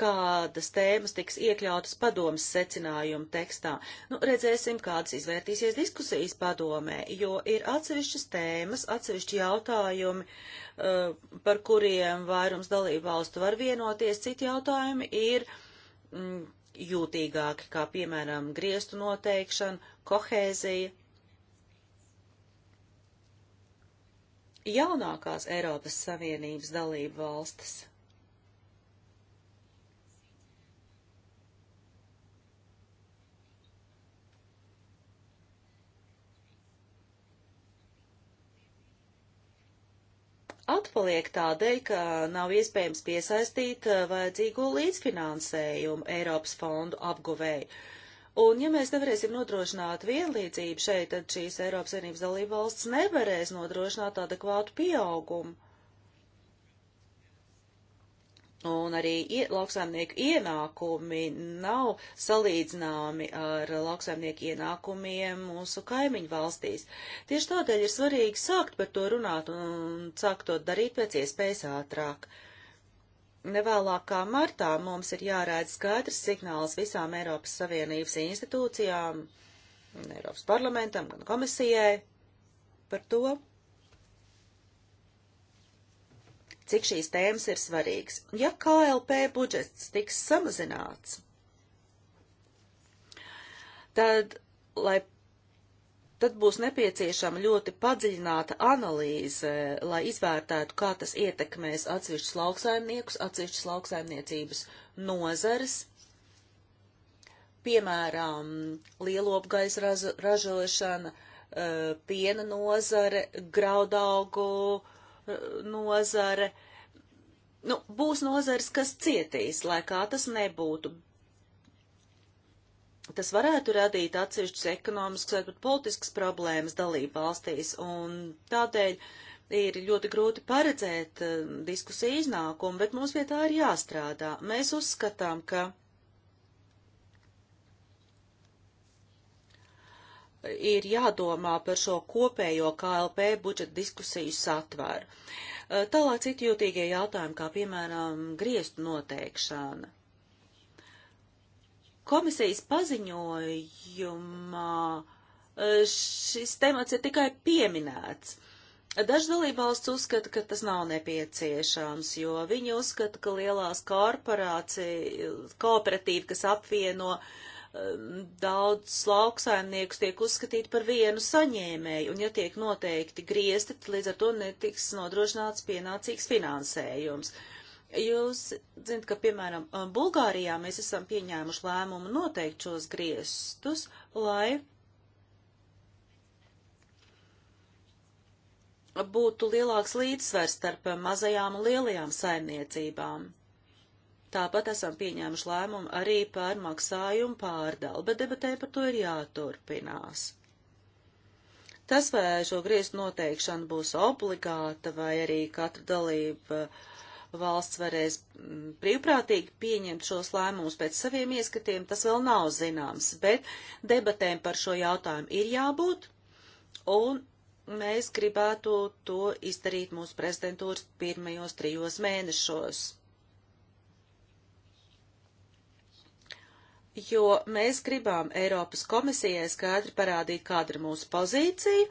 kādas tēmas tiks iekļautas padomas secinājuma tekstā. Nu, redzēsim, kādas izvērtīsies diskusijas padomē, jo ir atsevišķas tēmas, atsevišķi jautājumi, eh, par kuriem vairums dalību valstu var vienoties, citi jautājumi ir mm, jūtīgāki, kā piemēram griestu noteikšana, kohēzija. Jaunākās Eiropas Savienības dalību valstis atpaliek tādēļ, ka nav iespējams piesaistīt uh, vajadzīgo līdzfinansējumu Eiropas fondu apguvēju. Un ja mēs nevarēsim nodrošināt vienlīdzību šeit, tad šīs Eiropas Savienības dalība valsts nevarēs nodrošināt adekvātu pieaugumu. Un arī lauksaimnieku ienākumi nav salīdzināmi ar lauksaimnieku ienākumiem mūsu kaimiņu valstīs. Tieši tādēļ ir svarīgi sākt par to runāt un sākt to darīt pēc iespējas ātrāk. Nevēlākā martā mums ir jārēdz skaidrs signāls visām Eiropas Savienības institūcijām, Eiropas parlamentam, gan komisijai par to, cik šīs tēmas ir svarīgas. Ja KLP budžets tiks samazināts, tad, lai, tad būs nepieciešama ļoti padziļināta analīze, lai izvērtētu, kā tas ietekmēs atsevišķus lauksaimniekus, atsevišķus lauksaimniecības nozares, piemēram, lielopgais ražošana, eh, piena nozare, graudaugu, Eh, nozare. Nu, būs nozars, kas cietīs, lai kā tas nebūtu. Tas varētu radīt atsevišķas ekonomiskas vai pat politiskas problēmas dalību valstīs, un tādēļ ir ļoti grūti paredzēt eh, diskusiju iznākumu, bet mums pie tā ir jāstrādā. Mēs uzskatām, ka ir jādomā par šo kopējo KLP budžeta diskusiju satvaru. Tālāk citi jūtīgie jautājumi, kā piemēram griestu noteikšana. Komisijas paziņojumā šis temats ir tikai pieminēts. Daži dalībvalsts uzskata, ka tas nav nepieciešams, jo viņi uzskata, ka lielās korporācijas, kooperatīva, kas apvieno uh, daudz lauksaimniekus tiek uzskatīti par vienu saņēmēju, un ja tiek noteikti griezti, tad līdz ar to netiks nodrošināts pienācīgs finansējums. Jūs zinat, ka, piemēram, Bulgārijā mēs esam pieņēmuši lēmumu noteikt šos griestus, lai būtu lielāks līdzsvers starp mazajām un lielajām saimniecībām. Tāpat esam pieņēmuši lēmumu arī par maksājumu pārdalu, bet debatē par to ir jāturpinās. Tas, vai šo griestu noteikšana būs obligāta, vai arī katra dalība valsts varēs mm, brīvprātīgi pieņemt šos lēmumus pēc saviem ieskatiem, tas vēl nav zināms, bet debatēm par šo jautājumu ir jābūt, un mēs gribētu to izdarīt mūsu prezidentūras pirmajos trijos mēnešos. jo mēs gribām Eiropas komisijai skaidri parādīt, kāda ir mūsu pozīcija,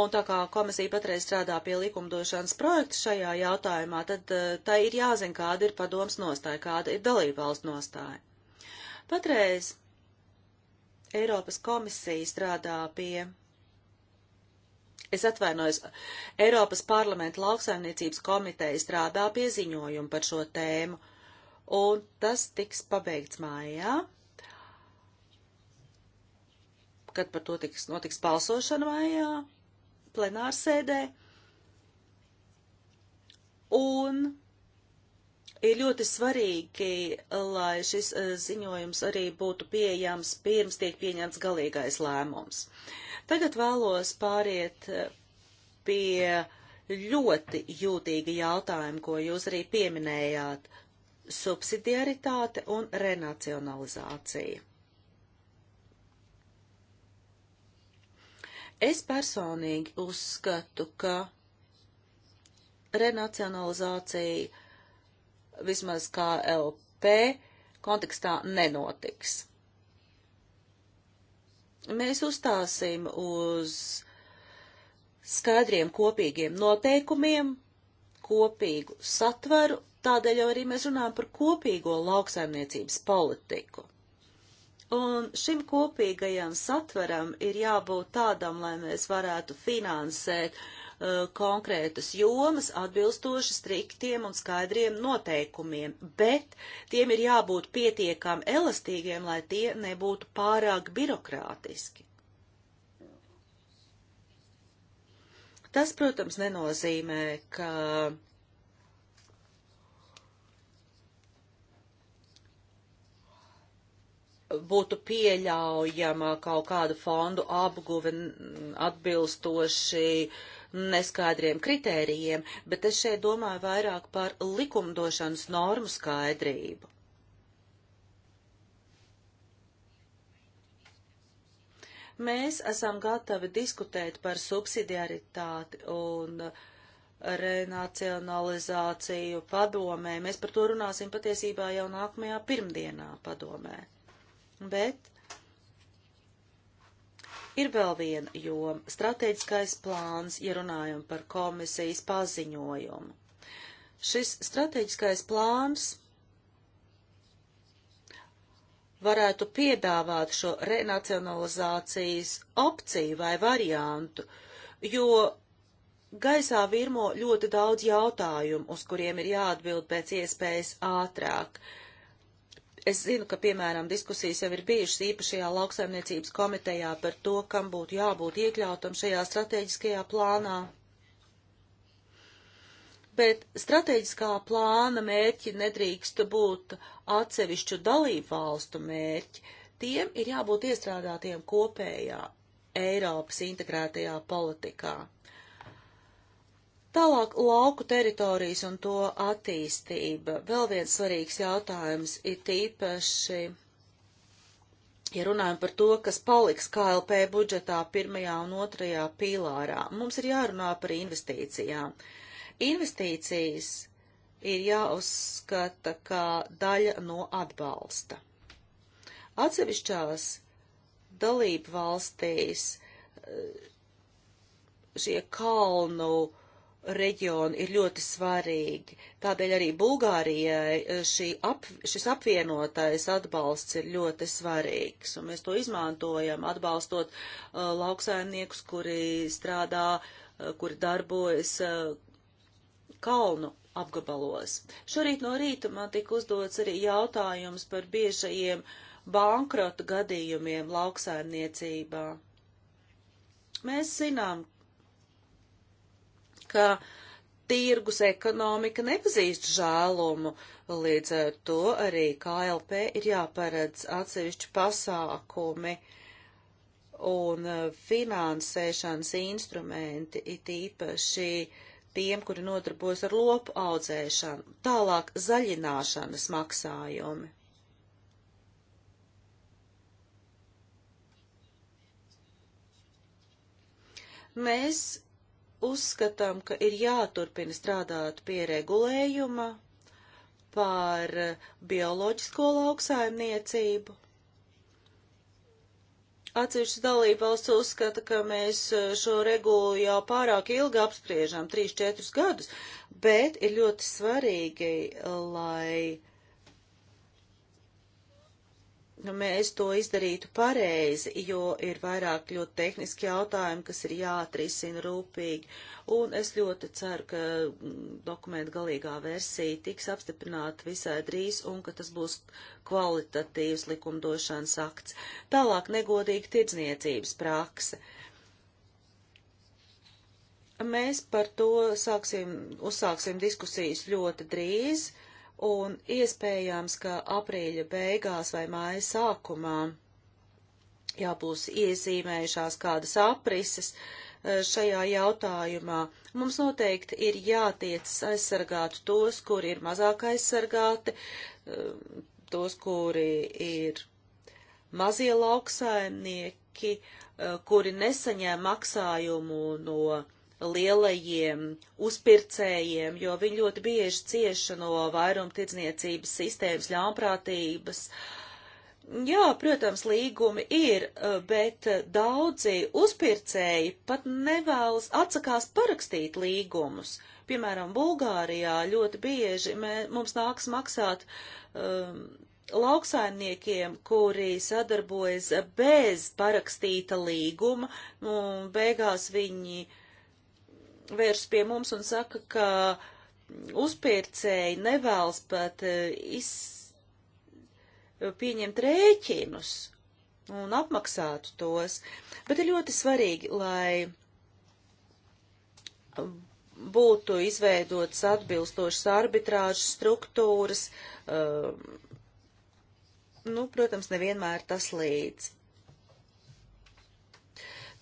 un tā kā komisija patreiz strādā pie likumdošanas projekta šajā jautājumā, tad eh, tai ir jāzina, kāda ir padoms nostāja, kāda ir dalībvalsts nostāja. Patreiz Eiropas komisija strādā pie Es atvainojos, Eiropas parlamenta lauksaimniecības komiteja strādā pie ziņojuma par šo tēmu, un tas tiks pabeigts mājā kad par to tiks, notiks balsošana maijā, plenārsēdē. Un ir ļoti svarīgi, lai šis ziņojums arī būtu pieejams pirms tiek pieņemts galīgais lēmums. Tagad vēlos pāriet pie ļoti jūtīga jautājuma, ko jūs arī pieminējāt - subsidiaritāte un renacionalizācija. Es personīgi uzskatu, ka renacionalizācija vismaz kā LP kontekstā nenotiks. Mēs uzstāsim uz skaidriem kopīgiem noteikumiem, kopīgu satvaru, tādēļ jau arī mēs runājam par kopīgo lauksaimniecības politiku. Un šim kopīgajam satveram ir jābūt tādam, lai mēs varētu finansēt uh, konkrētas jomas atbilstoši striktiem un skaidriem noteikumiem, bet tiem ir jābūt pietiekam elastīgiem, lai tie nebūtu pārāk birokrātiski. Tas, protams, nenozīmē, ka būtu pieļaujama kaut kādu fondu apguve atbilstoši neskaidriem kritērijiem, bet es šeit domāju vairāk par likumdošanas normu skaidrību. Mēs esam gatavi diskutēt par subsidiaritāti un renacionalizāciju padomē. Mēs par to runāsim patiesībā jau nākamajā pirmdienā padomē. Bet ir vēl viena joma - strateģiskais plāns, ja runājam par komisijas paziņojumu. Šis strateģiskais plāns varētu piedāvāt šo renacionalizācijas opciju vai variantu, jo gaisā virmo ļoti daudz jautājumu, uz kuriem ir jāatbild pēc iespējas ātrāk. Uh, Es zinu, ka, piemēram, diskusijas jau ir bijušas īpašajā lauksaimniecības komitejā par to, kam būtu jābūt iekļautam šajā strateģiskajā plānā. Bet strateģiskā plāna mērķi nedrīkst būt atsevišķu dalību valstu mērķi. Tiem ir jābūt iestrādātiem kopējā Eiropas integrētajā politikā. Tālāk lauku teritorijas un to attīstība. Vēl viens svarīgs jautājums ir tīpaši, ja runājam par to, kas paliks KLP budžetā pirmajā un otrajā pīlārā. Mums ir jārunā par investīcijām. Investīcijas ir jāuzskata kā daļa no atbalsta. Atsevišķās dalību valstīs eh, šie kalnu uh, reģionu ir ļoti svarīgi. Tādēļ arī Bulgārijai eh, šī ap, šis apvienotais atbalsts ir ļoti svarīgs. Un mēs to izmantojam atbalstot uh, lauksaimniekus, kuri strādā, uh, kuri darbojas uh, kalnu apgabalos. Šorīt no rīta man tika uzdots arī jautājums par biežajiem bankrotu gadījumiem lauksaimniecībā. Mēs zinām, ka tirgus ekonomika nepazīst žēlumu, līdz ar to arī KLP ir jāparedz atsevišķi pasākumi un e, finansēšanas instrumenti, it īpaši tiem, kuri nodarbojas ar lopu audzēšanu, tālāk zaļināšanas maksājumi. Mēs uzskatām, ka ir jāturpina strādāt pie regulējuma par bioloģisko lauksaimniecību. Atsevišķas dalība valsts uzskata, ka mēs e, šo regulu jau pārāk ilgi apspriežam, 3-4 gadus, bet ir ļoti svarīgi, lai nu, mēs to izdarītu pareizi, jo ir vairāk ļoti tehniski jautājumi, kas ir jāatrisina rūpīgi. Un es ļoti ceru, ka mm, dokumentu galīgā versija tiks apstiprināta visai drīz un ka tas būs kvalitatīvs likumdošanas akts. Tālāk negodīga tirdzniecības prakse. Mēs par to sāksim, uzsāksim diskusijas ļoti drīz. Uh, un iespējams, ka aprīļa beigās vai māja sākumā jau būs iezīmējušās kādas aprises e, šajā jautājumā. Mums noteikti ir jātiecas aizsargāt tos, kuri ir mazāk aizsargāti, e, tos, kuri ir mazie lauksaimnieki, e, kuri nesaņēma maksājumu no lielajiem uzpircējiem, jo viņi ļoti bieži cieši no vairumtirdzniecības sistēmas ļaunprātības. Jā, protams, līgumi ir, bet daudzi uzpircēji pat nevēlas atsakās parakstīt līgumus. Piemēram, Bulgārijā ļoti bieži mē, mums nāks maksāt um, lauksaimniekiem, kuri sadarbojas bez parakstīta līguma, un nu, beigās viņi uh, vēršas pie mums un saka, ka uzpērcēji nevēlas pat eh, iz, pieņemt rēķinus un apmaksātu tos, bet ir ļoti svarīgi, lai būtu izveidotas atbilstošas arbitrāžas struktūras, eh, nu, protams, nevienmēr tas līdz.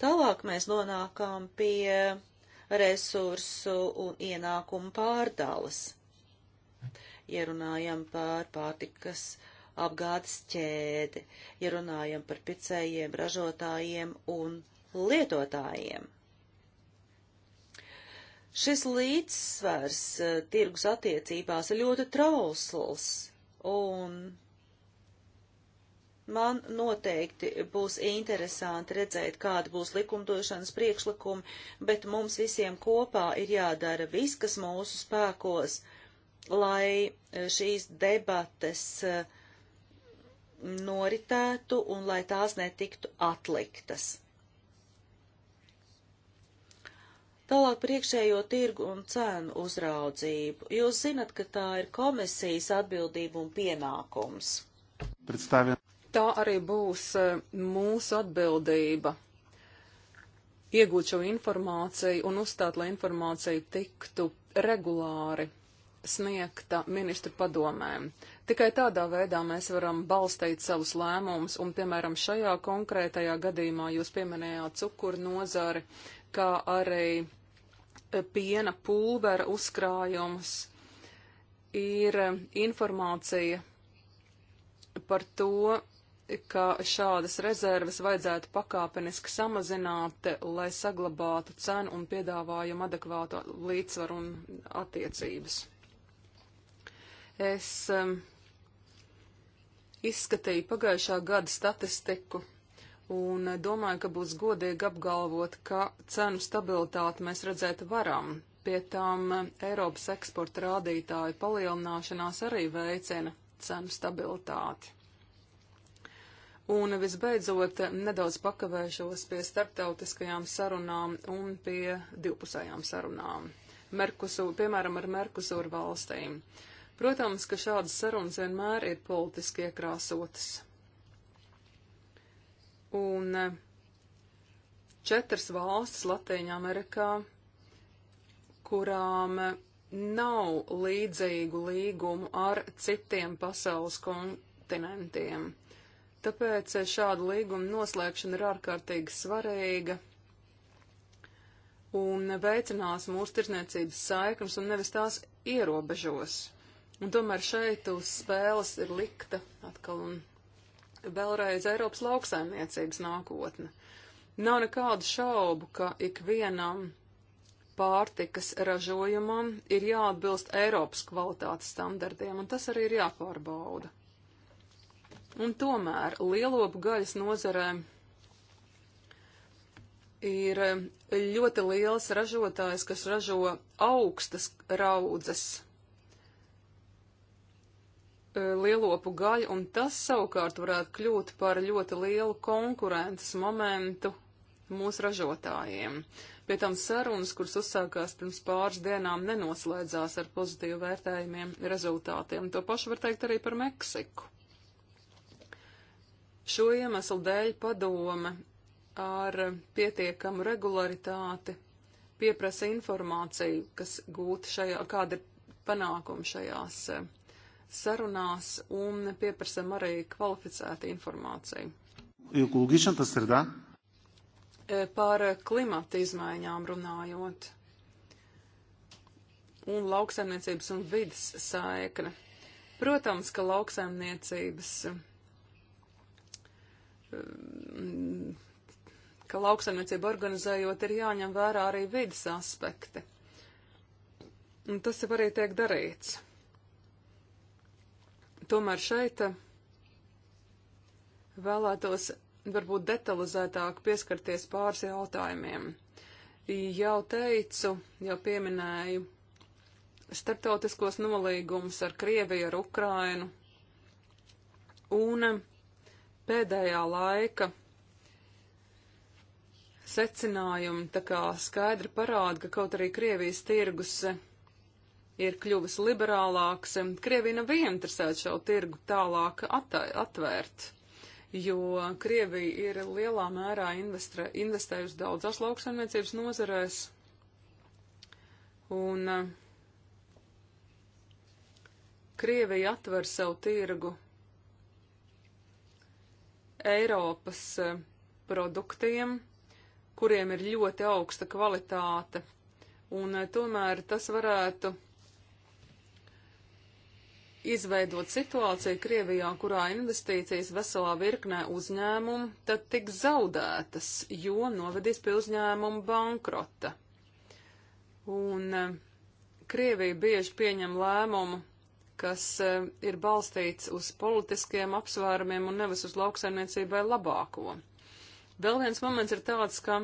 Tālāk mēs nonākam pie resursu un ienākumu pārdales. Ierunājam par pārtikas apgādes ķēdi, ierunājam par picējiem, ražotājiem un lietotājiem. Šis līdzsvars eh, tirgus attiecībās ir ļoti trausls, un Man noteikti būs interesanti redzēt, kāda būs likumdošanas priekšlikumi, bet mums visiem kopā ir jādara viss, kas mūsu spēkos, lai eh, šīs debates eh, noritētu un lai tās netiktu atliktas. Tālāk priekšējo tirgu un cenu uzraudzību. Jūs zinat, ka tā ir komisijas atbildība un pienākums. Представя tā arī būs e, mūsu atbildība
iegūt šo informāciju un uzstāt, lai informācija tiktu regulāri sniegta ministru padomēm. Tikai tādā veidā mēs varam balstīt savus lēmumus, un, piemēram, šajā konkrētajā gadījumā jūs pieminējāt cukuru nozari, kā arī e, piena pulvera uzkrājums, ir e, informācija par to, ka šādas rezerves vajadzētu pakāpeniski samazināt, lai saglabātu cenu un piedāvājumu adekvātu līdzsvaru un attiecības. Es um, izskatīju pagājušā gada statistiku un domāju, ka būs godīgi apgalvot, ka cenu stabilitāti mēs redzēt varam. Pie tam Eiropas eksporta rādītāju palielināšanās arī veicina cenu stabilitāti. Un visbeidzot, nedaudz pakavēšos pie starptautiskajām sarunām un pie divpusējām sarunām. Merkusu, piemēram, ar Merkusūru valstīm. Protams, ka šādas sarunas vienmēr ir politiski iekrāsotas. Un eh, četras valstis Latīņā Amerikā, kurām nav līdzīgu līgumu ar citiem pasaules kontinentiem. Tāpēc eh, šāda līguma noslēgšana ir ārkārtīgi svarīga un veicinās mūsu tirzniecības saiknes un nevis tās ierobežos. Un tomēr šeit uz spēles ir likta atkal un vēlreiz Eiropas lauksaimniecības nākotne. Nav nekādu šaubu, ka ikvienam pārtikas ražojumam ir jāatbilst Eiropas kvalitātes standartiem, un tas arī ir jāpārbauda. Un tomēr lielopu gaļas nozarē ir eh, ļoti liels ražotājs, kas ražo augstas raudzes eh, lielopu gaļu, un tas savukārt varētu kļūt par ļoti lielu konkurences momentu mūsu ražotājiem. Pie tam sarunas, kuras uzsākās pirms pāris dienām, nenoslēdzās ar pozitīvu vērtējumiem rezultātiem. To pašu var teikt arī par Meksiku. Šo iemeslu dēļ padome ar pietiekamu regularitāti pieprasa informāciju, kas gūta šajā, kāda ir panākuma šajās eh, sarunās, un pieprasam arī kvalificētu informāciju.
Ekoloģiskā eh, sredā?
Par klimata izmaiņām runājot un lauksaimniecības un vidas saikne. Protams, ka lauksaimniecības Mm, ka lauksaimniecību organizējot ir jāņem vērā arī vidas aspekti. Un tas jau arī tiek darīts. Tomēr šeit eh, vēlētos varbūt detalizētāk pieskarties pāris jautājumiem. Jau teicu, jau pieminēju starptautiskos nolīgumus ar Krieviju, ar Ukrainu. Un pēdējā laika secinājumi tā kā skaidri parāda, ka kaut arī Krievijas tirgus ir kļuvis liberālāks, Krievija nav ieinteresēta šo tirgu tālāk atvērt, jo Krievija ir lielā mērā investre, investējusi daudzās lauksaimniecības nozarēs. Un eh, Krievija atver savu tirgu Eiropas e, produktiem, kuriem ir ļoti augsta kvalitāte, un e, tomēr tas varētu izveidot situāciju Krievijā, kurā investīcijas veselā virknē uzņēmumu tad tiks zaudētas, jo novedīs pie uzņēmumu bankrota. Un e, Krievija bieži pieņem lēmumu kas eh, ir balstīts uz politiskiem apsvērumiem un nevis uz lauksaimniecībai labāko. Vēl viens moments ir tāds, ka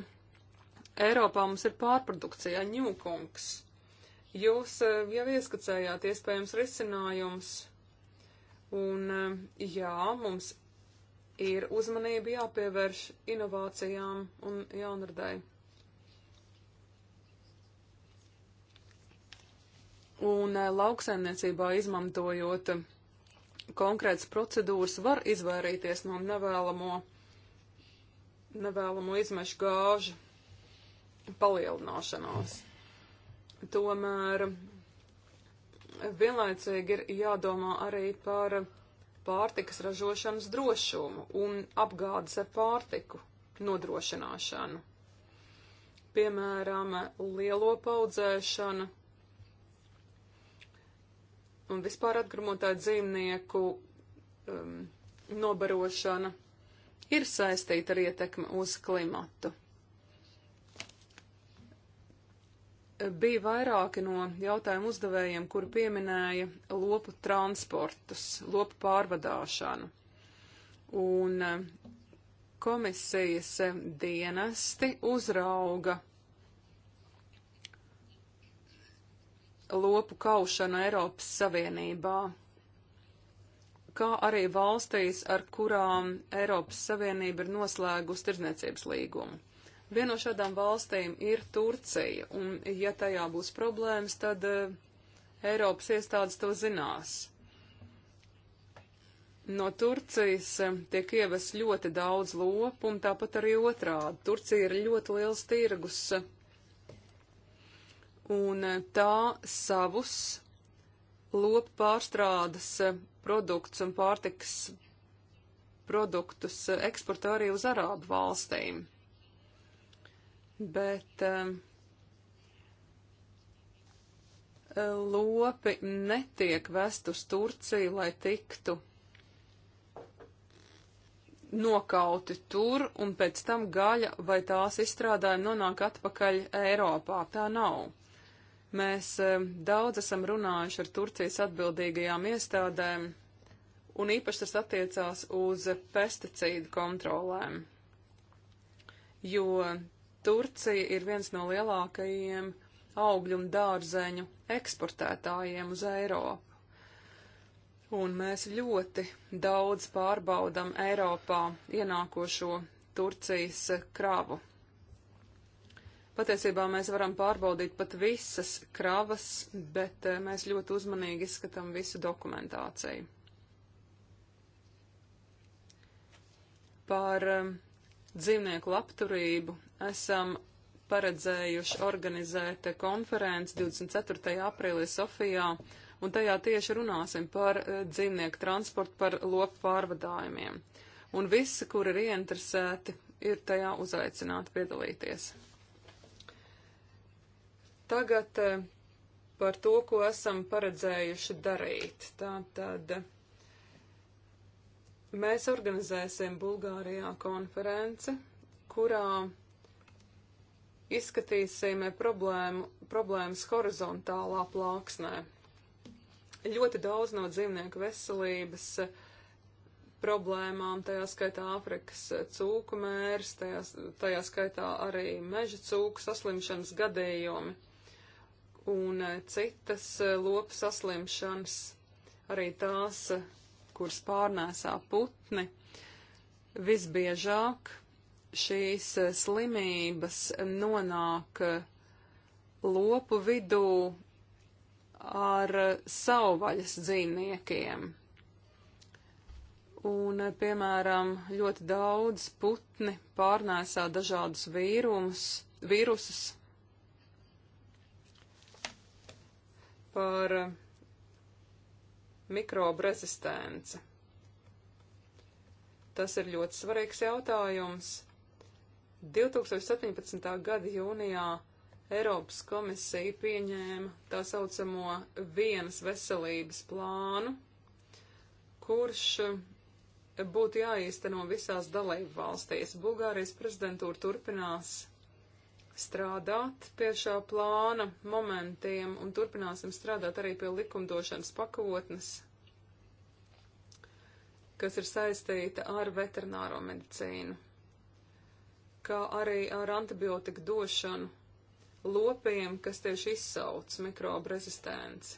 Eiropā mums ir pārprodukcija ņūkungs. Jūs eh, jau ieskacējāt iespējams risinājums, un eh, jā, mums ir uzmanība jāpievērš inovācijām un jaunradēji. Un eh, lauksaimniecībā izmantojot eh, konkrētas procedūras var izvairīties no nevēlamo, nevēlamo izmešu gāžu palielināšanos. Tomēr eh, vienlaicīgi ir jādomā arī par pārtikas ražošanas drošumu un apgādes ar pārtiku nodrošināšanu. Piemēram, lielo paudzēšana un vispār atgremotāju dzīvnieku um, nobarošana ir saistīta ar ietekmi uz klimatu. Bija vairāki no jautājumu uzdevējiem, kuri pieminēja lopu transportus, lopu pārvadāšanu. Un um, komisijas um, dienesti uzrauga lopu kaušanu Eiropas Savienībā, kā arī valstīs, ar kurām Eiropas Savienība ir noslēgusi tirdzniecības līgumu. Viena no šādām valstīm ir Turcija, un ja tajā būs problēmas, tad uh, Eiropas iestādes to zinās. No Turcijas eh, tiek ievest ļoti daudz lopu, un tāpat arī otrādi. Turcija ir ļoti liels tirgus eh, un tā savus lopu pārstrādes produktus un pārtiks produktus eksportē arī uz Arābu valstīm. Bet um, lopi netiek vest uz Turciju, lai tiktu nokauti tur, un pēc tam gaļa vai tās izstrādājumi nonāk atpakaļ Eiropā. Tā nav. Mēs e, daudz esam runājuši ar Turcijas atbildīgajām iestādēm, un īpaši tas attiecās uz pesticīdu kontrolēm, jo Turcija ir viens no lielākajiem augļu un dārzeņu eksportētājiem uz Eiropu. Un mēs ļoti daudz pārbaudam Eiropā ienākošo Turcijas kravu. Patiesībā mēs varam pārbaudīt pat visas kravas, bet eh, mēs ļoti uzmanīgi izskatām visu dokumentāciju. Par eh, dzīvnieku labturību esam paredzējuši organizēt konferenci 24. aprīlī Sofijā, un tajā tieši runāsim par eh, dzīvnieku transportu, par lopu pārvadājumiem. Un visi, kuri ir ieinteresēti, ir tajā uzaicināti piedalīties. Tagad eh, par to, ko esam paredzējuši darīt. Tātad mēs organizēsim Bulgārijā konferenci, kurā izskatīsim problēmu, problēmas horizontālā plāksnē. Ļoti daudz no dzīvnieku veselības eh, problēmām, tajā skaitā Āfrikas eh, cūku mērs, tajā, tajā skaitā arī meža cūku saslimšanas gadījumi un eh, citas eh, lopu saslimšanas, arī tās, eh, kuras pārnēsā putni, visbiežāk šīs slimības nonāk lopu vidū ar savvaļas dzīvniekiem. Un, piemēram, ļoti daudz putni pārnēsā dažādus vīrumus, vīrusus, par eh, mikrobu rezistenci. Tas ir ļoti svarīgs jautājums. 2017. gada jūnijā Eiropas komisija pieņēma tā saucamo vienas veselības plānu, kurš eh, būtu jāīsteno visās dalību valstīs. Bulgārijas prezidentūra turpinās strādāt pie šā plāna momentiem un turpināsim strādāt arī pie likumdošanas pakotnes, kas ir saistīta ar veterināro medicīnu, kā arī ar antibiotiku došanu lopiem, kas tieši izsauc mikrobu rezistents.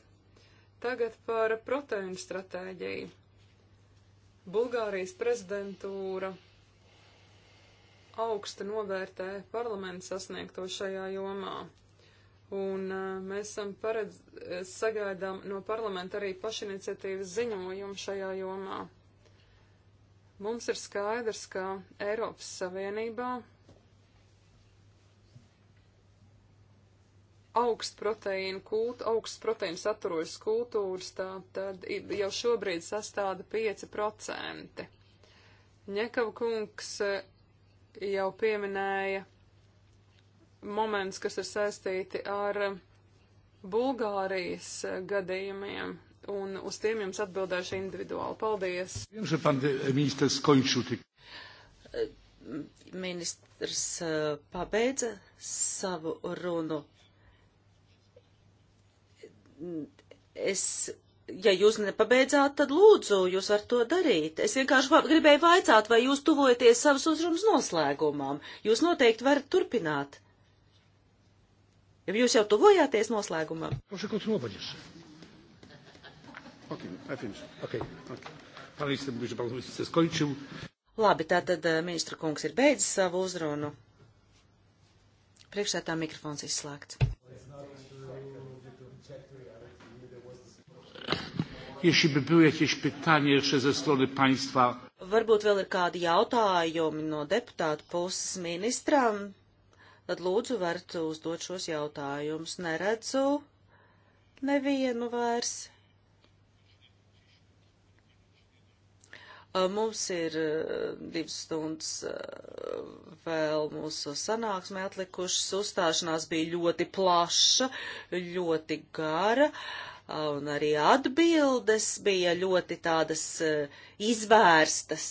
Tagad par proteīnu stratēģiju. Bulgārijas prezidentūra augstu novērtē parlamentu sasniegto šajā jomā. Un mēs esam paredz, sagaidām no parlamenta arī pašiniciatīvas ziņojumu šajā jomā. Mums ir skaidrs, ka Eiropas Savienībā augstproteīnu kultu, augstproteīnu saturojas kultūras, tā tad jau šobrīd sastāda 5%. Ņekava kungs jau pieminēja moments, kas ir saistīti ar Bulgārijas gadījumiem, un uz tiem jums atbildēšu individuāli. Paldies!
E, Ministrs e, pabeidza savu runu. Es ja jūs nepabeidzāt, tad lūdzu, jūs varat to darīt. Es vienkārši gribēju vaicāt, vai jūs tuvojaties savas uzrunas noslēgumam. Jūs noteikti varat turpināt. Jūs jau tuvojāties noslēgumam. Labi, tātad e, ministra kungs ir beidzis savu uzrunu. Priekšsētā mikrofons izslēgts.
jeśli by były jakieś pytanie jeszcze ze strony państwa.
Varbūt vēl ir kādi jautājumi no deputāta puses ministram, tad lūdzu varat uzdot šos jautājumus. Neredzu nevienu vairs. Mums ir divas stundas vēl mūsu sanāksmē atlikušas. Uzstāšanās bija ļoti plaša, ļoti gara. Uh, un arī atbildes bija ļoti tādas eh, izvērstas.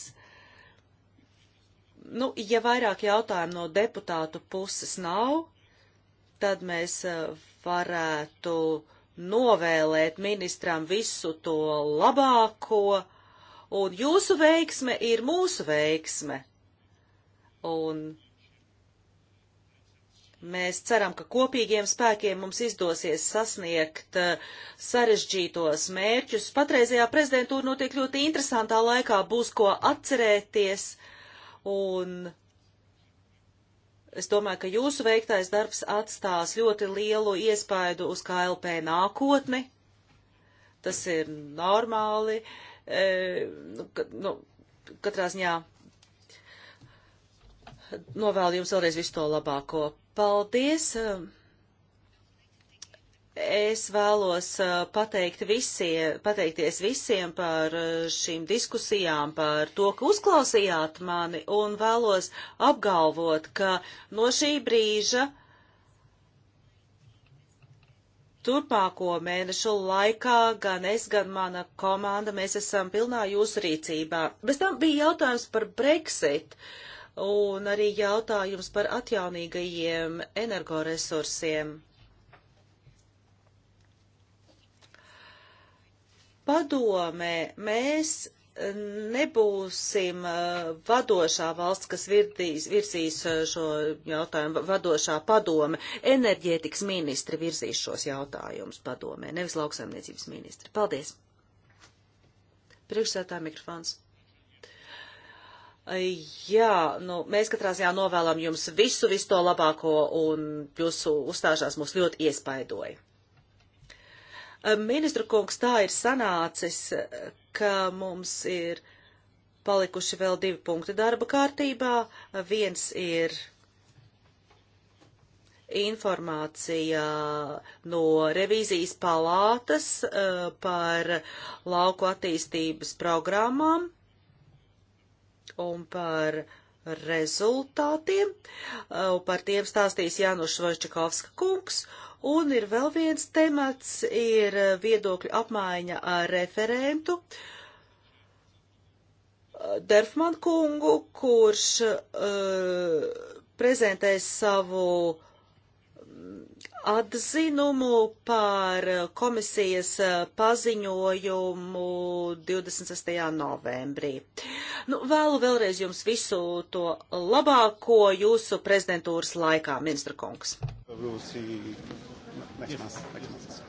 Nu, ja vairāk jautājumu no deputātu puses nav, tad mēs eh, varētu novēlēt ministram visu to labāko, un jūsu veiksme ir mūsu veiksme. Un Mēs ceram, ka kopīgiem spēkiem mums izdosies sasniegt uh, sarežģītos mērķus. Patreizajā prezidentūra notiek ļoti interesantā laikā, būs ko atcerēties, un es domāju, ka jūsu veiktais darbs atstās ļoti lielu iespaidu uz KLP nākotni. Tas ir normāli, e, nu, nu, katrā ziņā novēlu jums vēlreiz visu to labāko. Paldies! Es vēlos eh, pateikt visie, pateikties visiem par eh, šīm diskusijām, par to, ka uzklausījāt mani un vēlos apgalvot, ka no šī brīža Turpmāko mēnešu laikā gan es, gan mana komanda, mēs esam pilnā jūsu rīcībā. Bez tam bija jautājums par Brexit. Uh, un arī jautājums par atjaunīgajiem energoresursiem. Padomē, mēs nebūsim eh, vadošā valsts, kas virdīs, virzīs eh, šo jautājumu, vadošā padome. Enerģētikas ministri virzīs šos jautājumus padomē, nevis lauksaimniecības ministri. Paldies! Priekšsētā mikrofons. Jā, nu, mēs katrā ziņā novēlam jums visu, visu to labāko, un jūsu uzstāšanās mūs ļoti iespaidoja. Ministru kungs, tā ir sanācis, ka mums ir palikuši vēl divi punkti darba kārtībā. Viens ir informācija no revīzijas palātas eh, par lauku attīstības programmām un par rezultātiem. Par tiem stāstīs Jānušs Vojčakovska kungs. Un ir vēl viens temats, ir viedokļu apmaiņa ar referentu Derfman kungu, kurš uh, prezentēs savu atzinumu par komisijas eh, paziņojumu 26. novembrī. Nu, vēlu vēlreiz jums visu to labāko jūsu prezidentūras laikā, ministra kungs. Next month, next month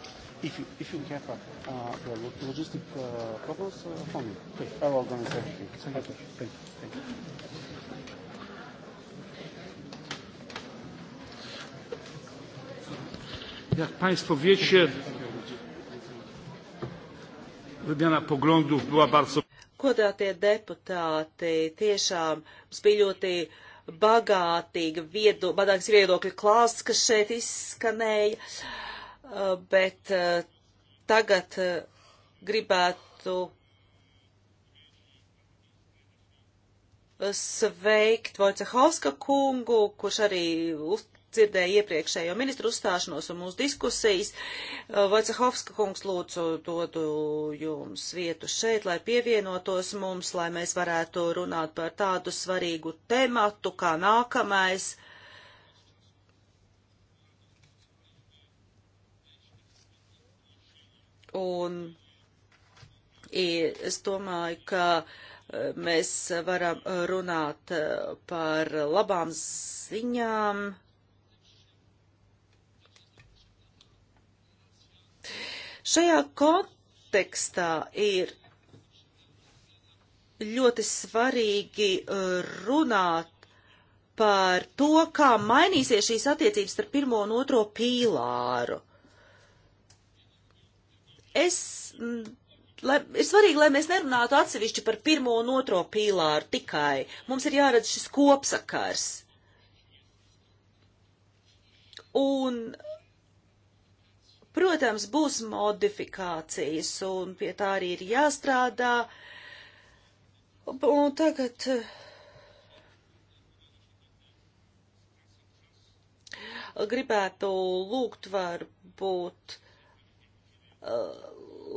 if you if you have a, uh, uh, the logistic uh, problems, uh, phone me. Okay. I will organize everything. Thank you. Thank you. Thank you.
Jak Państwo wiecie, wymiana poglądów była bardzo.
Godātie deputāti, tiešām mums bija ļoti bagātīga viedo, bagātīgs viedokļu klāsts, kas šeit izskanēja, eh, bet eh, tagad eh, gribētu sveikt Vojcehovska kungu, kurš arī uz, dzirdēju iepriekšējo ministru uzstāšanos un mūsu diskusijas. Uh, Vacehovska kungs lūdzu dodu jums vietu šeit, lai pievienotos mums, lai mēs varētu runāt par tādu svarīgu tematu kā nākamais. Un es domāju, ka uh, mēs varam runāt uh, par labām ziņām Šajā kontekstā ir ļoti svarīgi uh, runāt par to, kā mainīsies šīs attiecības ar pirmo un otro pīlāru. Es, mm, lai, ir svarīgi, lai mēs nerunātu atsevišķi par pirmo un otro pīlāru tikai. Mums ir jāredz šis kopsakars. Un Protams, būs modifikācijas, un pie tā arī ir jāstrādā. Un tagad. Eh, gribētu lūgt varbūt, uh,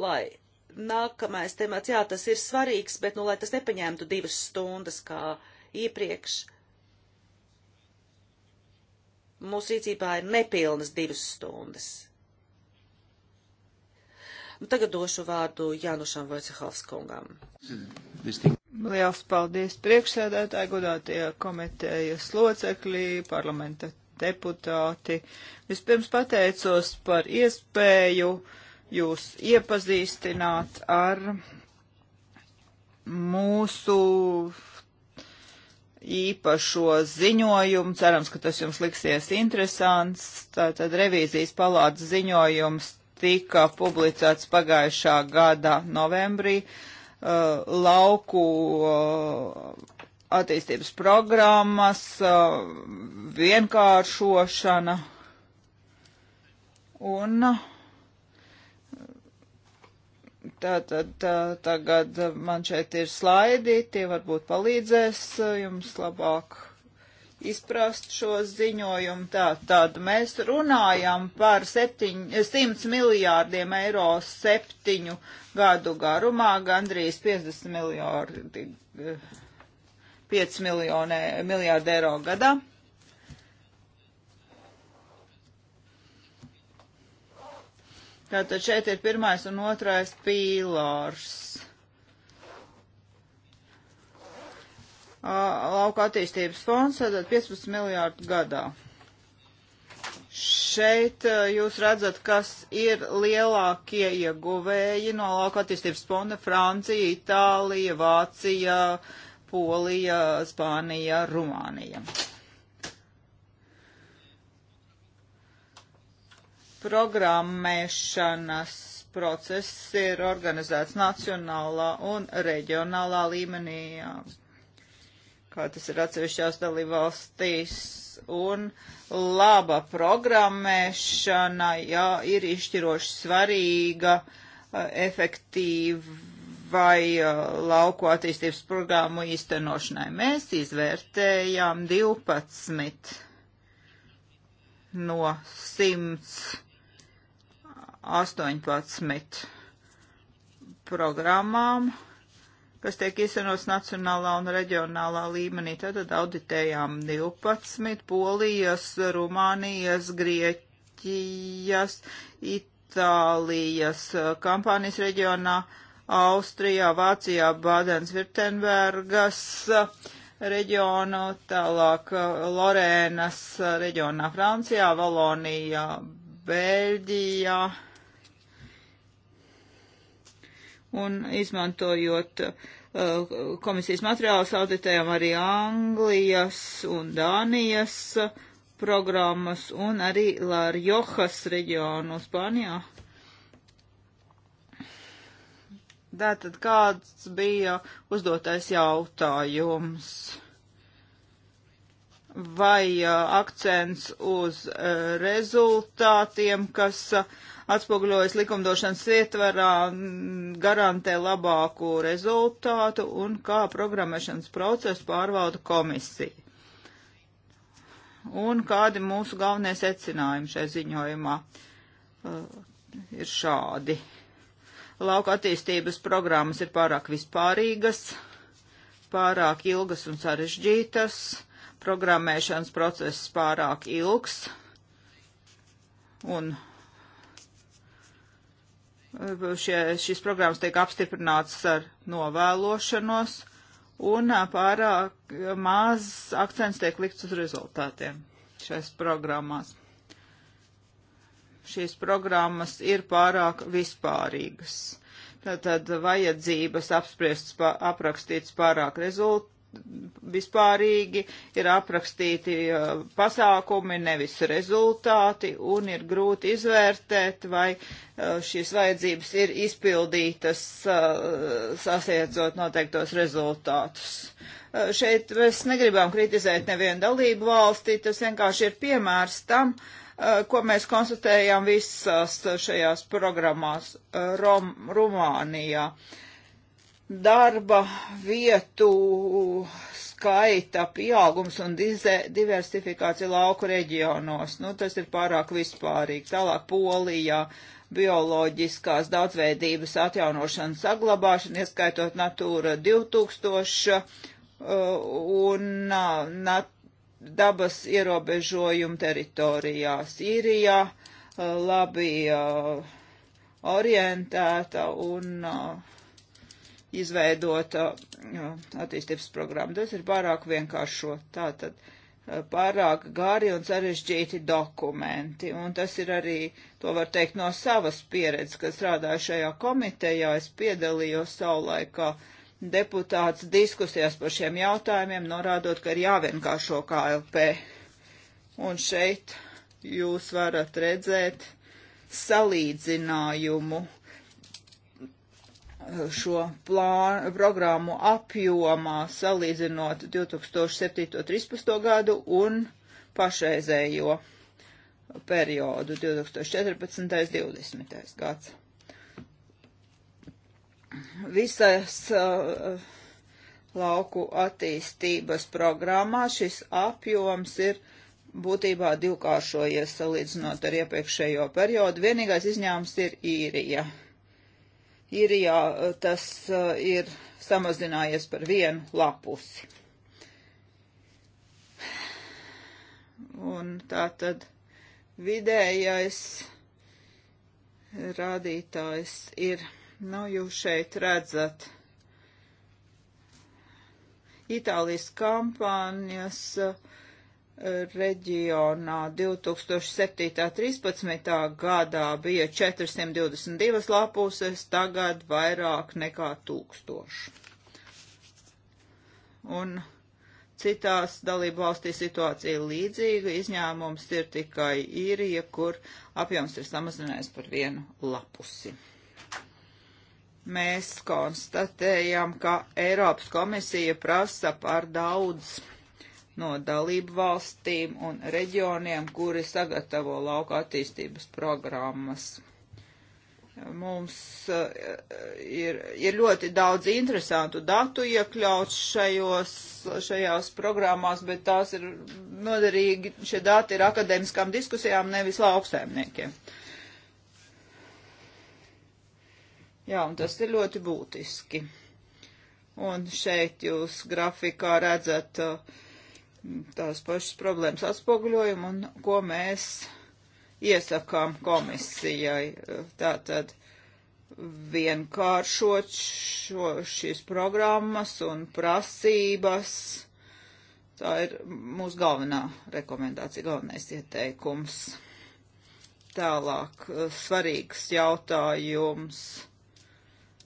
lai nākamais temats, jā, tas ir svarīgs, bet, nu, lai tas nepaņemtu divas stundas kā iepriekš. Mūsu rīcībā ir nepilnas divas stundas. Un nu, tagad došu vārdu Jānušam Vojcehovskungam. Liels paldies
priekšsēdētāji, godātie komitejas locekļi, parlamenta deputāti. Vispirms pateicos par iespēju jūs iepazīstināt ar mūsu īpašo ziņojumu. Cerams, ka tas jums liksies interesants. Tātad revīzijas palātas ziņojums tika publicēts pagājušā gada novembrī. Uh, lauku uh, attīstības programmas, uh, vienkāršošana un uh, tātad tā, uh, tagad man šeit ir slaidi, tie varbūt palīdzēs uh, jums labāk izprast šo ziņojumu. Tā, tad mēs runājam par septiņ, 100 miljārdiem eiro septiņu gadu garumā, gandrīz 50 miljārdi, 5 miljoni, miljārdi eiro gadā. Tātad šeit ir pirmais un otrais pīlārs lauka attīstības fonds, tad 15 miljārdu gadā. Šeit eh, jūs redzat, kas ir lielākie ieguvēji no lauka attīstības fonda - Francija, Itālija, Vācija, Polija, Spānija, Rumānija. Programmēšanas process ir organizēts nacionālā un reģionālā līmenī kā tas ir atsevišķās dalībvalstīs, un laba programmēšana, jā, ir izšķiroši svarīga, eh, efektīvai eh, lauku attīstības programmu īstenošanai. Mēs izvērtējām 12 no 118 programmām kas tiek īstenots nacionālā un reģionālā līmenī. Tātad auditējām 12 Polijas, Rumānijas, Grieķijas, Itālijas, eh, Kampānijas reģionā, Austrijā, Vācijā, Bādens-Virtenbergas eh, reģionu, tālāk eh, Lorēnas reģionā Francijā, Valonijā, Beļģijā un izmantojot uh, komisijas materiālus auditējam arī Anglijas un Dānijas programmas un arī Lārjohas reģionu Spānijā. Tātad kāds bija uzdotais jautājums? Vai uh, akcents uz uh, rezultātiem, kas uh, atspoguļojas likumdošanas ietvarā, garantē labāku rezultātu un kā programmēšanas procesu pārvalda komisija. Un kādi mūsu galvenie secinājumi šai ziņojumā uh, ir šādi. Lauka attīstības programmas ir pārāk vispārīgas, pārāk ilgas un sarežģītas, programmēšanas process pārāk ilgs un šie, šīs programmas tiek apstiprinātas ar novēlošanos un pārāk maz akcents tiek likts uz rezultātiem šais programmās. Šīs programmas ir pārāk vispārīgas. Tātad vajadzības apspriestas, pa, aprakstīts pārāk rezult, vispārīgi ir aprakstīti uh, pasākumi, nevis rezultāti, un ir grūti izvērtēt, vai uh, šīs vajadzības ir izpildītas uh, sasniedzot noteiktos rezultātus. Šeit mēs negribam kritizēt nevienu dalību valsti, tas vienkārši ir piemērs tam, ko mēs konstatējam visās šajās programmās Rom Rumānijā. Uh, darba vietu skaita pieaugums un diversifikācija lauku reģionos. Nu, tas ir pārāk vispārīgi. Tālāk Polijā bioloģiskās daudzveidības atjaunošana saglabāšana, ieskaitot Natūra 2000 uh, un uh, dabas ierobežojumu teritorijā Sīrijā, uh, labi orientēta un uh, izveidot uh, attīstības programmu. Tas ir pārāk vienkāršo. Tātad uh, pārāk gari un sarežģīti dokumenti. Un tas ir arī, to var teikt, no savas pieredzes, kas strādāju šajā komitejā. Es piedalījos savulaikā uh, deputāts diskusijās par šiem jautājumiem, norādot, ka ir jāvienkāršo KLP. Un šeit jūs varat redzēt salīdzinājumu šo plānu, programmu apjomā salīdzinot 2007.13. gadu un pašreizējo periodu 2014.20. gads. Visas uh, lauku attīstības programmā šis apjoms ir būtībā divkāršojies salīdzinot ar iepriekšējo periodu. Vienīgais izņēmums ir īrija. Ja Irijā eh, tas eh, ir samazinājies par vienu lapusi. Un tā tad vidējais rādītājs ir, nu, jūs šeit redzat, Itālijas kampānijas uh, eh, reģionā 2007.13. gadā bija 422 lapuses, tagad vairāk nekā tūkstoši. Un citās dalību valstī situācija līdzīga, izņēmums ir tikai īrija, kur apjoms ir samazinājies par vienu lapusi mēs konstatējam, ka Eiropas komisija prasa par daudz no dalību valstīm un reģioniem, kuri sagatavo lauka attīstības programmas. Mums eh, ir, ir ļoti daudz interesantu datu iekļauts šajos, šajās programmās, bet tās ir noderīgi, šie dati ir akadēmiskām diskusijām, nevis lauksēmniekiem. Jā, un tas ir ļoti būtiski. Un šeit jūs grafikā redzat uh, tās pašas problēmas atspoguļojumu un ko mēs iesakām komisijai. Tātad vienkāršot šo, šīs programmas un prasības. Tā ir mūsu galvenā rekomendācija, galvenais ieteikums. Tālāk svarīgs jautājums.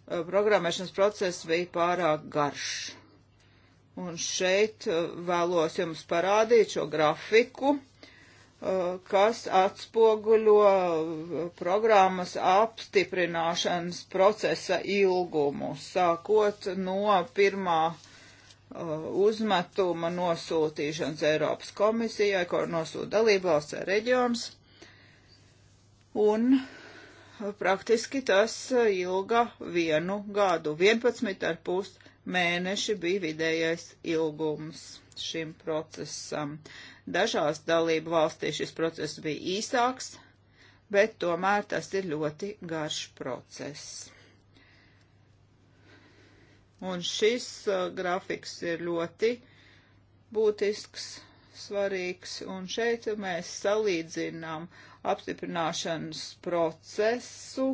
Programmēšanas process bija pārāk garš Un šeit uh, vēlos jums parādīt šo grafiku, uh, kas atspoguļo uh, programmas apstiprināšanas procesa ilgumu, sākot no pirmā uzmetuma nosūtīšanas Eiropas komisijai, ko nosūta dalībvalsts vai reģions. Un praktiski tas ilga vienu gadu, 11,5 mēneši bija vidējais ilgums šim procesam. Dažās dalību valstīs šis process bija īsāks, bet tomēr tas ir ļoti garš process. Un šis uh, grafiks ir ļoti būtisks, svarīgs, un šeit mēs salīdzinām apstiprināšanas procesu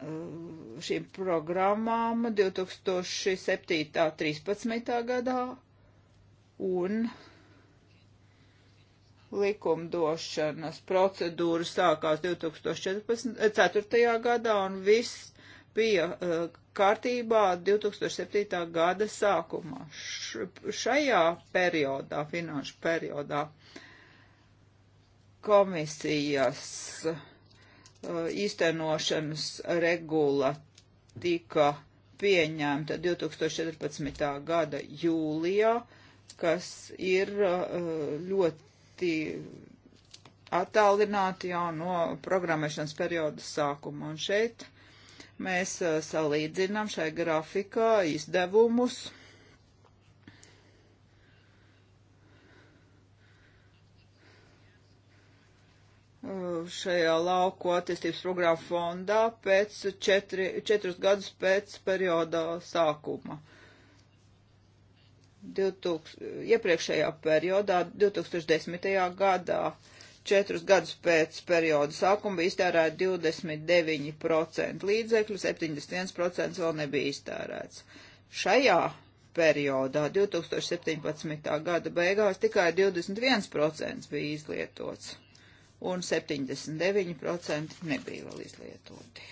Uh, šīm programmām 2007.13. gadā un likumdošanas procedūra sākās 2014. Eh, gadā un viss bija uh, kārtībā 2007. gada sākumā. Š, šajā periodā, finanšu periodā, komisijas uh, Eh, īstenošanas regula tika pieņemta 2014. gada jūlijā, kas ir eh, ļoti attālināti jau no programmēšanas perioda sākuma. Un šeit mēs eh, salīdzinām šai grafikā izdevumus šajā lauku attīstības programmu fondā pēc četri, četrus gadus pēc perioda sākuma. 2000, iepriekšējā periodā, 2010. gadā, četrus gadus pēc perioda sākuma bija iztērēta 29% līdzekļu, 71% vēl nebija iztērēts. Šajā periodā, 2017. gada beigās, tikai 21% bija izlietots un 79% nebija vēl izlietoti.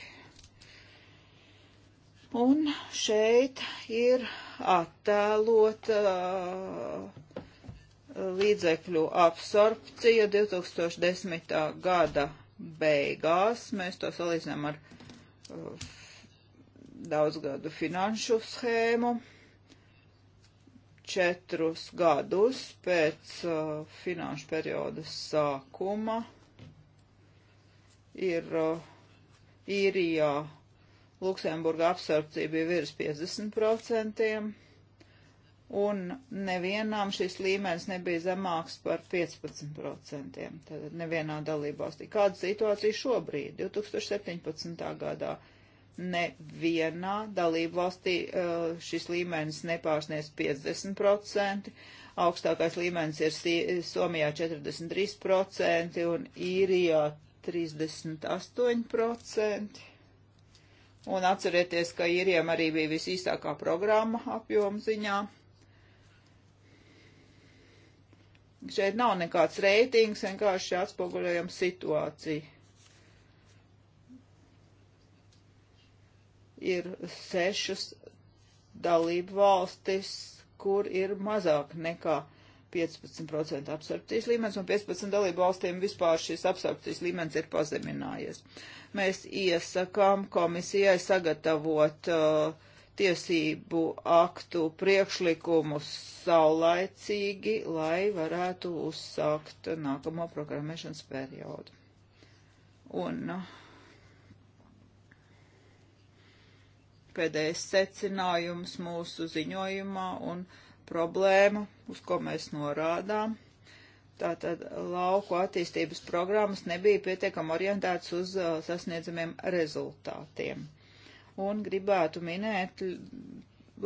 Un šeit ir attēlot uh, līdzekļu absorpcija 2010. gada beigās. Mēs to salīdzinām ar uh, daudzgadu finanšu schēmu. Četrus gadus pēc uh, finanšu perioda sākuma ir uh, īrijā Luksemburga apsardzība ir virs 50%, un nevienām šis līmenis nebija zemāks par 15%. Tātad nevienā dalībvalstī. Kāda situācija šobrīd, 2017. gadā? nevienā dalību valstī uh, šis līmenis nepārsniedz 50%. Augstākais līmenis ir Somijā 43% un Īrijā 38%. Un atcerieties, ka īriem arī bija visīsākā programma apjomziņā. Šeit nav nekāds reitings, vienkārši atspoguļojam situāciju. Ir sešas dalību valstis, kur ir mazāk nekā 38% 15% absorpcijas līmenis, un 15 dalību valstīm vispār šis absorpcijas līmenis ir pazeminājies. Mēs iesakām komisijai sagatavot uh, tiesību aktu priekšlikumus saulaicīgi, lai varētu uzsākt nākamo programmēšanas periodu. Un uh, pēdējais secinājums mūsu ziņojumā un uh, problēma, uz ko mēs norādām. Tātad lauku attīstības programmas nebija pietiekami orientētas uz uh, sasniedzamiem rezultātiem. Un gribētu minēt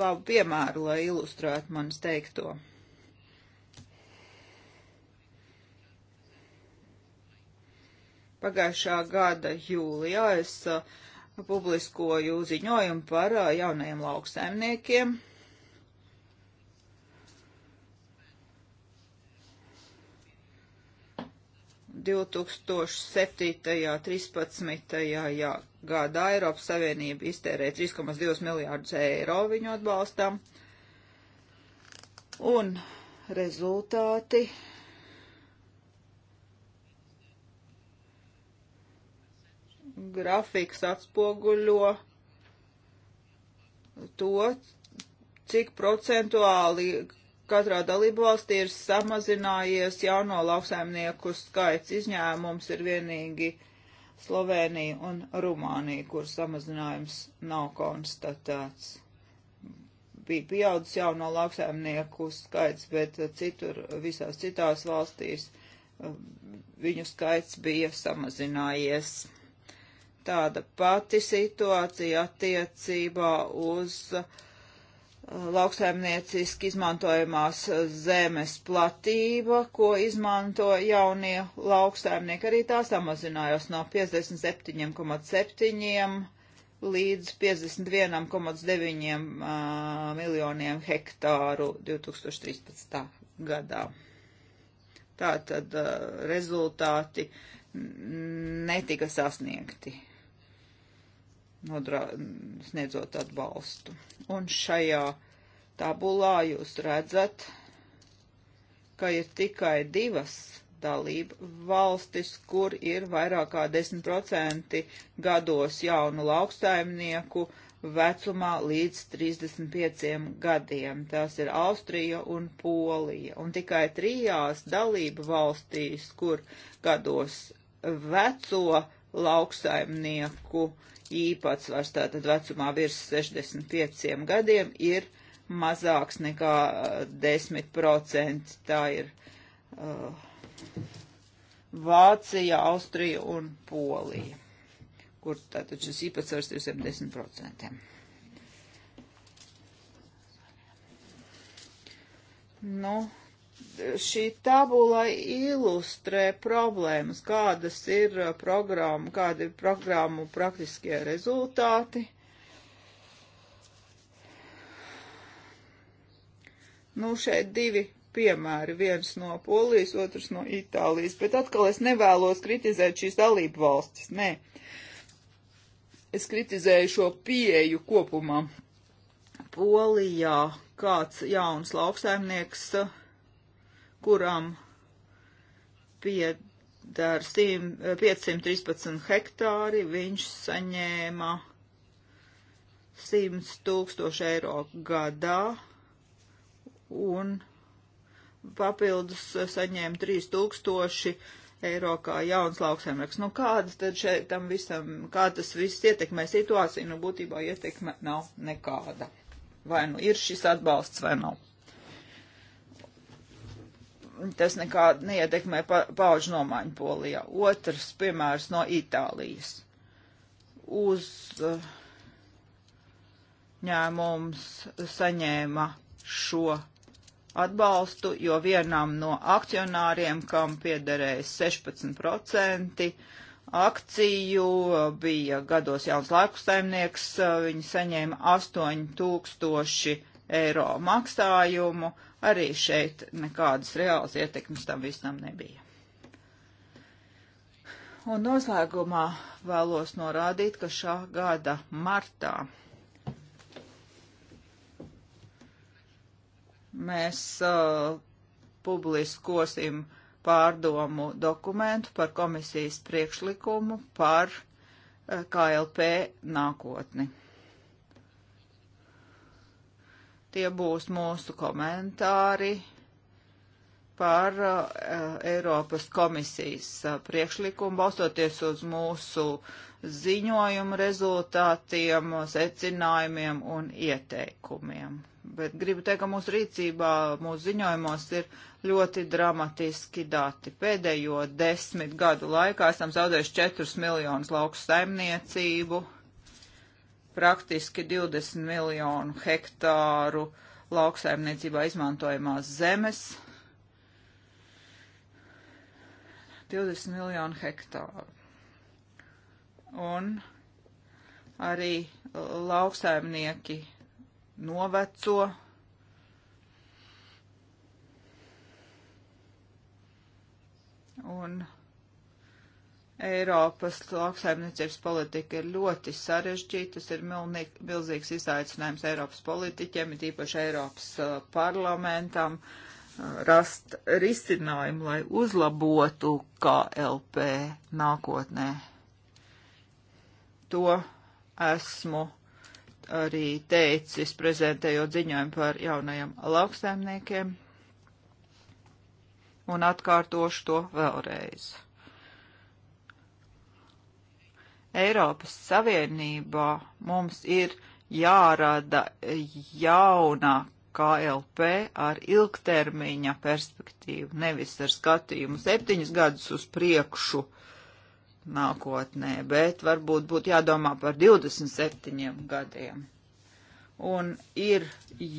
labu piemēru, lai ilustrētu manis teikto. Pagājušā gada jūlijā es uh, publiskoju ziņojumu par uh, jaunajiem lauksaimniekiem. 2007.13. gadā Eiropas Savienība iztērēja 3,2 miljārdus eiro viņu atbalstam. Un rezultāti grafiks atspoguļo to, cik procentuāli katrā dalībvalstī ir samazinājies jauno lauksaimnieku skaits. Izņēmums ir vienīgi Slovenija un Rumānija, kur samazinājums nav konstatēts. Bija pieaudzis jauno lauksaimnieku skaits, bet citur, visās citās valstīs um, viņu skaits bija samazinājies. Tāda pati situācija attiecībā uz uh, lauksaimnieciski izmantojamās zemes platība, ko izmanto jaunie lauksaimnieki, arī tā samazinājās no 57,7 līdz 51,9 uh, miljoniem hektāru 2013. gadā. Tātad uh, rezultāti netika sasniegti nodrā, sniedzot atbalstu. Un šajā tabulā jūs redzat, ka ir tikai divas dalība valstis, kur ir vairāk kā 10% gados jaunu lauksaimnieku vecumā līdz 35 gadiem. Tās ir Austrija un Polija. Un tikai trijās dalība valstīs, kur gados veco lauksaimnieku uh, īpatsvars tātad vecumā virs 65 gadiem ir mazāks nekā 10%. Tā ir uh, Vācija, Austrija un Polija, kur tātad šis īpatsvars ir 70%. Nu, šī tabula ilustrē problēmas, kādas ir uh, programma, kādi ir programmu praktiskie rezultāti. Nu, šeit divi piemēri, viens no Polijas, otrs no Itālijas, bet atkal es nevēlos kritizēt šīs dalību valstis, nē. Es kritizēju šo pieeju kopumā. Polijā kāds jauns lauksaimnieks uh, kuram piedar 513 hektāri, viņš saņēma 100 tūkstoši eiro gadā un papildus saņēma 3000 eiro kā jauns lauksaimnieks. Nu, kādas tad šeit tam visam, kā tas viss ietekmē situāciju? Nu, būtībā ietekme nav nekāda. Vai nu ir šis atbalsts, vai nav tas nekādi neietekmē pa, pauģu nomaiņu polijā. Otrs piemērs no Itālijas. Uz uh, ņēmums saņēma šo atbalstu, jo vienam no akcionāriem, kam piederēja 16% akciju, bija gados jauns laiku saimnieks, eh, viņi saņēma 8000 eiro maksājumu Arī šeit nekādas reālas ietekmes tam visam nebija. Un noslēgumā vēlos norādīt, ka šā gada martā mēs uh, publiskosim pārdomu dokumentu par komisijas priekšlikumu par uh, KLP nākotni. Tie būs mūsu komentāri par uh, Eiropas komisijas uh, priekšlikumu, balstoties uz mūsu ziņojumu rezultātiem, secinājumiem un ieteikumiem. Bet gribu teikt, ka mūsu rīcībā, mūsu ziņojumos ir ļoti dramatiski dati. Pēdējo desmit gadu laikā esam zaudējuši 4 miljonus lauku saimniecību, praktiski 20 miljonu hektāru lauksaimniecībā izmantojamās zemes. 20 miljonu hektāru. Un arī lauksaimnieki noveco. Un Eiropas lauksaimniecības politika ir ļoti sarežģīta, tas ir milnīk, milzīgs izaicinājums Eiropas politiķiem, it īpaši Eiropas uh, parlamentam, uh, rast risinājumu, lai uzlabotu KLP nākotnē. To esmu arī teicis, prezentējot ziņojumu par jaunajiem lauksaimniekiem, un atkārtošu to vēlreiz. Eiropas Savienībā mums ir jārada jaunā KLP ar ilgtermiņa perspektīvu, nevis ar skatījumu septiņus gadus uz priekšu nākotnē, bet varbūt būtu jādomā par 27 gadiem. Un ir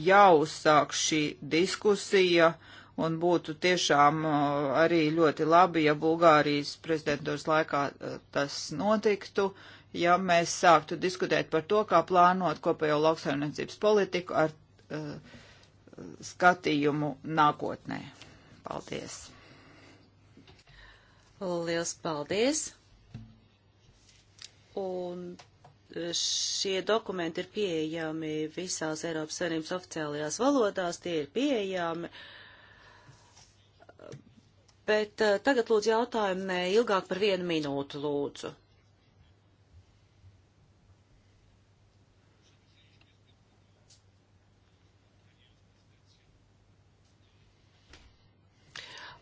jāuzsāk šī diskusija uh, un būtu tiešām uh, arī ļoti labi, ja Bulgārijas prezidentūras laikā uh, tas notiktu, ja mēs sāktu diskutēt par to, kā plānot kopējo lauksaimniecības politiku ar uh, skatījumu nākotnē. Paldies!
Liels paldies! Un šie dokumenti ir pieejami visās Eiropas Savienības oficiālajās valodās, tie ir pieejami. Uh, Bet uh, tagad lūdzu jautājumu ne eh, ilgāk par vienu minūtu lūdzu.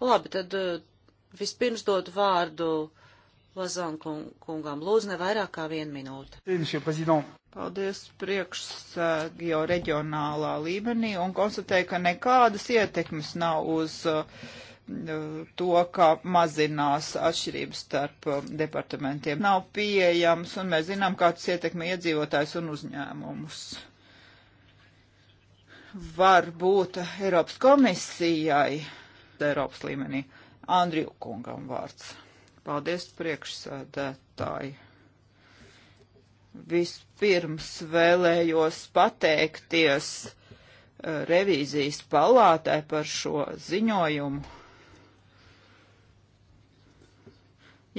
Labi, tad uh, vispirms dod vārdu Lazan kungam. Lūdzu, ne vairāk kā vienu minūti.
Paldies priekš uh, georeģionālā līmenī un konstatēju, ka nekādas ietekmes nav uz uh, to, ka mazinās atšķirības starp um, departamentiem. Nav pieejams, un mēs zinām, kā tas ietekmē iedzīvotājs un uzņēmumus. Varbūt Eiropas komisijai, Eiropas līmenī, Andriju kungam vārds. Paldies priekšsēdētāji. Vispirms vēlējos pateikties uh, revīzijas palātai par šo ziņojumu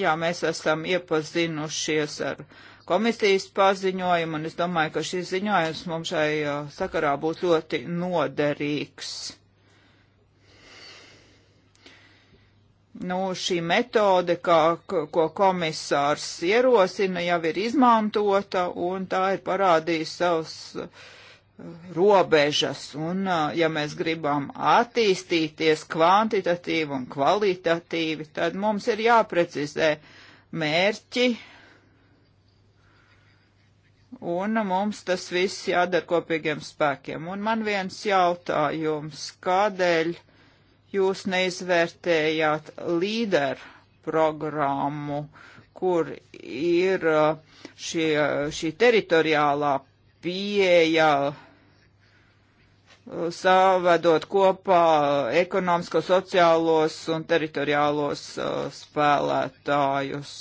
Jā, mēs esam iepazinušies ar komisijas paziņojumu, un es domāju, ka šis ziņojums mums šai sakarā būs ļoti noderīgs. nu, šī metode, kā, ko komisārs ierosina, jau ir izmantota, un tā ir parādījusi savus robežas, un ja mēs gribam attīstīties kvantitatīvi un kvalitatīvi, tad mums ir jāprecizē mērķi, un mums tas viss jādara kopīgiem spēkiem. Un man viens jautājums, kādēļ jūs neizvērtējāt līderu programmu, kur ir šie, šī teritoriālā pieeja, savedot kopā ekonomisko, sociālos un teritoriālos uh, spēlētājus.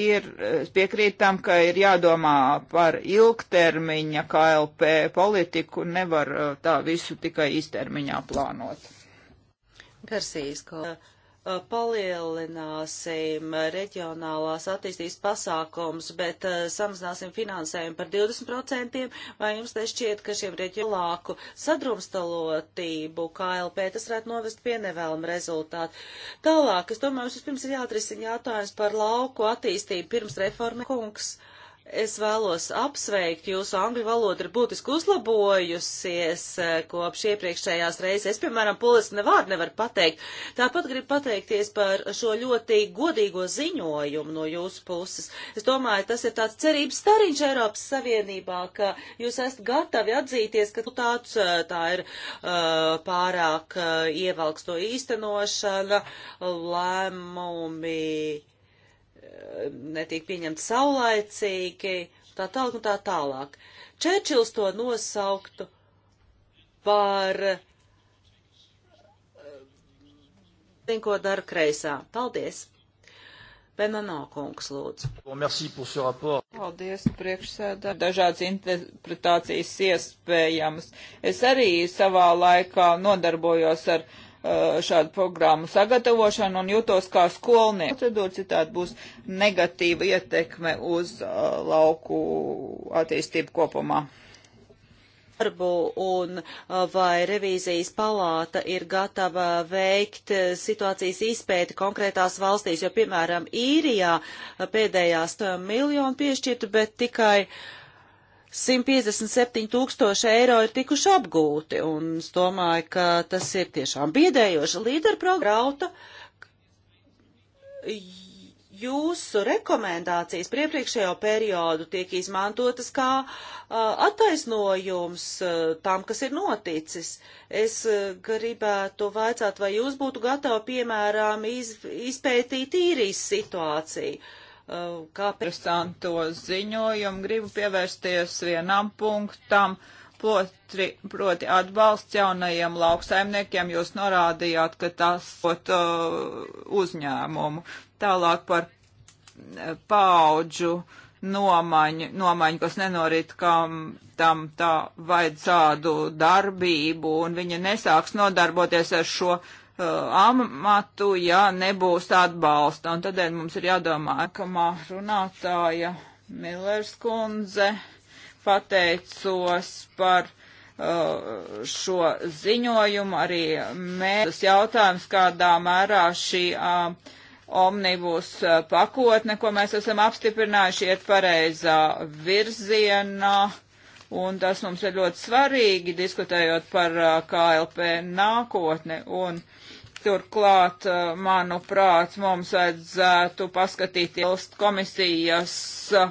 Ir piekrītam, ka ir jādomā par ilgtermiņa KLP politiku, nevar uh, tā visu tikai īstermiņā plānot.
Garsīs, ko. Ka Uh, palielināsim reģionālās attīstības pasākums, bet uh, samazināsim finansējumu par 20%, vai jums nešķiet, ka šiem reģionālāku sadrumstalotību KLP tas varētu novest pie nevēlama rezultātu? Tālāk, es domāju, mums vispirms ir jāatrisina jautājums par lauku attīstību pirms reforma kungs. Uh, Es vēlos apsveikt jūsu angļu valodu ir būtiski uzlabojusies eh, kopš iepriekšējās reizes. Es, piemēram, poliski nevārdu nevaru pateikt. Tāpat gribu pateikties par šo ļoti godīgo ziņojumu no jūsu puses. Es domāju, tas ir tāds cerības stariņš Eiropas Savienībā, ka jūs esat gatavi atzīties, ka nu, tāds eh, tā ir uh, pārāk uh, ievalksto īstenošana, lēmumi netiek pieņemts saulaicīgi, tā tālāk un tā tālāk. Čērčils to nosauktu par zin, ko dara kreisā. Paldies! Benanā kungs, lūdzu. Paldies,
priekšsēdā. Dažādas interpretācijas iespējamas. Es arī savā laikā nodarbojos ar uh, Eh, šādu programmu sagatavošanu un jūtos kā skolnieks. Procedūra citādi būs negatīva ietekme uz uh, lauku attīstību kopumā.
Darbu un eh, vai revīzijas palāta ir gatava veikt situācijas izpēti konkrētās valstīs, jo, piemēram, īrijā pēdējās miljonu piešķirtu, bet tikai uh, 157 tūkstoši eiro ir tikuši apgūti, un es domāju, ka tas ir tiešām biedējoši līderprograuta. Jūsu rekomendācijas priepriekšējo periodu tiek izmantotas kā uh, attaisnojums uh, tam, kas ir noticis. Es uh, gribētu vaicāt, vai jūs būtu gatavi, piemēram, iz, izpētīt īrijas situāciju. Uh, kā interesanto ziņojumu.
Gribu pievērsties vienam punktam. Proti, proti atbalsts jaunajiem lauksaimniekiem, jūs norādījāt, ka tas ot, uh, uzņēmumu. Tālāk par uh, paudžu nomaņu, nomaņu, kas nenorit, kam tam tā vajadzādu darbību, un viņi nesāks nodarboties ar šo uh, Uh, amatu, ja nebūs atbalsta. Un tādēļ mums ir jādomā, ka runātāja Millers kundze pateicos par uh, šo ziņojumu, arī mērķis jautājums, kādā mērā šī uh, omnibus uh, pakotne, ko mēs esam apstiprinājuši, iet pareizā virzienā. Un tas mums ir ļoti svarīgi, diskutējot par uh, KLP nākotni. Un, uh, Turklāt, eh, manuprāt, mums vajadzētu paskatīt ilst komisijas eh,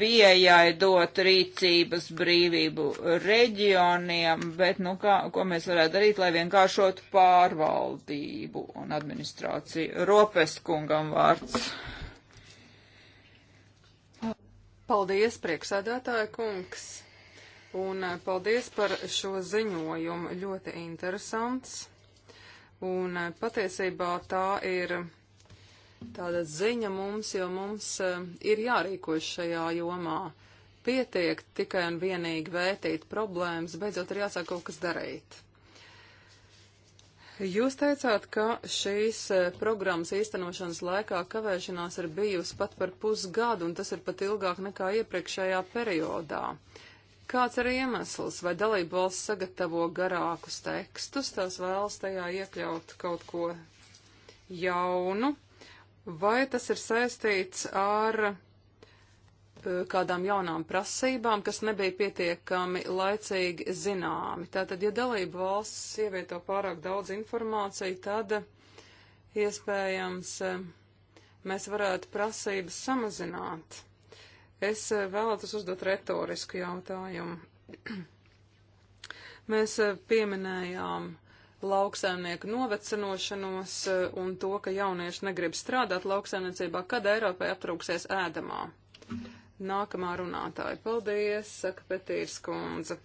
pieejai dot rīcības brīvību reģioniem, bet, nu, kā, ko mēs varētu darīt, lai vienkāršotu pārvaldību un administrāciju. Ropeskungam vārds.
Paldies, priekšsēdētāja kungs! Un eh, paldies par šo ziņojumu. Ļoti interesants. Un eh, patiesībā tā ir tāda ziņa mums, jo mums eh, ir jārīkojas šajā jomā. Pietiek tikai un vienīgi vērtīt problēmas, beidzot ir jāsāk kaut kas darīt. Jūs teicāt, ka šīs eh, programmas īstenošanas laikā kavēšanās ir bijusi pat par pusgadu, un tas ir pat ilgāk nekā iepriekšējā periodā. Uh, Kāds ir iemesls, vai dalību valsts sagatavo garākus tekstus, tās vēlas tajā iekļaut kaut ko jaunu, vai tas ir saistīts ar e, kādām jaunām prasībām, kas nebija pietiekami laicīgi zināmi. Tātad, ja dalību valsts ievieto pārāk daudz informāciju, tad iespējams e, mēs varētu prasības samazināt. Es eh, vēlētos uzdot retorisku jautājumu. Mēs eh, pieminējām lauksaimnieku novecenošanos eh, un to, ka jaunieši negrib strādāt lauksaimniecībā, kad Eiropai aptrūksies ēdamā. Nākamā runātāja. Paldies, saka Petīrs kundze.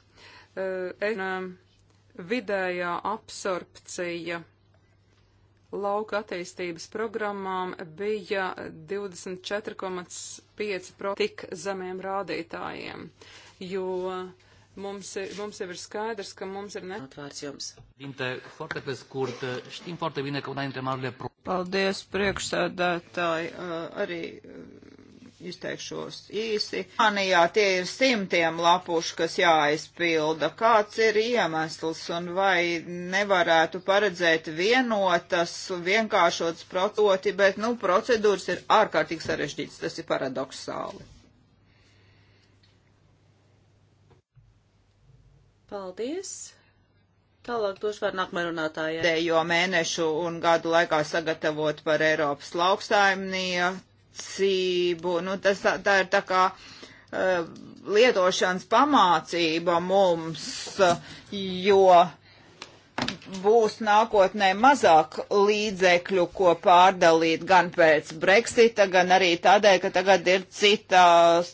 E, vidējā absorpcija lauka attīstības programmām bija 24,5% tik zemiem rādītājiem, jo mums, mums jau ir skaidrs, ka mums ir ne... Atvērts jums. Paldies,
priekšsēdētāji, arī izteikšos īsi. Manijā tie ir simtiem lapušu, kas jāizpilda. Kāds ir iemesls un vai nevarētu paredzēt vienotas, vienkāršotas prototi, bet, nu, procedūras ir ārkārtīgi sarežģītas. Tas ir paradoxāli. Paldies! Tālāk došu vārdu nākamajai runātājai. Dējo mēnešu un gadu laikā sagatavot par Eiropas lauksaimnieku rīcību. Nu, tas, tā ir tā kā uh, lietošanas pamācība mums, uh, jo būs nākotnē mazāk līdzekļu, ko pārdalīt gan pēc Brexita, gan arī tādēļ, ka tagad ir citās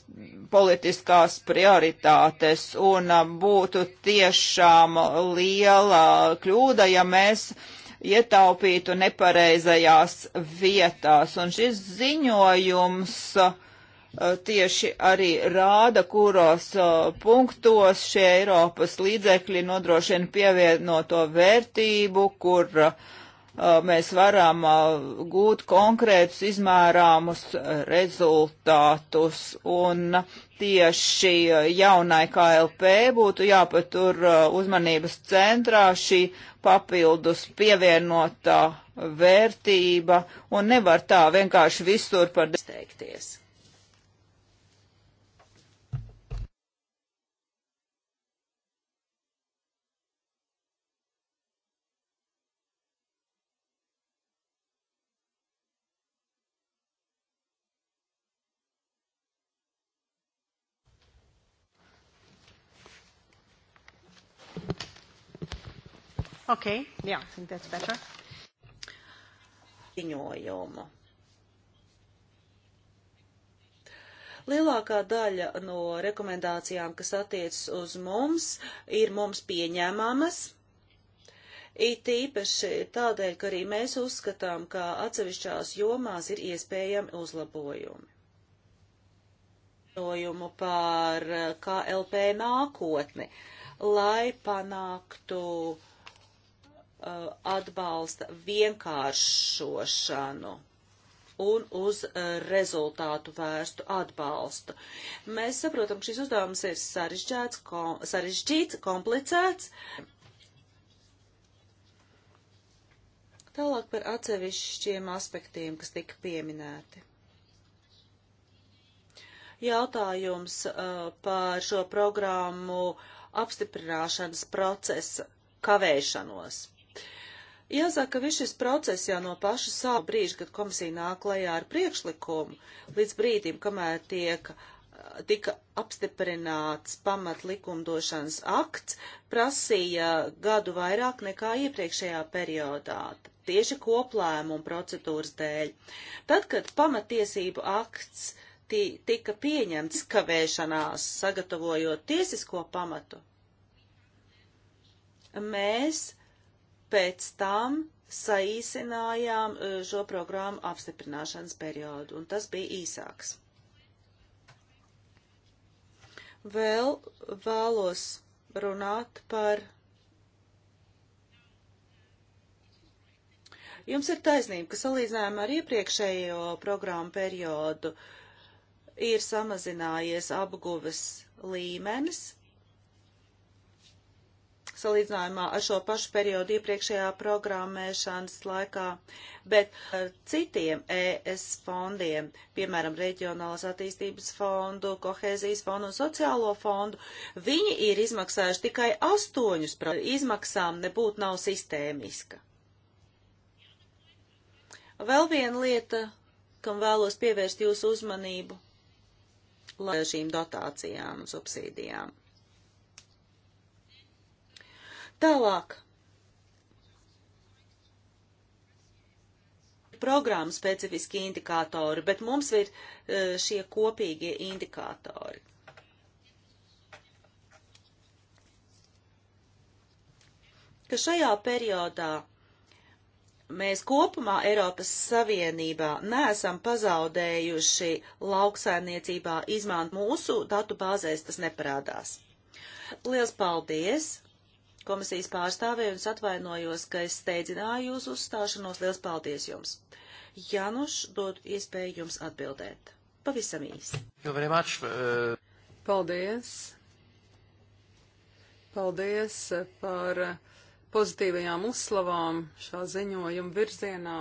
politiskās prioritātes un eh, būtu tiešām liela kļūda, ja mēs uh, ietaupītu nepareizajās vietās. Un šis ziņojums uh, tieši arī rāda, kuros uh, punktos šie Eiropas līdzekļi nodrošina pievienoto vērtību, kur uh, mēs varam gūt konkrētus izmērāmus rezultātus. Un tieši jaunai KLP būtu jāpatur uzmanības centrā šī papildus pievienotā vērtība un nevar tā vienkārši visur par izteikties.
Okay, yeah, I think that's better. Ziņojumu. Lielākā daļa no rekomendācijām, kas attiecas uz mums, ir mums pieņēmamas. It īpaši tādēļ, ka arī mēs uzskatām, ka atsevišķās jomās ir iespējami uzlabojumi. Nojumu par eh, KLP nākotni, lai panāktu uh, Uh, atbalsta vienkāršošanu un uz uh, rezultātu vērstu atbalstu. Mēs saprotam, ka šis uzdevums ir sarežģīts, kom, sarežģīts komplicēts. Tālāk par atsevišķiem aspektiem, kas tika pieminēti. Jautājums uh, par šo programmu apstiprināšanas procesa kavēšanos. Jāsaka, ka viss šis process jau no paša sākuma brīža, kad komisija nāk klajā ar priekšlikumu, līdz brīdim, kamēr tiek tika apstiprināts pamatlikumdošanas akts, prasīja gadu vairāk nekā iepriekšējā periodā, tieši koplēmuma procedūras dēļ. Tad, kad pamatiesību akts tika pieņemts kavēšanās, sagatavojot tiesisko pamatu, mēs pēc tam saīsinājām eh, šo programmu apstiprināšanas periodu, un tas bija īsāks. Vēl vēlos runāt par. Jums ir taisnība, ka salīdzinājumā ar iepriekšējo programmu periodu ir samazinājies apguves līmenis, salīdzinājumā ar šo pašu periodu iepriekšējā programmēšanas laikā, bet ar citiem ES fondiem, piemēram, Reģionālas attīstības fondu, Kohēzijas fondu un Sociālo fondu, viņi ir izmaksājuši tikai 8%. Izmaksām nebūtu nav sistēmiska. Vēl viena lieta, kam vēlos pievērst jūsu uzmanību, lai šīm dotācijām, subsīdijām. Tālāk. Programmu specifiski indikātori, bet mums ir e, šie kopīgie indikātori. Ka šajā periodā mēs kopumā Eiropas Savienībā neesam pazaudējuši lauksainiecībā izmantot mūsu datu bāzēs, tas neparādās. Liels paldies! komisijas pārstāvēju un atvainojos, ka es steidzināju jūsu uzstāšanos. Liels paldies jums! Januš dod iespēju jums atbildēt. Pavisam īsi.
Uh,
paldies! Paldies uh, par uh,
pozitīvajām uzslavām šā ziņojuma virzienā.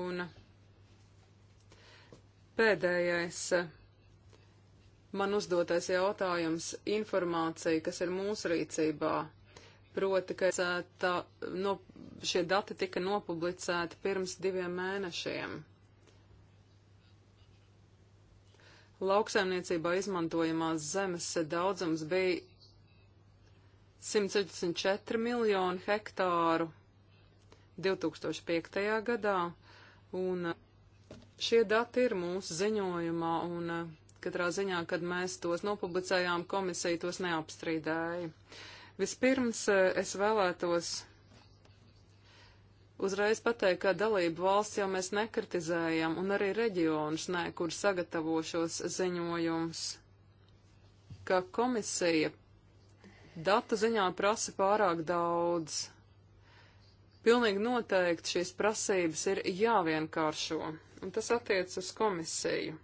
Un pēdējais man uzdotais jautājums - informācija, kas ir mūsu rīcībā proti, ka tā, no, šie dati tika nopublicēti pirms diviem mēnešiem. Lauksaimniecībā izmantojamās zemes daudzums bija 164 miljoni hektāru 2005. gadā, un šie dati ir mūsu ziņojumā, un katrā ziņā, kad mēs tos nopublicējām, komisija tos neapstrīdēja. Uh, Vispirms eh, es vēlētos uzreiz pateikt, ka dalību valsts jau mēs nekritizējam, un arī reģionus, nē, kur sagatavo šos ziņojums, ka komisija datu ziņā prasa pārāk daudz. Pilnīgi noteikti šīs prasības ir jāvienkāršo, un tas attiec uz komisiju.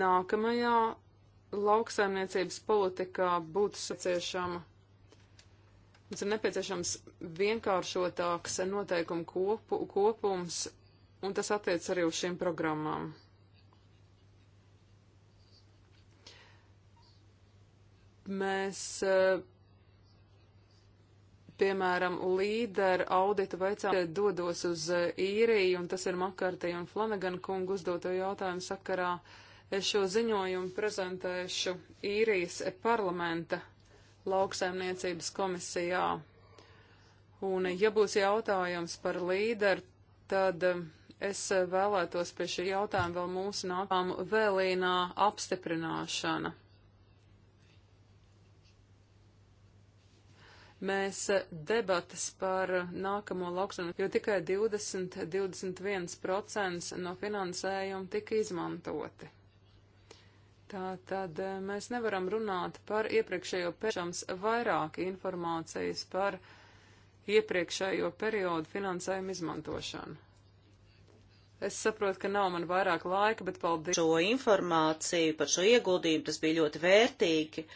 Nākamajā lauksaimniecības politikā būtu sacēšama. Mums ir nepieciešams vienkāršotāks noteikumu kopu, kopums, un tas attiec arī uz šīm programmām. Mēs, eh, piemēram, līderu auditu veicām, dodos uz eh, īriju, un tas ir Makartī un Flanagan kungu uzdoto jautājumu sakarā. Uh, Es šo ziņojumu prezentēšu īrijas parlamenta lauksaimniecības komisijā. Un, ja būs jautājums par līderu, tad um, es uh, vēlētos pie šī jautājuma vēl mūsu nākamā vēlīnā apstiprināšana. Mēs uh, debatas par nākamo lauksanu, jo tikai 20-21% no finansējuma tika izmantoti. Tā tad eh, mēs nevaram runāt par iepriekšējo pēršams vairāk informācijas par iepriekšējo periodu finansējumu izmantošanu.
Es saprotu, ka nav man vairāk laika, bet paldies. Šo informāciju par šo ieguldījumu tas bija ļoti vērtīgi.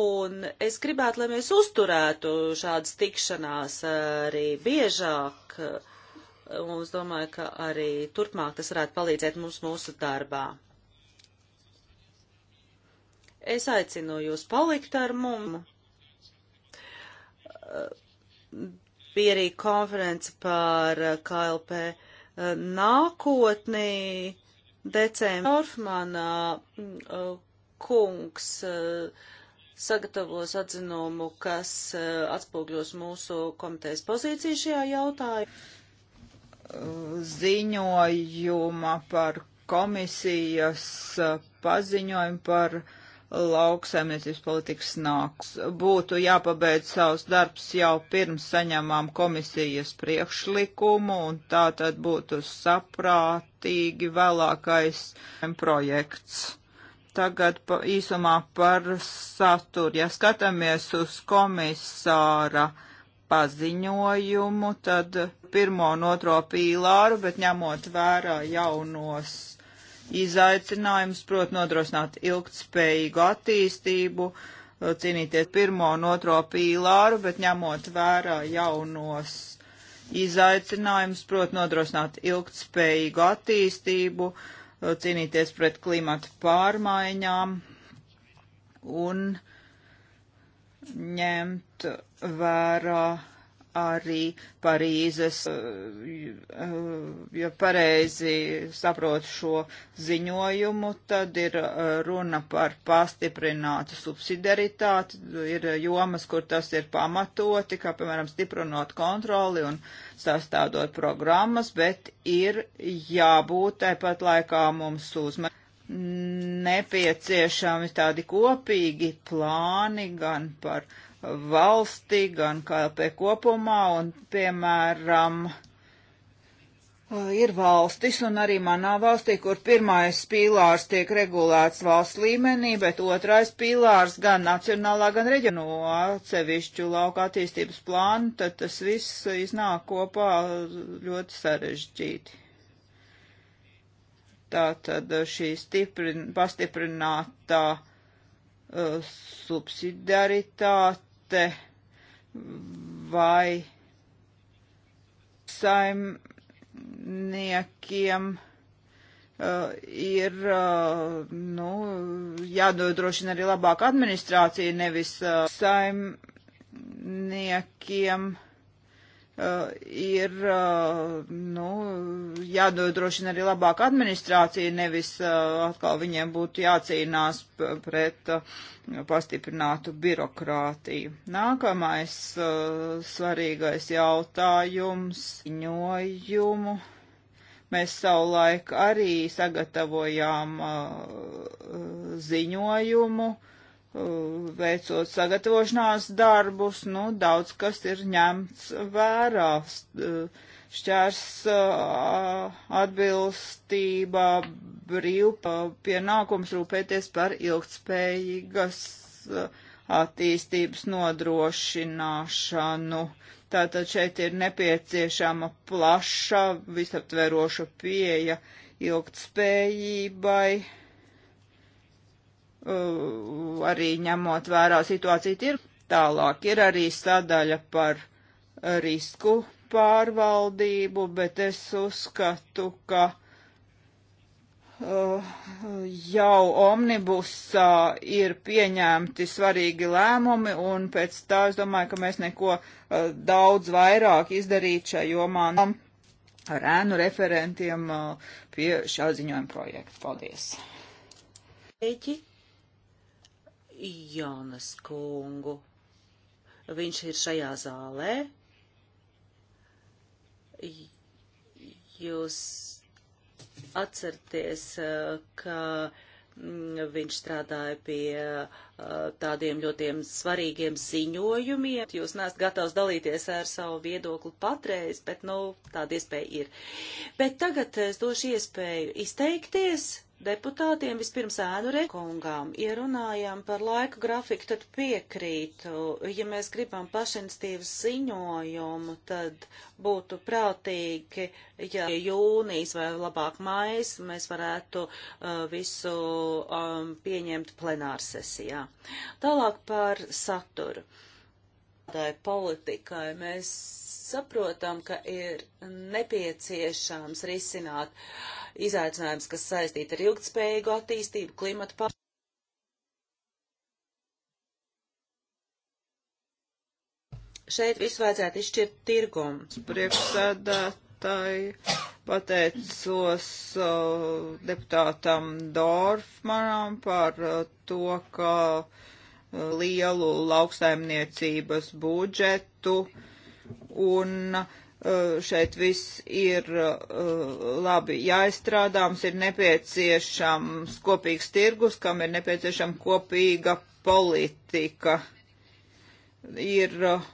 Un es gribētu, lai mēs uzturētu šādas tikšanās arī biežāk. Un es domāju, ka arī turpmāk tas varētu palīdzēt mums mūsu darbā. Es aicinu jūs palikt ar mums. Bija arī konference par KLP eh, nākotnī decembrī. Orfmanā eh, kungs eh, sagatavos atzinumu, kas atspūgļos mūsu komitejas pozīciju šajā jautājumā. Ziņojuma par komisijas
paziņojumu par uh, lauksaimniecības politikas nāks. Būtu jāpabeidz savus darbs jau pirms saņemām komisijas priekšlikumu, un tā tad būtu saprātīgi vēlākais projekts. Tagad pa, īsumā par saturu. Ja skatāmies uz komisāra paziņojumu, tad pirmo un otro pīlāru, bet ņemot vērā jaunos Izaicinājums, prot, nodrošināt ilgtspējīgu attīstību, eh, cīnīties pirmo un otro pīlāru, bet ņemot vērā jaunos izaicinājums, prot, nodrošināt ilgtspējīgu attīstību, eh, cīnīties pret klimata pārmaiņām un ņemt vērā uh, arī Parīzes, eh, ja pareizi saprotu šo ziņojumu, tad ir eh, runa par pastiprinātu subsidiaritāti, ir jomas, kur tas ir pamatoti, kā piemēram stiprinot kontroli un sastādot programmas, bet ir jābūt tāpat laikā mums uzmanīgi nepieciešami tādi kopīgi plāni gan par uh, valstī, gan KLP kopumā, un, piemēram, ir valstis, un arī manā valstī, kur pirmais pīlārs tiek regulēts valsts līmenī, bet otrais pīlārs gan nacionālā, gan reģionā no atsevišķu lauka attīstības plānu, tad tas viss iznāk kopā ļoti sarežģīti. Tātad šī stiprin, pastiprinātā uh, subsidiaritāte te vai saimniekiem uh, ir uh, nu, jādodrošina arī labāka administrācija, nevis uh, saimniekiem uh, Uh, ir uh, nu, jādodrošina arī labāka administrācija, nevis uh, atkal viņiem būtu jācīnās pret uh, pastiprinātu birokrātiju. Nākamais uh, svarīgais jautājums - ziņojumu. Mēs savulaik arī sagatavojām uh, ziņojumu Uh, veicot sagatavošanās darbus, nu, daudz kas ir ņemts vērā. Uh, šķērs uh, atbilstība, brīvpa pienākums rūpēties par ilgtspējīgas attīstības nodrošināšanu. Tātad šeit ir nepieciešama plaša, visaptveroša pieeja ilgtspējībai Uh, arī ņemot vērā situāciju ir tālāk. Ir arī sadaļa par risku pārvaldību, bet es uzskatu, ka uh, jau omnibusā ir pieņemti svarīgi lēmumi, un pēc tā es domāju, ka mēs neko uh, daudz vairāk izdarīt šajā jomā ar ēnu referentiem uh, pie šā ziņojuma projekta. Paldies!
Eķi. Jonas kungu. Viņš ir šajā zālē. Jūs atcerieties, ka mm, viņš strādāja pie tādiem ļoti svarīgiem ziņojumiem. Jūs nesat gatavs dalīties ar savu viedokli patreiz, bet, nu, tāda iespēja ir. Bet tagad es došu iespēju izteikties deputātiem, vispirms ēnu rekungām, ierunājām par laiku grafiku, tad piekrītu. Ja mēs gribam pašinstīvu ziņojumu, tad būtu prātīgi, ja jūnijas vai labāk mājas mēs varētu uh, visu um, pieņemt plenārsesijā. Tālāk par saturu. Tai politikai mēs saprotam, ka ir nepieciešams risināt uh, izaicinājums, kas saistīti ar ilgtspējīgu attīstību, klimatu pār. Šeit visu vajadzētu izšķirt tirgums.
Priekšsēdētāji pateicos uh, deputātam Dorfmanam par uh, to, ka uh, lielu lauksaimniecības budžetu un uh, Eh, šeit viss ir eh, labi jāizstrādā, mums ir nepieciešams kopīgs tirgus, kam ir nepieciešama kopīga politika. Ir uh,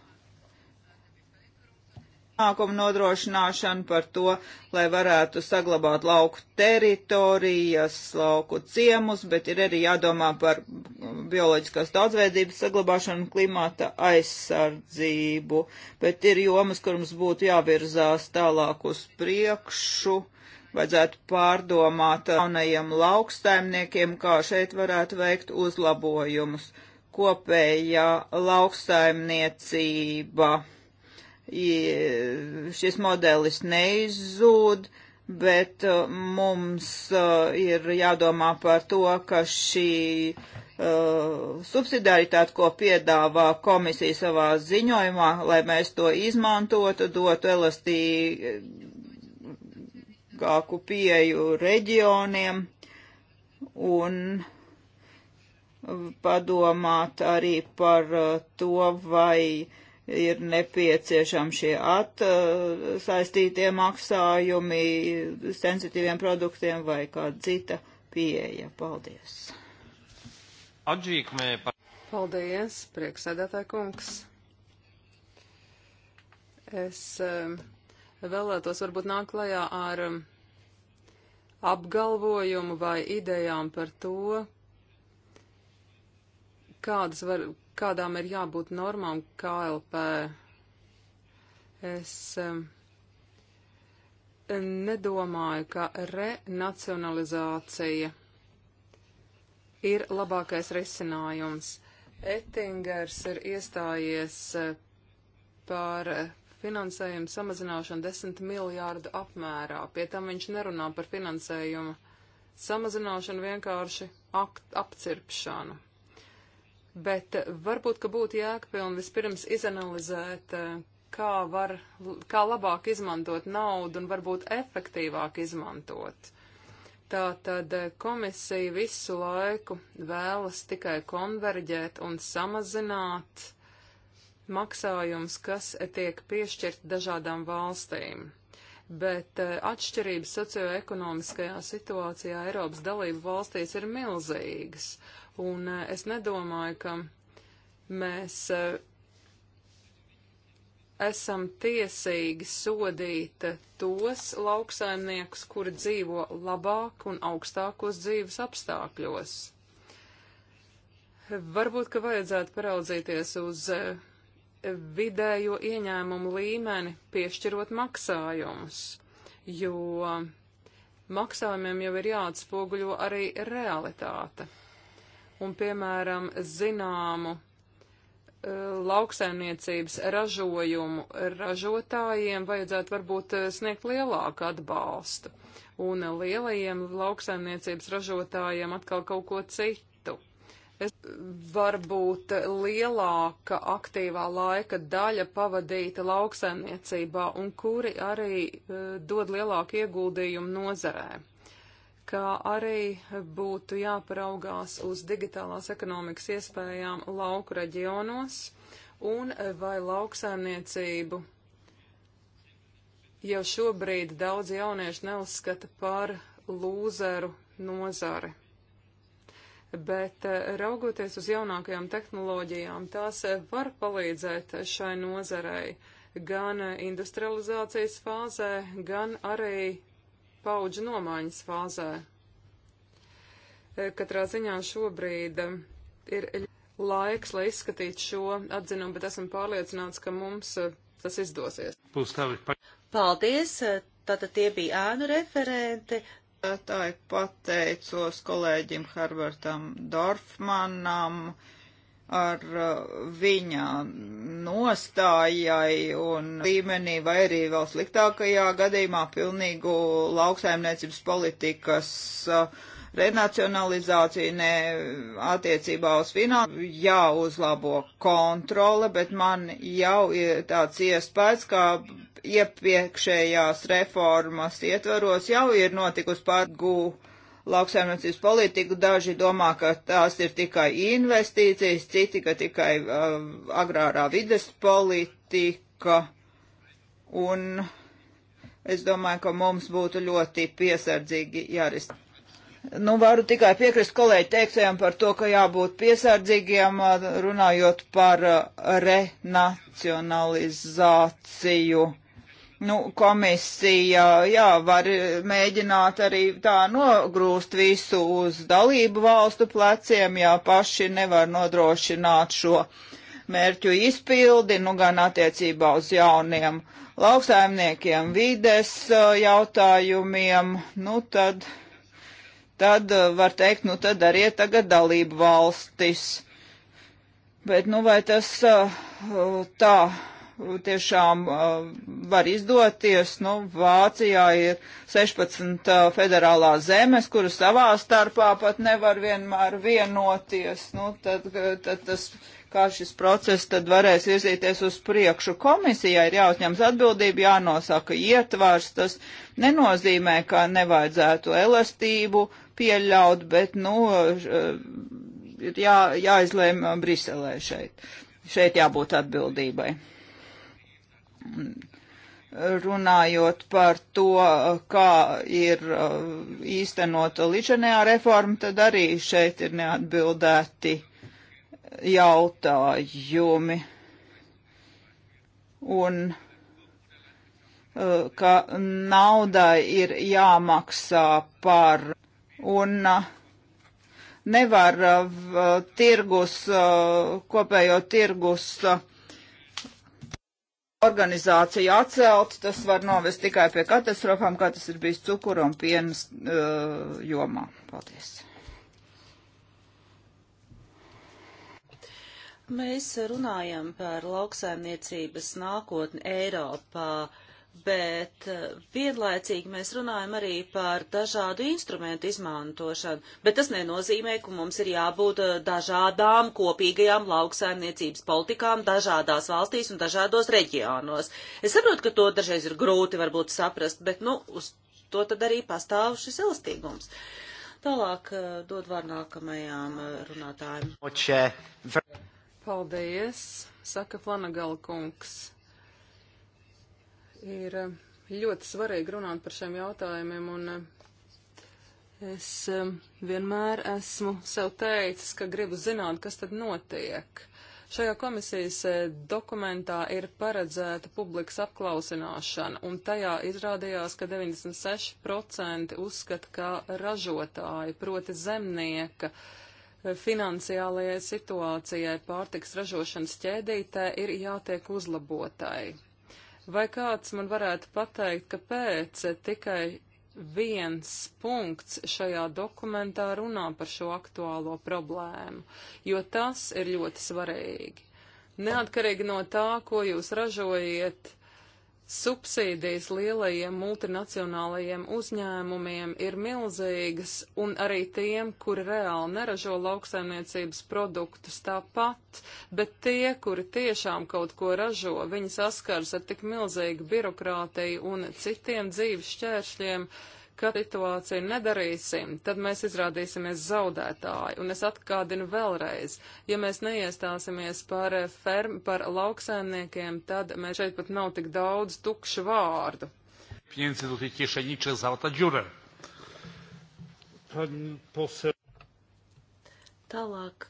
ienākumu nodrošināšanu, par to, lai varētu saglabāt lauku teritorijas, lauku ciemus, bet ir arī jādomā par bioloģiskās daudzveidības saglabāšanu, klimata aizsardzību, bet ir jomas, kur mums būtu jāvirzās tālāk uz priekšu. Vajadzētu pārdomāt jaunajiem lauksaimniekiem, kā šeit varētu veikt uzlabojumus. Kopējā lauksaimniecība šis modelis neizzūd, bet uh, mums uh, ir jādomā par to, ka šī uh, subsidiaritāte, ko piedāvā komisija savā ziņojumā, lai mēs to izmantotu, dotu elastīgāku pieju reģioniem un padomāt arī par to, vai uh, ir nepieciešami šie atsaistītie maksājumi sensitīviem produktiem vai kāda cita
pieeja. Paldies! Atžīkmē par. Paldies, prieksēdētāja kungs. Es um, vēlētos varbūt nākt klajā ar um, apgalvojumu vai idejām par to, kādas var, kādām ir jābūt normām KLP. Es nedomāju, ka renacionalizācija ir labākais risinājums. Ettingers ir iestājies eh, par finansējumu samazināšanu 10 miljārdu apmērā. Pie tam viņš nerunā par finansējumu samazināšanu, vienkārši akt, apcirpšanu. Bet eh, varbūt, ka būtu jēgpilni vispirms izanalizēt, eh, kā var, kā labāk izmantot naudu un varbūt efektīvāk izmantot. Tā tad eh, komisija visu laiku vēlas tikai konverģēt un samazināt maksājums, kas tiek piešķirt dažādām valstīm. Bet atšķirības socioekonomiskajā situācijā Eiropas dalību valstīs ir milzīgas, Un eh, es nedomāju, ka mēs eh, esam tiesīgi sodīt eh, tos lauksaimniekus, kuri dzīvo labāk un augstākos dzīves apstākļos. Varbūt, ka vajadzētu paraudzīties uz vidējo ieņēmumu līmeni, piešķirot maksājumus, jo maksājumiem jau ir jāatspoguļo arī realitāte un, piemēram, zināmu e, lauksaimniecības ražojumu ražotājiem vajadzētu varbūt e, sniegt lielāku atbalstu, un lielajiem lauksaimniecības ražotājiem atkal kaut ko citu. Es varbūt lielāka aktīvā laika daļa pavadīta lauksaimniecībā, un kuri arī e, dod lielāku ieguldījumu nozarē kā arī būtu jāparaugās uz digitālās ekonomikas iespējām lauku reģionos un vai lauksaimniecību jau šobrīd daudz jauniešu neuzskata par lūzeru nozari bet eh, raugoties uz jaunākajām tehnoloģijām, tās eh, var palīdzēt šai nozarei gan industrializācijas fāzē, gan arī paudžu nomaiņas fāzē. Katrā ziņā šobrīd um, ir laiks, lai izskatītu šo atzinumu, bet esam pārliecināts, ka mums uh, tas izdosies. Paldies! Uh, tātad tie bija ēnu referenti. Tātāji pateicos
kolēģim Harvartam Dorfmanam ar uh, viņa nostājai un līmenī, vai arī vēl sliktākajā gadījumā pilnīgu lauksaimniecības politikas uh, renacionalizāciju ne attiecībā uz finālu jāuzlabo kontrole, bet man jau ir tāds iespējas, ka iepriekšējās reformas ietvaros jau ir notikusi pārgūta lauksaimniecības politiku. Daži domā, ka tās ir tikai investīcijas, citi, ka tikai uh, agrārā vides politika. Un es domāju, ka mums būtu ļoti piesardzīgi jārist. Nu, varu tikai piekrist kolēģi teiktajam par to, ka jābūt piesardzīgiem, uh, runājot par uh, renacionalizāciju. Uh, Nu, komisija, jā, var mēģināt arī tā nogrūst visu uz dalību valstu pleciem, ja paši nevar nodrošināt šo mērķu izpildi, nu, gan attiecībā uz jauniem lauksaimniekiem, vides jautājumiem, nu, tad, tad var teikt, nu, tad arī tagad dalību valstis. Bet, nu, vai tas tā tiešām uh, var izdoties. Nu, Vācijā ir 16 uh, federālās zemes, kuras savā starpā pat nevar vienmēr vienoties. Nu, tad, uh, tad tas, kā šis process tad varēs virzīties uz priekšu. Komisijai ir jāuzņems atbildība, jānosaka ietvars. Tas nenozīmē, ka nevajadzētu elastību pieļaut, bet, nu, ir jā, jāizlēma Briselē šeit. Šeit jābūt atbildībai runājot par to, kā ir uh, īstenota līdšanējā reforma, tad arī šeit ir neatbildēti jautājumi. Un uh, ka naudai ir jāmaksā par un uh, nevar tirgus, kopējo tirgus organizāciju atcelt, tas var novest tikai pie katastrofām, kā tas ir bijis cukuru un pienas uh, jomā. Paldies!
Mēs runājam par lauksaimniecības nākotni Eiropā. Uh, bet eh, vienlaicīgi mēs runājam arī par dažādu instrumentu izmantošanu, bet tas nenozīmē, ka mums ir jābūt eh, dažādām kopīgajām lauksaimniecības politikām dažādās valstīs un dažādos reģionos. Es saprotu, ka to dažreiz ir grūti varbūt saprast, bet, nu, uz to tad arī pastāv šis elastīgums. Tālāk eh, dod vārdu nākamajām runātājiem. Paldies,
saka Flanagala kungs. Ir eh, ļoti svarīgi runāt par šiem jautājumiem, un eh, es eh, vienmēr esmu sev teicis, ka gribu zināt, kas tad notiek. Šajā komisijas dokumentā ir paredzēta publikas apklausināšana, un tajā izrādījās, ka 96% uzskata, ka ražotāji, proti zemnieka, finansiālajai situācijai pārtiks ražošanas ķēdītē ir jātiek uzlabotai. Vai kāds man varētu pateikt, kāpēc tikai viens punkts šajā dokumentā runā par šo aktuālo problēmu, jo tas ir ļoti svarīgi. Neatkarīgi no tā, ko jūs ražojiet, subsīdijas lielajiem multinacionālajiem uzņēmumiem ir milzīgas, un arī tiem, kuri reāli neražo lauksaimniecības produktus tāpat, bet tie, kuri tiešām kaut ko ražo, viņi saskars ar tik milzīgu birokrātiju un citiem dzīves šķēršļiem, uh, ka situāciju nedarīsim, tad mēs izrādīsimies zaudētāji. Un es atkādinu vēlreiz, ja mēs neiestāsimies par, eh, ferm, par lauksēmniekiem, tad mēs šeit pat nav tik daudz tukšu vārdu.
Tālāk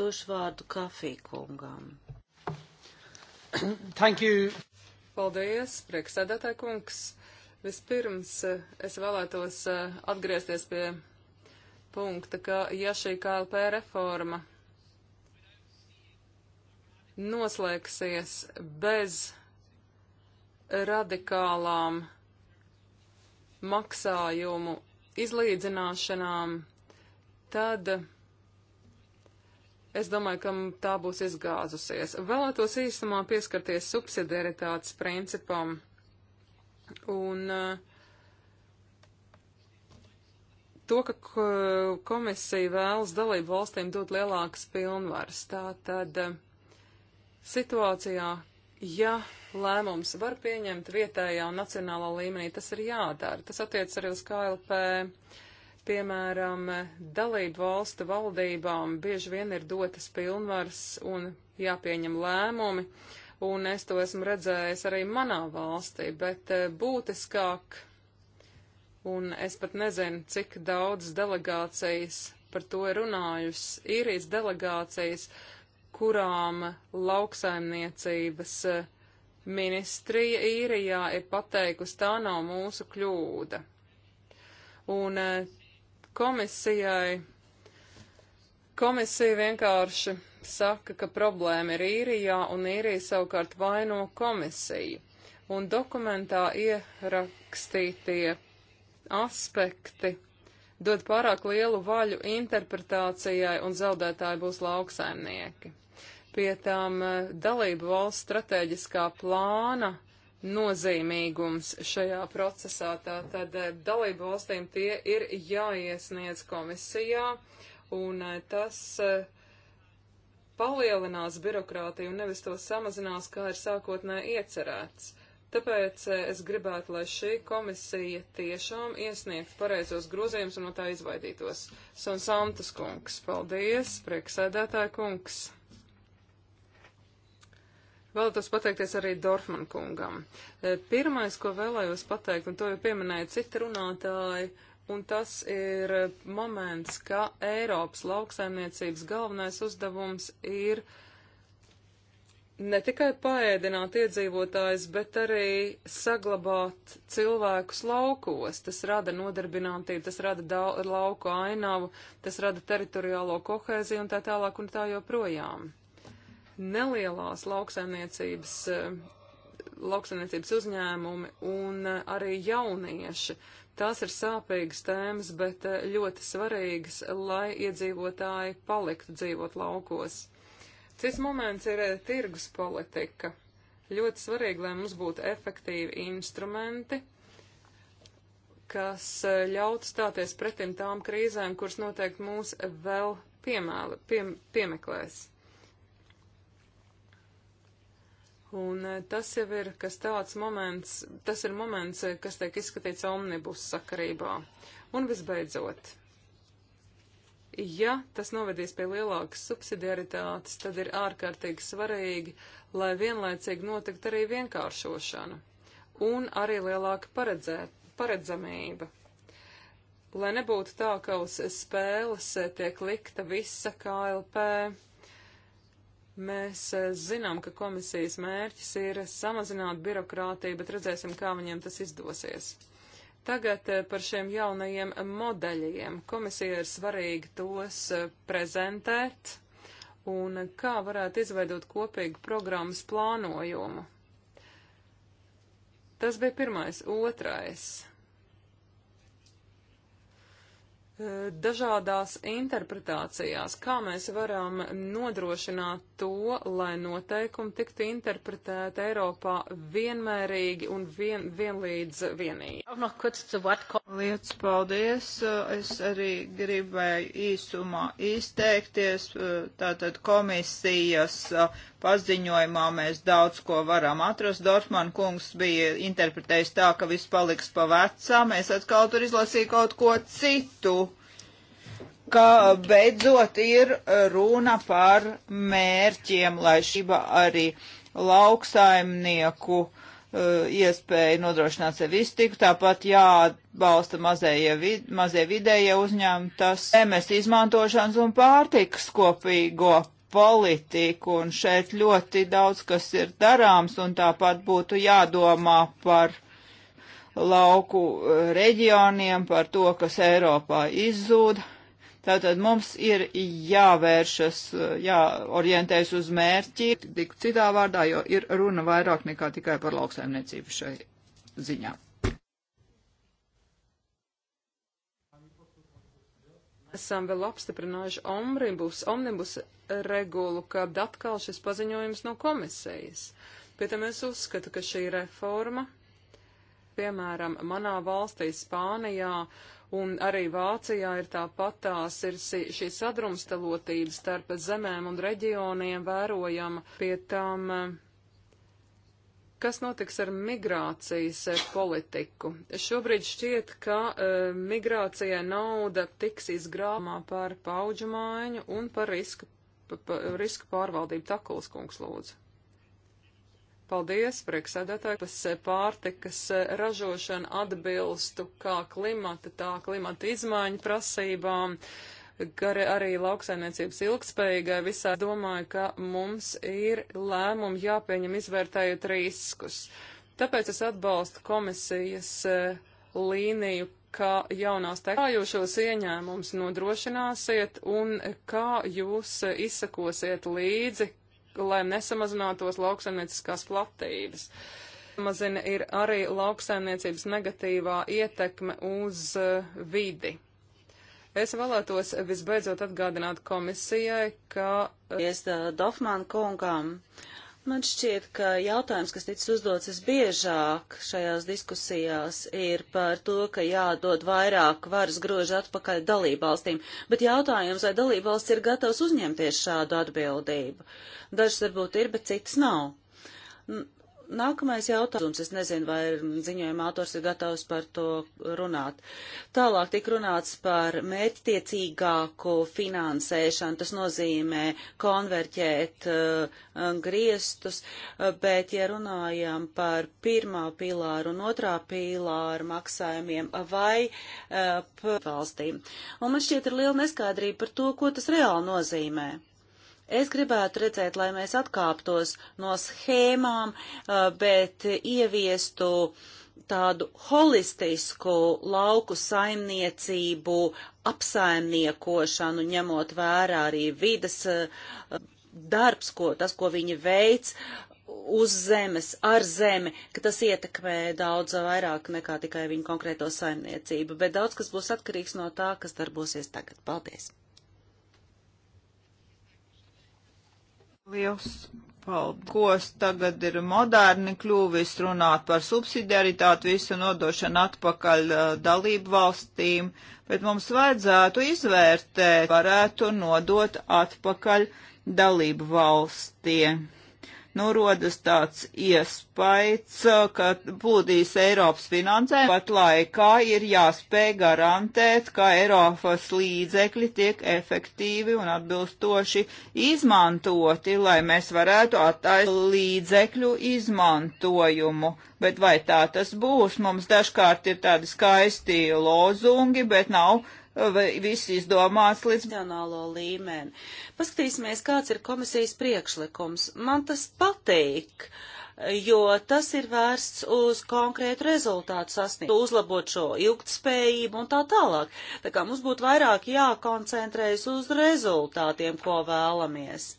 došu vārdu kafīkungam.
Thank you. Paldies, priekšsēdētāj kungs. Vispirms eh, es vēlētos eh, atgriezties pie punkta, ka ja šī KLP reforma noslēgsies bez radikālām maksājumu izlīdzināšanām, tad es domāju, ka tā būs izgāzusies. Vēlētos īsumā pieskarties subsidiaritātes principam. Un eh, to, ka komisija vēlas dalību valstīm dot lielākas pilnvaras, tā tad eh, situācijā, ja lēmums var pieņemt vietējā un nacionālā līmenī, tas ir jādara. Tas attiec arī uz KLP. Piemēram, dalību valstu valdībām bieži vien ir dotas pilnvaras un jāpieņem lēmumi. Uh, un es to esmu redzējis arī manā valstī, bet eh, būtiskāk, un es pat nezinu, cik daudz delegācijas par to ir runājusi, īrijas delegācijas, kurām lauksaimniecības eh, ministrija īrijā ir pateikusi, tā nav mūsu kļūda. Un eh, komisijai, komisija vienkārši saka, ka problēma ir īrijā, un īrija savukārt vaino komisiju. Un dokumentā ierakstītie aspekti dod pārāk lielu vaļu interpretācijai, un zaudētāji būs lauksaimnieki. Pie tām eh, dalību valsts strateģiskā plāna nozīmīgums šajā procesā, tātad eh, dalību valstīm tie ir jāiesniedz komisijā, un eh, tas uh, palielinās birokrātiju un nevis to samazinās, kā ir sākotnē iecerēts. Tāpēc eh, es gribētu, lai šī komisija tiešām iesniegtu pareizos grozījumus un no tā izvaidītos. Sansantas kungs, paldies, prieksēdētāja kungs. Vēlētos pateikties arī Dorfman kungam. Eh, pirmais, ko vēlējos pateikt, un to jau pieminēja citi runātāji, un tas ir moments, ka Eiropas lauksaimniecības galvenais uzdevums ir ne tikai paēdināt iedzīvotājs, bet arī saglabāt cilvēkus laukos. Tas rada nodarbinātību, tas rada daudz lauku ainavu, tas rada teritoriālo kohēziju un tā tālāk un tā joprojām. Nelielās lauksaimniecības eh, lauksaimniecības uzņēmumi un eh, arī jaunieši. Tās ir sāpīgas tēmas, bet eh, ļoti svarīgas, lai iedzīvotāji paliktu dzīvot laukos. Cits moments ir eh, tirgus politika. Ļoti svarīgi, lai mums būtu efektīvi instrumenti, kas eh, ļautu stāties pretim tām krīzēm, kuras noteikti mūs vēl piemēla, pie, piemeklēs. Un eh, tas jau ir kas tāds moments, tas ir moments, eh, kas tiek izskatīts omnibus sakarībā. Un visbeidzot, ja tas novedīs pie lielākas subsidiaritātes, tad ir ārkārtīgi svarīgi, lai vienlaicīgi notikt arī vienkāršošana un arī lielāka paredzē, paredzamība. Lai nebūtu tā, ka uz spēles eh, tiek likta visa KLP Mēs eh, zinām, ka komisijas mērķis ir samazināt birokrātiju, bet redzēsim, kā viņiem tas izdosies. Tagad eh, par šiem jaunajiem modeļiem. Komisija ir svarīgi tos eh, prezentēt un kā varētu izveidot kopīgu programmas plānojumu. Tas bija pirmais. Otrais dažādās interpretācijās, kā mēs varam nodrošināt to, lai noteikumi tiktu interpretēti Eiropā vienmērīgi un vien, vienlīdz vienīgi. Liels paldies! Es arī gribēju
īsumā izteikties. Tātad komisijas paziņojumā mēs daudz ko varam atrast. Dorfman kungs bija interpretējis tā, ka viss paliks pa vecām. Es atkal tur izlasīju kaut ko citu ka beidzot ir runa par mērķiem, lai šība arī lauksaimnieku uh, iespēja nodrošināt sev iztiku, tāpat jāatbalsta mazie, vid mazie vidējie uzņēmumi, tas zemes izmantošanas un pārtikas kopīgo politiku, un šeit ļoti daudz kas ir darāms, un tāpat būtu jādomā par lauku eh, reģioniem, par to, kas Eiropā izzūd. Tātad mums ir jāvēršas, eh, jāorientējas uz mērķi, tik citā vārdā, jo ir runa vairāk nekā tikai par lauksaimniecību šai ziņā.
esam vēl apstiprinājuši omnibus, omnibus regulu, kad atkal šis paziņojums no komisijas. Pie tam es uzskatu, ka šī reforma, piemēram, manā valstī Spānijā un arī Vācijā ir tāpatās, ir šī sadrumstalotība starp zemēm un reģioniem vērojama. Pie tam Kas notiks ar migrācijas eh, politiku? Šobrīd šķiet, ka e, migrācijai nauda tiks izgrāmā par paudžu maiņu un par riska, pa, pa, riska pārvaldību. Takuls kungs lūdzu. Paldies, prieksēdētāji, kas eh, pārtikas ražošana atbilstu kā klimata, tā klimata izmaiņu prasībām. E, gar arī lauksaimniecības ilgspējīgai visā. Domāju, ka mums ir lēmumi jāpieņem izvērtējot riskus. Tāpēc es atbalstu komisijas eh, līniju, kā jaunās tekājošos ieņēmums nodrošināsiet un kā jūs eh, izsakosiet līdzi, lai nesamazinātos lauksaimnieciskās platības. Mazina ir arī lauksaimniecības negatīvā ietekme uz eh, vidi. Es vēlētos
visbeidzot atgādināt komisijai, ka. Eh, es uh, eh, Dofmanu kungam. Man šķiet, ka jautājums, kas ticis uzdots visbiežāk šajās diskusijās, ir par to, ka jādod vairāk varas grožu atpakaļ dalībvalstīm, bet jautājums, vai dalībvalsts ir gatavs uzņemties šādu atbildību. Dažas varbūt ir, bet citas nav. Nākamais jautājums, es nezinu, vai ziņojuma autors ir gatavs par to runāt. Tālāk tik runāts par mērķtiecīgāku finansēšanu, tas nozīmē konverģēt uh, griestus, uh, bet ja runājam par pirmā pīlāru un otrā pīlāru maksājumiem vai uh, valstīm. Un man šķiet ir liela neskaidrība par to, ko tas reāli nozīmē. Es gribētu redzēt, lai mēs atkāptos no schēmām, bet ieviestu tādu holistisku lauku saimniecību apsaimniekošanu, ņemot vērā arī vidas darbs, ko, tas, ko viņi veic, uz zemes, ar zemi, ka tas ietekmē daudz vairāk nekā tikai viņu konkrēto saimniecību, bet daudz kas būs atkarīgs no tā, kas darbosies tagad. Paldies!
Liels paldies! Tagad ir moderni kļuvis runāt par subsidiaritāti, visu nodošanu atpakaļ uh, dalību valstīm, bet mums vajadzētu izvērtēt, varētu nodot atpakaļ dalību valstiem nu rodas tāds iespējas, uh, ka būtīs Eiropas finansē, pat laikā ir jāspēj garantēt, ka Eiropas līdzekļi tiek efektīvi un atbilstoši izmantoti, lai mēs varētu attaisnot līdzekļu izmantojumu. Bet vai tā tas būs? Mums dažkārt ir tādi skaisti lozungi, bet nav viss izdomāts
līdz nacionālo līmeni. Paskatīsimies, kāds ir komisijas priekšlikums. Man tas patīk, jo tas ir vērsts uz konkrētu rezultātu sasniegt, uzlabot šo ilgtspējību un tā tālāk. Tā kā mums būtu vairāk jākoncentrējas uz rezultātiem, ko vēlamies.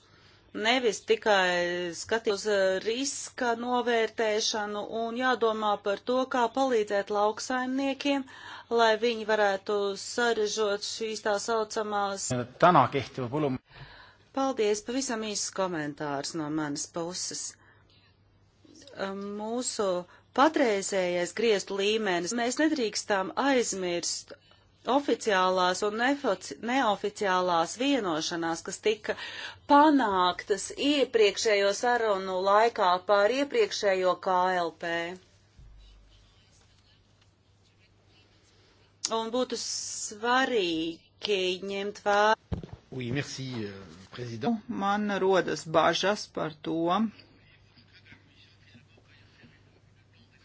Nevis tikai skatīt uz riska novērtēšanu un jādomā par to, kā palīdzēt lauksaimniekiem uh, lai viņi varētu sarežot šīs tā saucamās.
Tanā kehtiva polum.
Paldies, pavisam īsts komentārs no manas puses. Mūsu patreizējais griestu līmenis mēs nedrīkstām aizmirst oficiālās un neoficiālās vienošanās, kas tika panāktas iepriekšējo sarunu laikā pār iepriekšējo KLP. un būtu svarīgi ņemt vērā.
Oui, merci, euh, prezident. Man rodas bažas par to,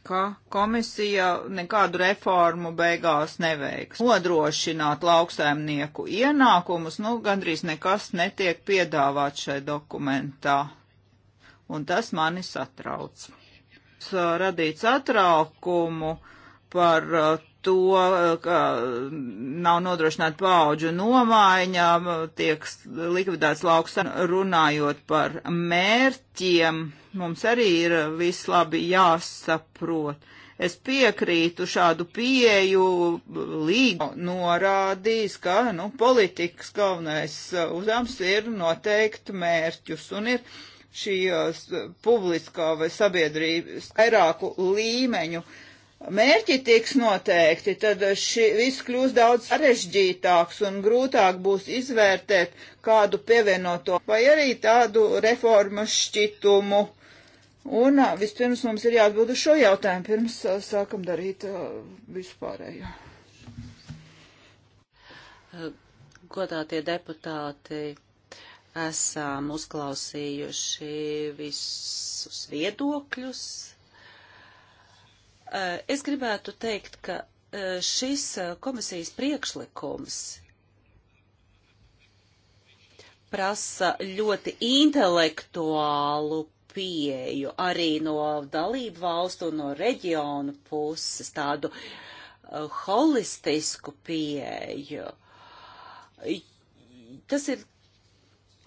ka komisija nekādu reformu beigās neveiks. Nodrošināt lauksaimnieku ienākumus, nu, gandrīz nekas netiek piedāvāts šai dokumentā. Un tas mani satrauc. Uh, Radīt satraukumu par uh, to, eh, ka nav nodrošināta paauģu nomaiņa, tiek likvidēts lauks runājot par mērķiem. Mums arī ir viss labi jāsaprot. Es piekrītu šādu pieju līgu norādījis, ka, nu, politikas galvenais uzdevums ir noteikt mērķus un ir šī uh, publiskā vai sabiedrības vairāku līmeņu uh, mērķi tiks noteikti, tad šī viss kļūs daudz sarežģītāks un grūtāk būs izvērtēt kādu pievienoto vai arī tādu reformu šķitumu. Un vispirms mums ir jāatbild uz šo jautājumu, pirms sākam darīt
vispārējo. Godātie deputāti, esam uzklausījuši visus viedokļus, Eh, es gribētu teikt, ka eh, šis eh, komisijas priekšlikums prasa ļoti intelektuālu pieeju arī no dalību valstu un no reģionu puses, tādu uh, holistisku pieeju. Tas ir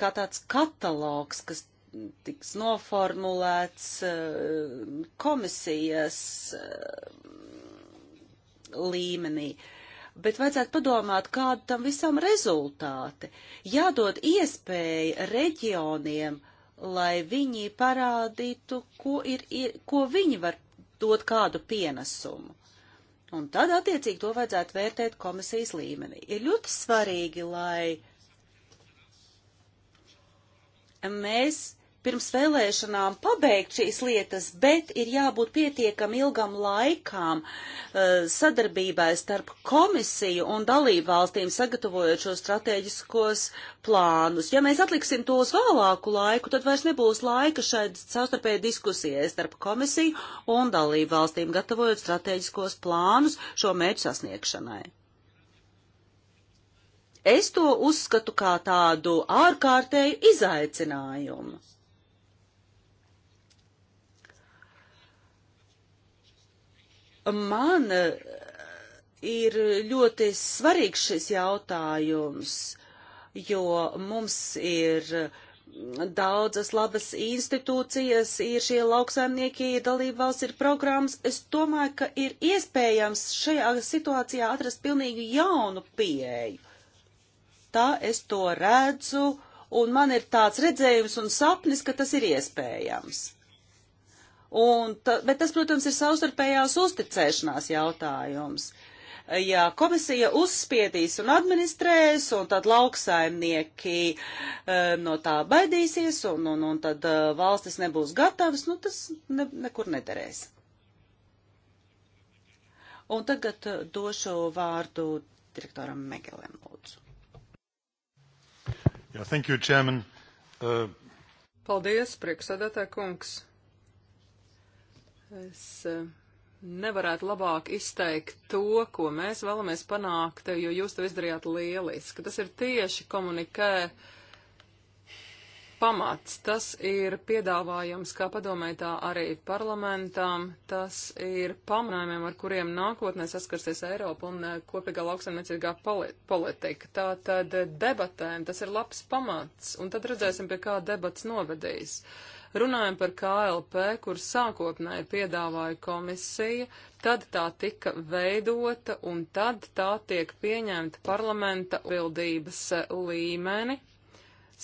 kā tāds katalogs, kas tiks noformulēts eh, komisijas eh, līmenī. Bet vajadzētu padomāt, kāda tam visam rezultāti. Jādod iespēja reģioniem, lai viņi parādītu, ko, ir, ir, ko viņi var dot kādu pienesumu. Un tad, attiecīgi, to vajadzētu vērtēt komisijas līmenī. Ir ļoti svarīgi, lai mēs pirms vēlēšanām pabeigt šīs lietas, bet ir jābūt pietiekam ilgam laikām eh, sadarbībai starp komisiju un dalību valstīm sagatavojot šos strateģiskos plānus. Ja mēs atliksim to uz vēlāku laiku, tad vairs nebūs laika šai savstarpēji diskusijai starp komisiju un dalību valstīm gatavojot strateģiskos plānus šo mērķu sasniegšanai. Es to uzskatu kā tādu ārkārtēju izaicinājumu. man eh, ir ļoti svarīgs šis jautājums, jo mums ir mm, daudzas labas institūcijas, ir šie lauksaimnieki, ir dalība valsts, ir programmas. Es domāju, ka ir iespējams šajā situācijā atrast pilnīgi jaunu pieeju. Tā es to redzu, un man ir tāds redzējums un sapnis, ka tas ir iespējams. Un, ta, bet tas, protams, ir savstarpējās uzticēšanās jautājums. Ja komisija uzspiedīs un administrēs, un tad lauksaimnieki um, no tā baidīsies, un, un, un tad uh, valstis nebūs gatavas, nu tas ne, nekur nederēs. Un tagad eh, došu vārdu direktoram Megelem, lūdzu. Yeah, thank you, Chairman. Uh... Paldies, priekšsēdētāj
kungs. Es eh, nevarētu labāk izteikt to, ko mēs vēlamies panākt, jo jūs to izdarījāt lieliski. Tas ir tieši komunikē pamats. Tas ir piedāvājums kā padomētā arī parlamentām. Tas ir pamanājumiem, ar kuriem nākotnē saskarsies Eiropa un eh, kopīgā lauksaimniecīgā politika. Tā tad debatēm tas ir labs pamats, un tad redzēsim, pie kā debats novedīs. Uh, Runājam par KLP, kur sākotnēji piedāvāja komisija, tad tā tika veidota un tad tā tiek pieņemta parlamenta atbildības eh, līmeni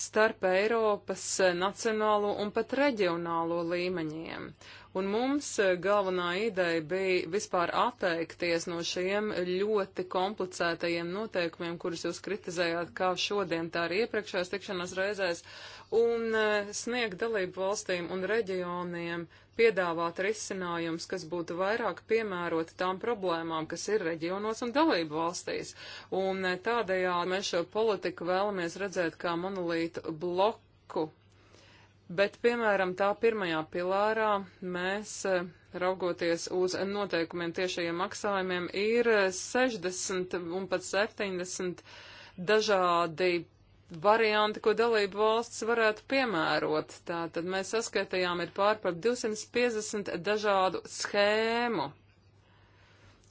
starp Eiropas eh, nacionālo un pat reģionālo līmeņiem. Un mums e, galvenā ideja bija vispār atteikties no šiem ļoti komplicētajiem noteikumiem, kurus jūs kritizējāt kā šodien, tā arī iepriekšējās tikšanās reizēs, un e, sniegt dalību valstīm un reģioniem piedāvāt risinājums, kas būtu vairāk piemēroti tām problēmām, kas ir reģionos un dalību valstīs. Un e, tādējādi mēs šo politiku vēlamies redzēt kā monolītu bloku Bet, piemēram, tā pirmajā pilārā mēs, eh, raugoties uz noteikumiem tiešajiem maksājumiem, ir 60 eh, un pat 70 dažādi varianti, ko dalību valsts varētu piemērot. Tātad mēs saskaitījām ir pār par 250 dažādu schēmu.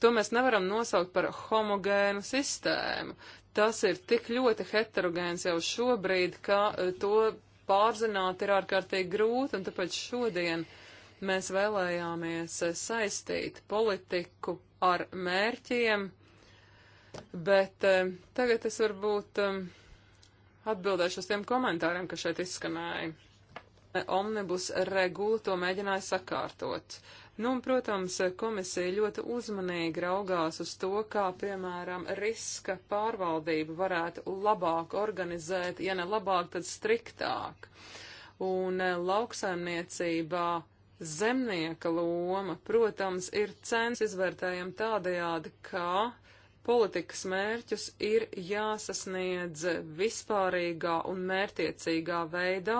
To mēs nevaram nosaukt par homogēnu sistēmu. Tas ir tik ļoti heterogēns jau šobrīd, ka eh, to pārzināt ir ārkārtīgi grūti, un tāpēc šodien mēs vēlējāmies saistīt politiku ar mērķiem, bet eh, tagad es varbūt eh, atbildēšu uz tiem komentāriem, kas šeit izskanēja. Omnibus regulu to mēģināja sakārtot. Uh, Nu, un, protams, komisija ļoti uzmanīgi raugās uz to, kā, piemēram, riska pārvaldību varētu labāk organizēt, ja ne labāk, tad striktāk. Un eh, lauksaimniecībā zemnieka loma, protams, ir cens izvērtējama tādajādi, kā politikas mērķus ir jāsasniedz vispārīgā un mērtiecīgā veidā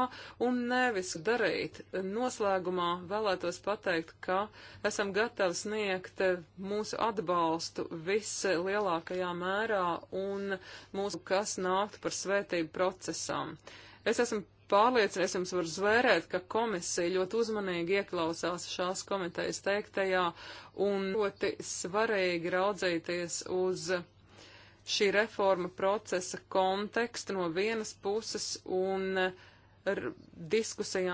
un nevis darīt. Noslēgumā vēlētos pateikt, ka esam gatavi sniegt mūsu atbalstu vislielākajā mērā un mūsu, kas nāktu par svētību procesam. Es esmu pārliecinies, jums var zvērēt, ka komisija ļoti uzmanīgi ieklausās šās komitejas teiktajā un ļoti svarīgi raudzīties uz šī reforma procesa kontekstu no vienas puses un diskusijām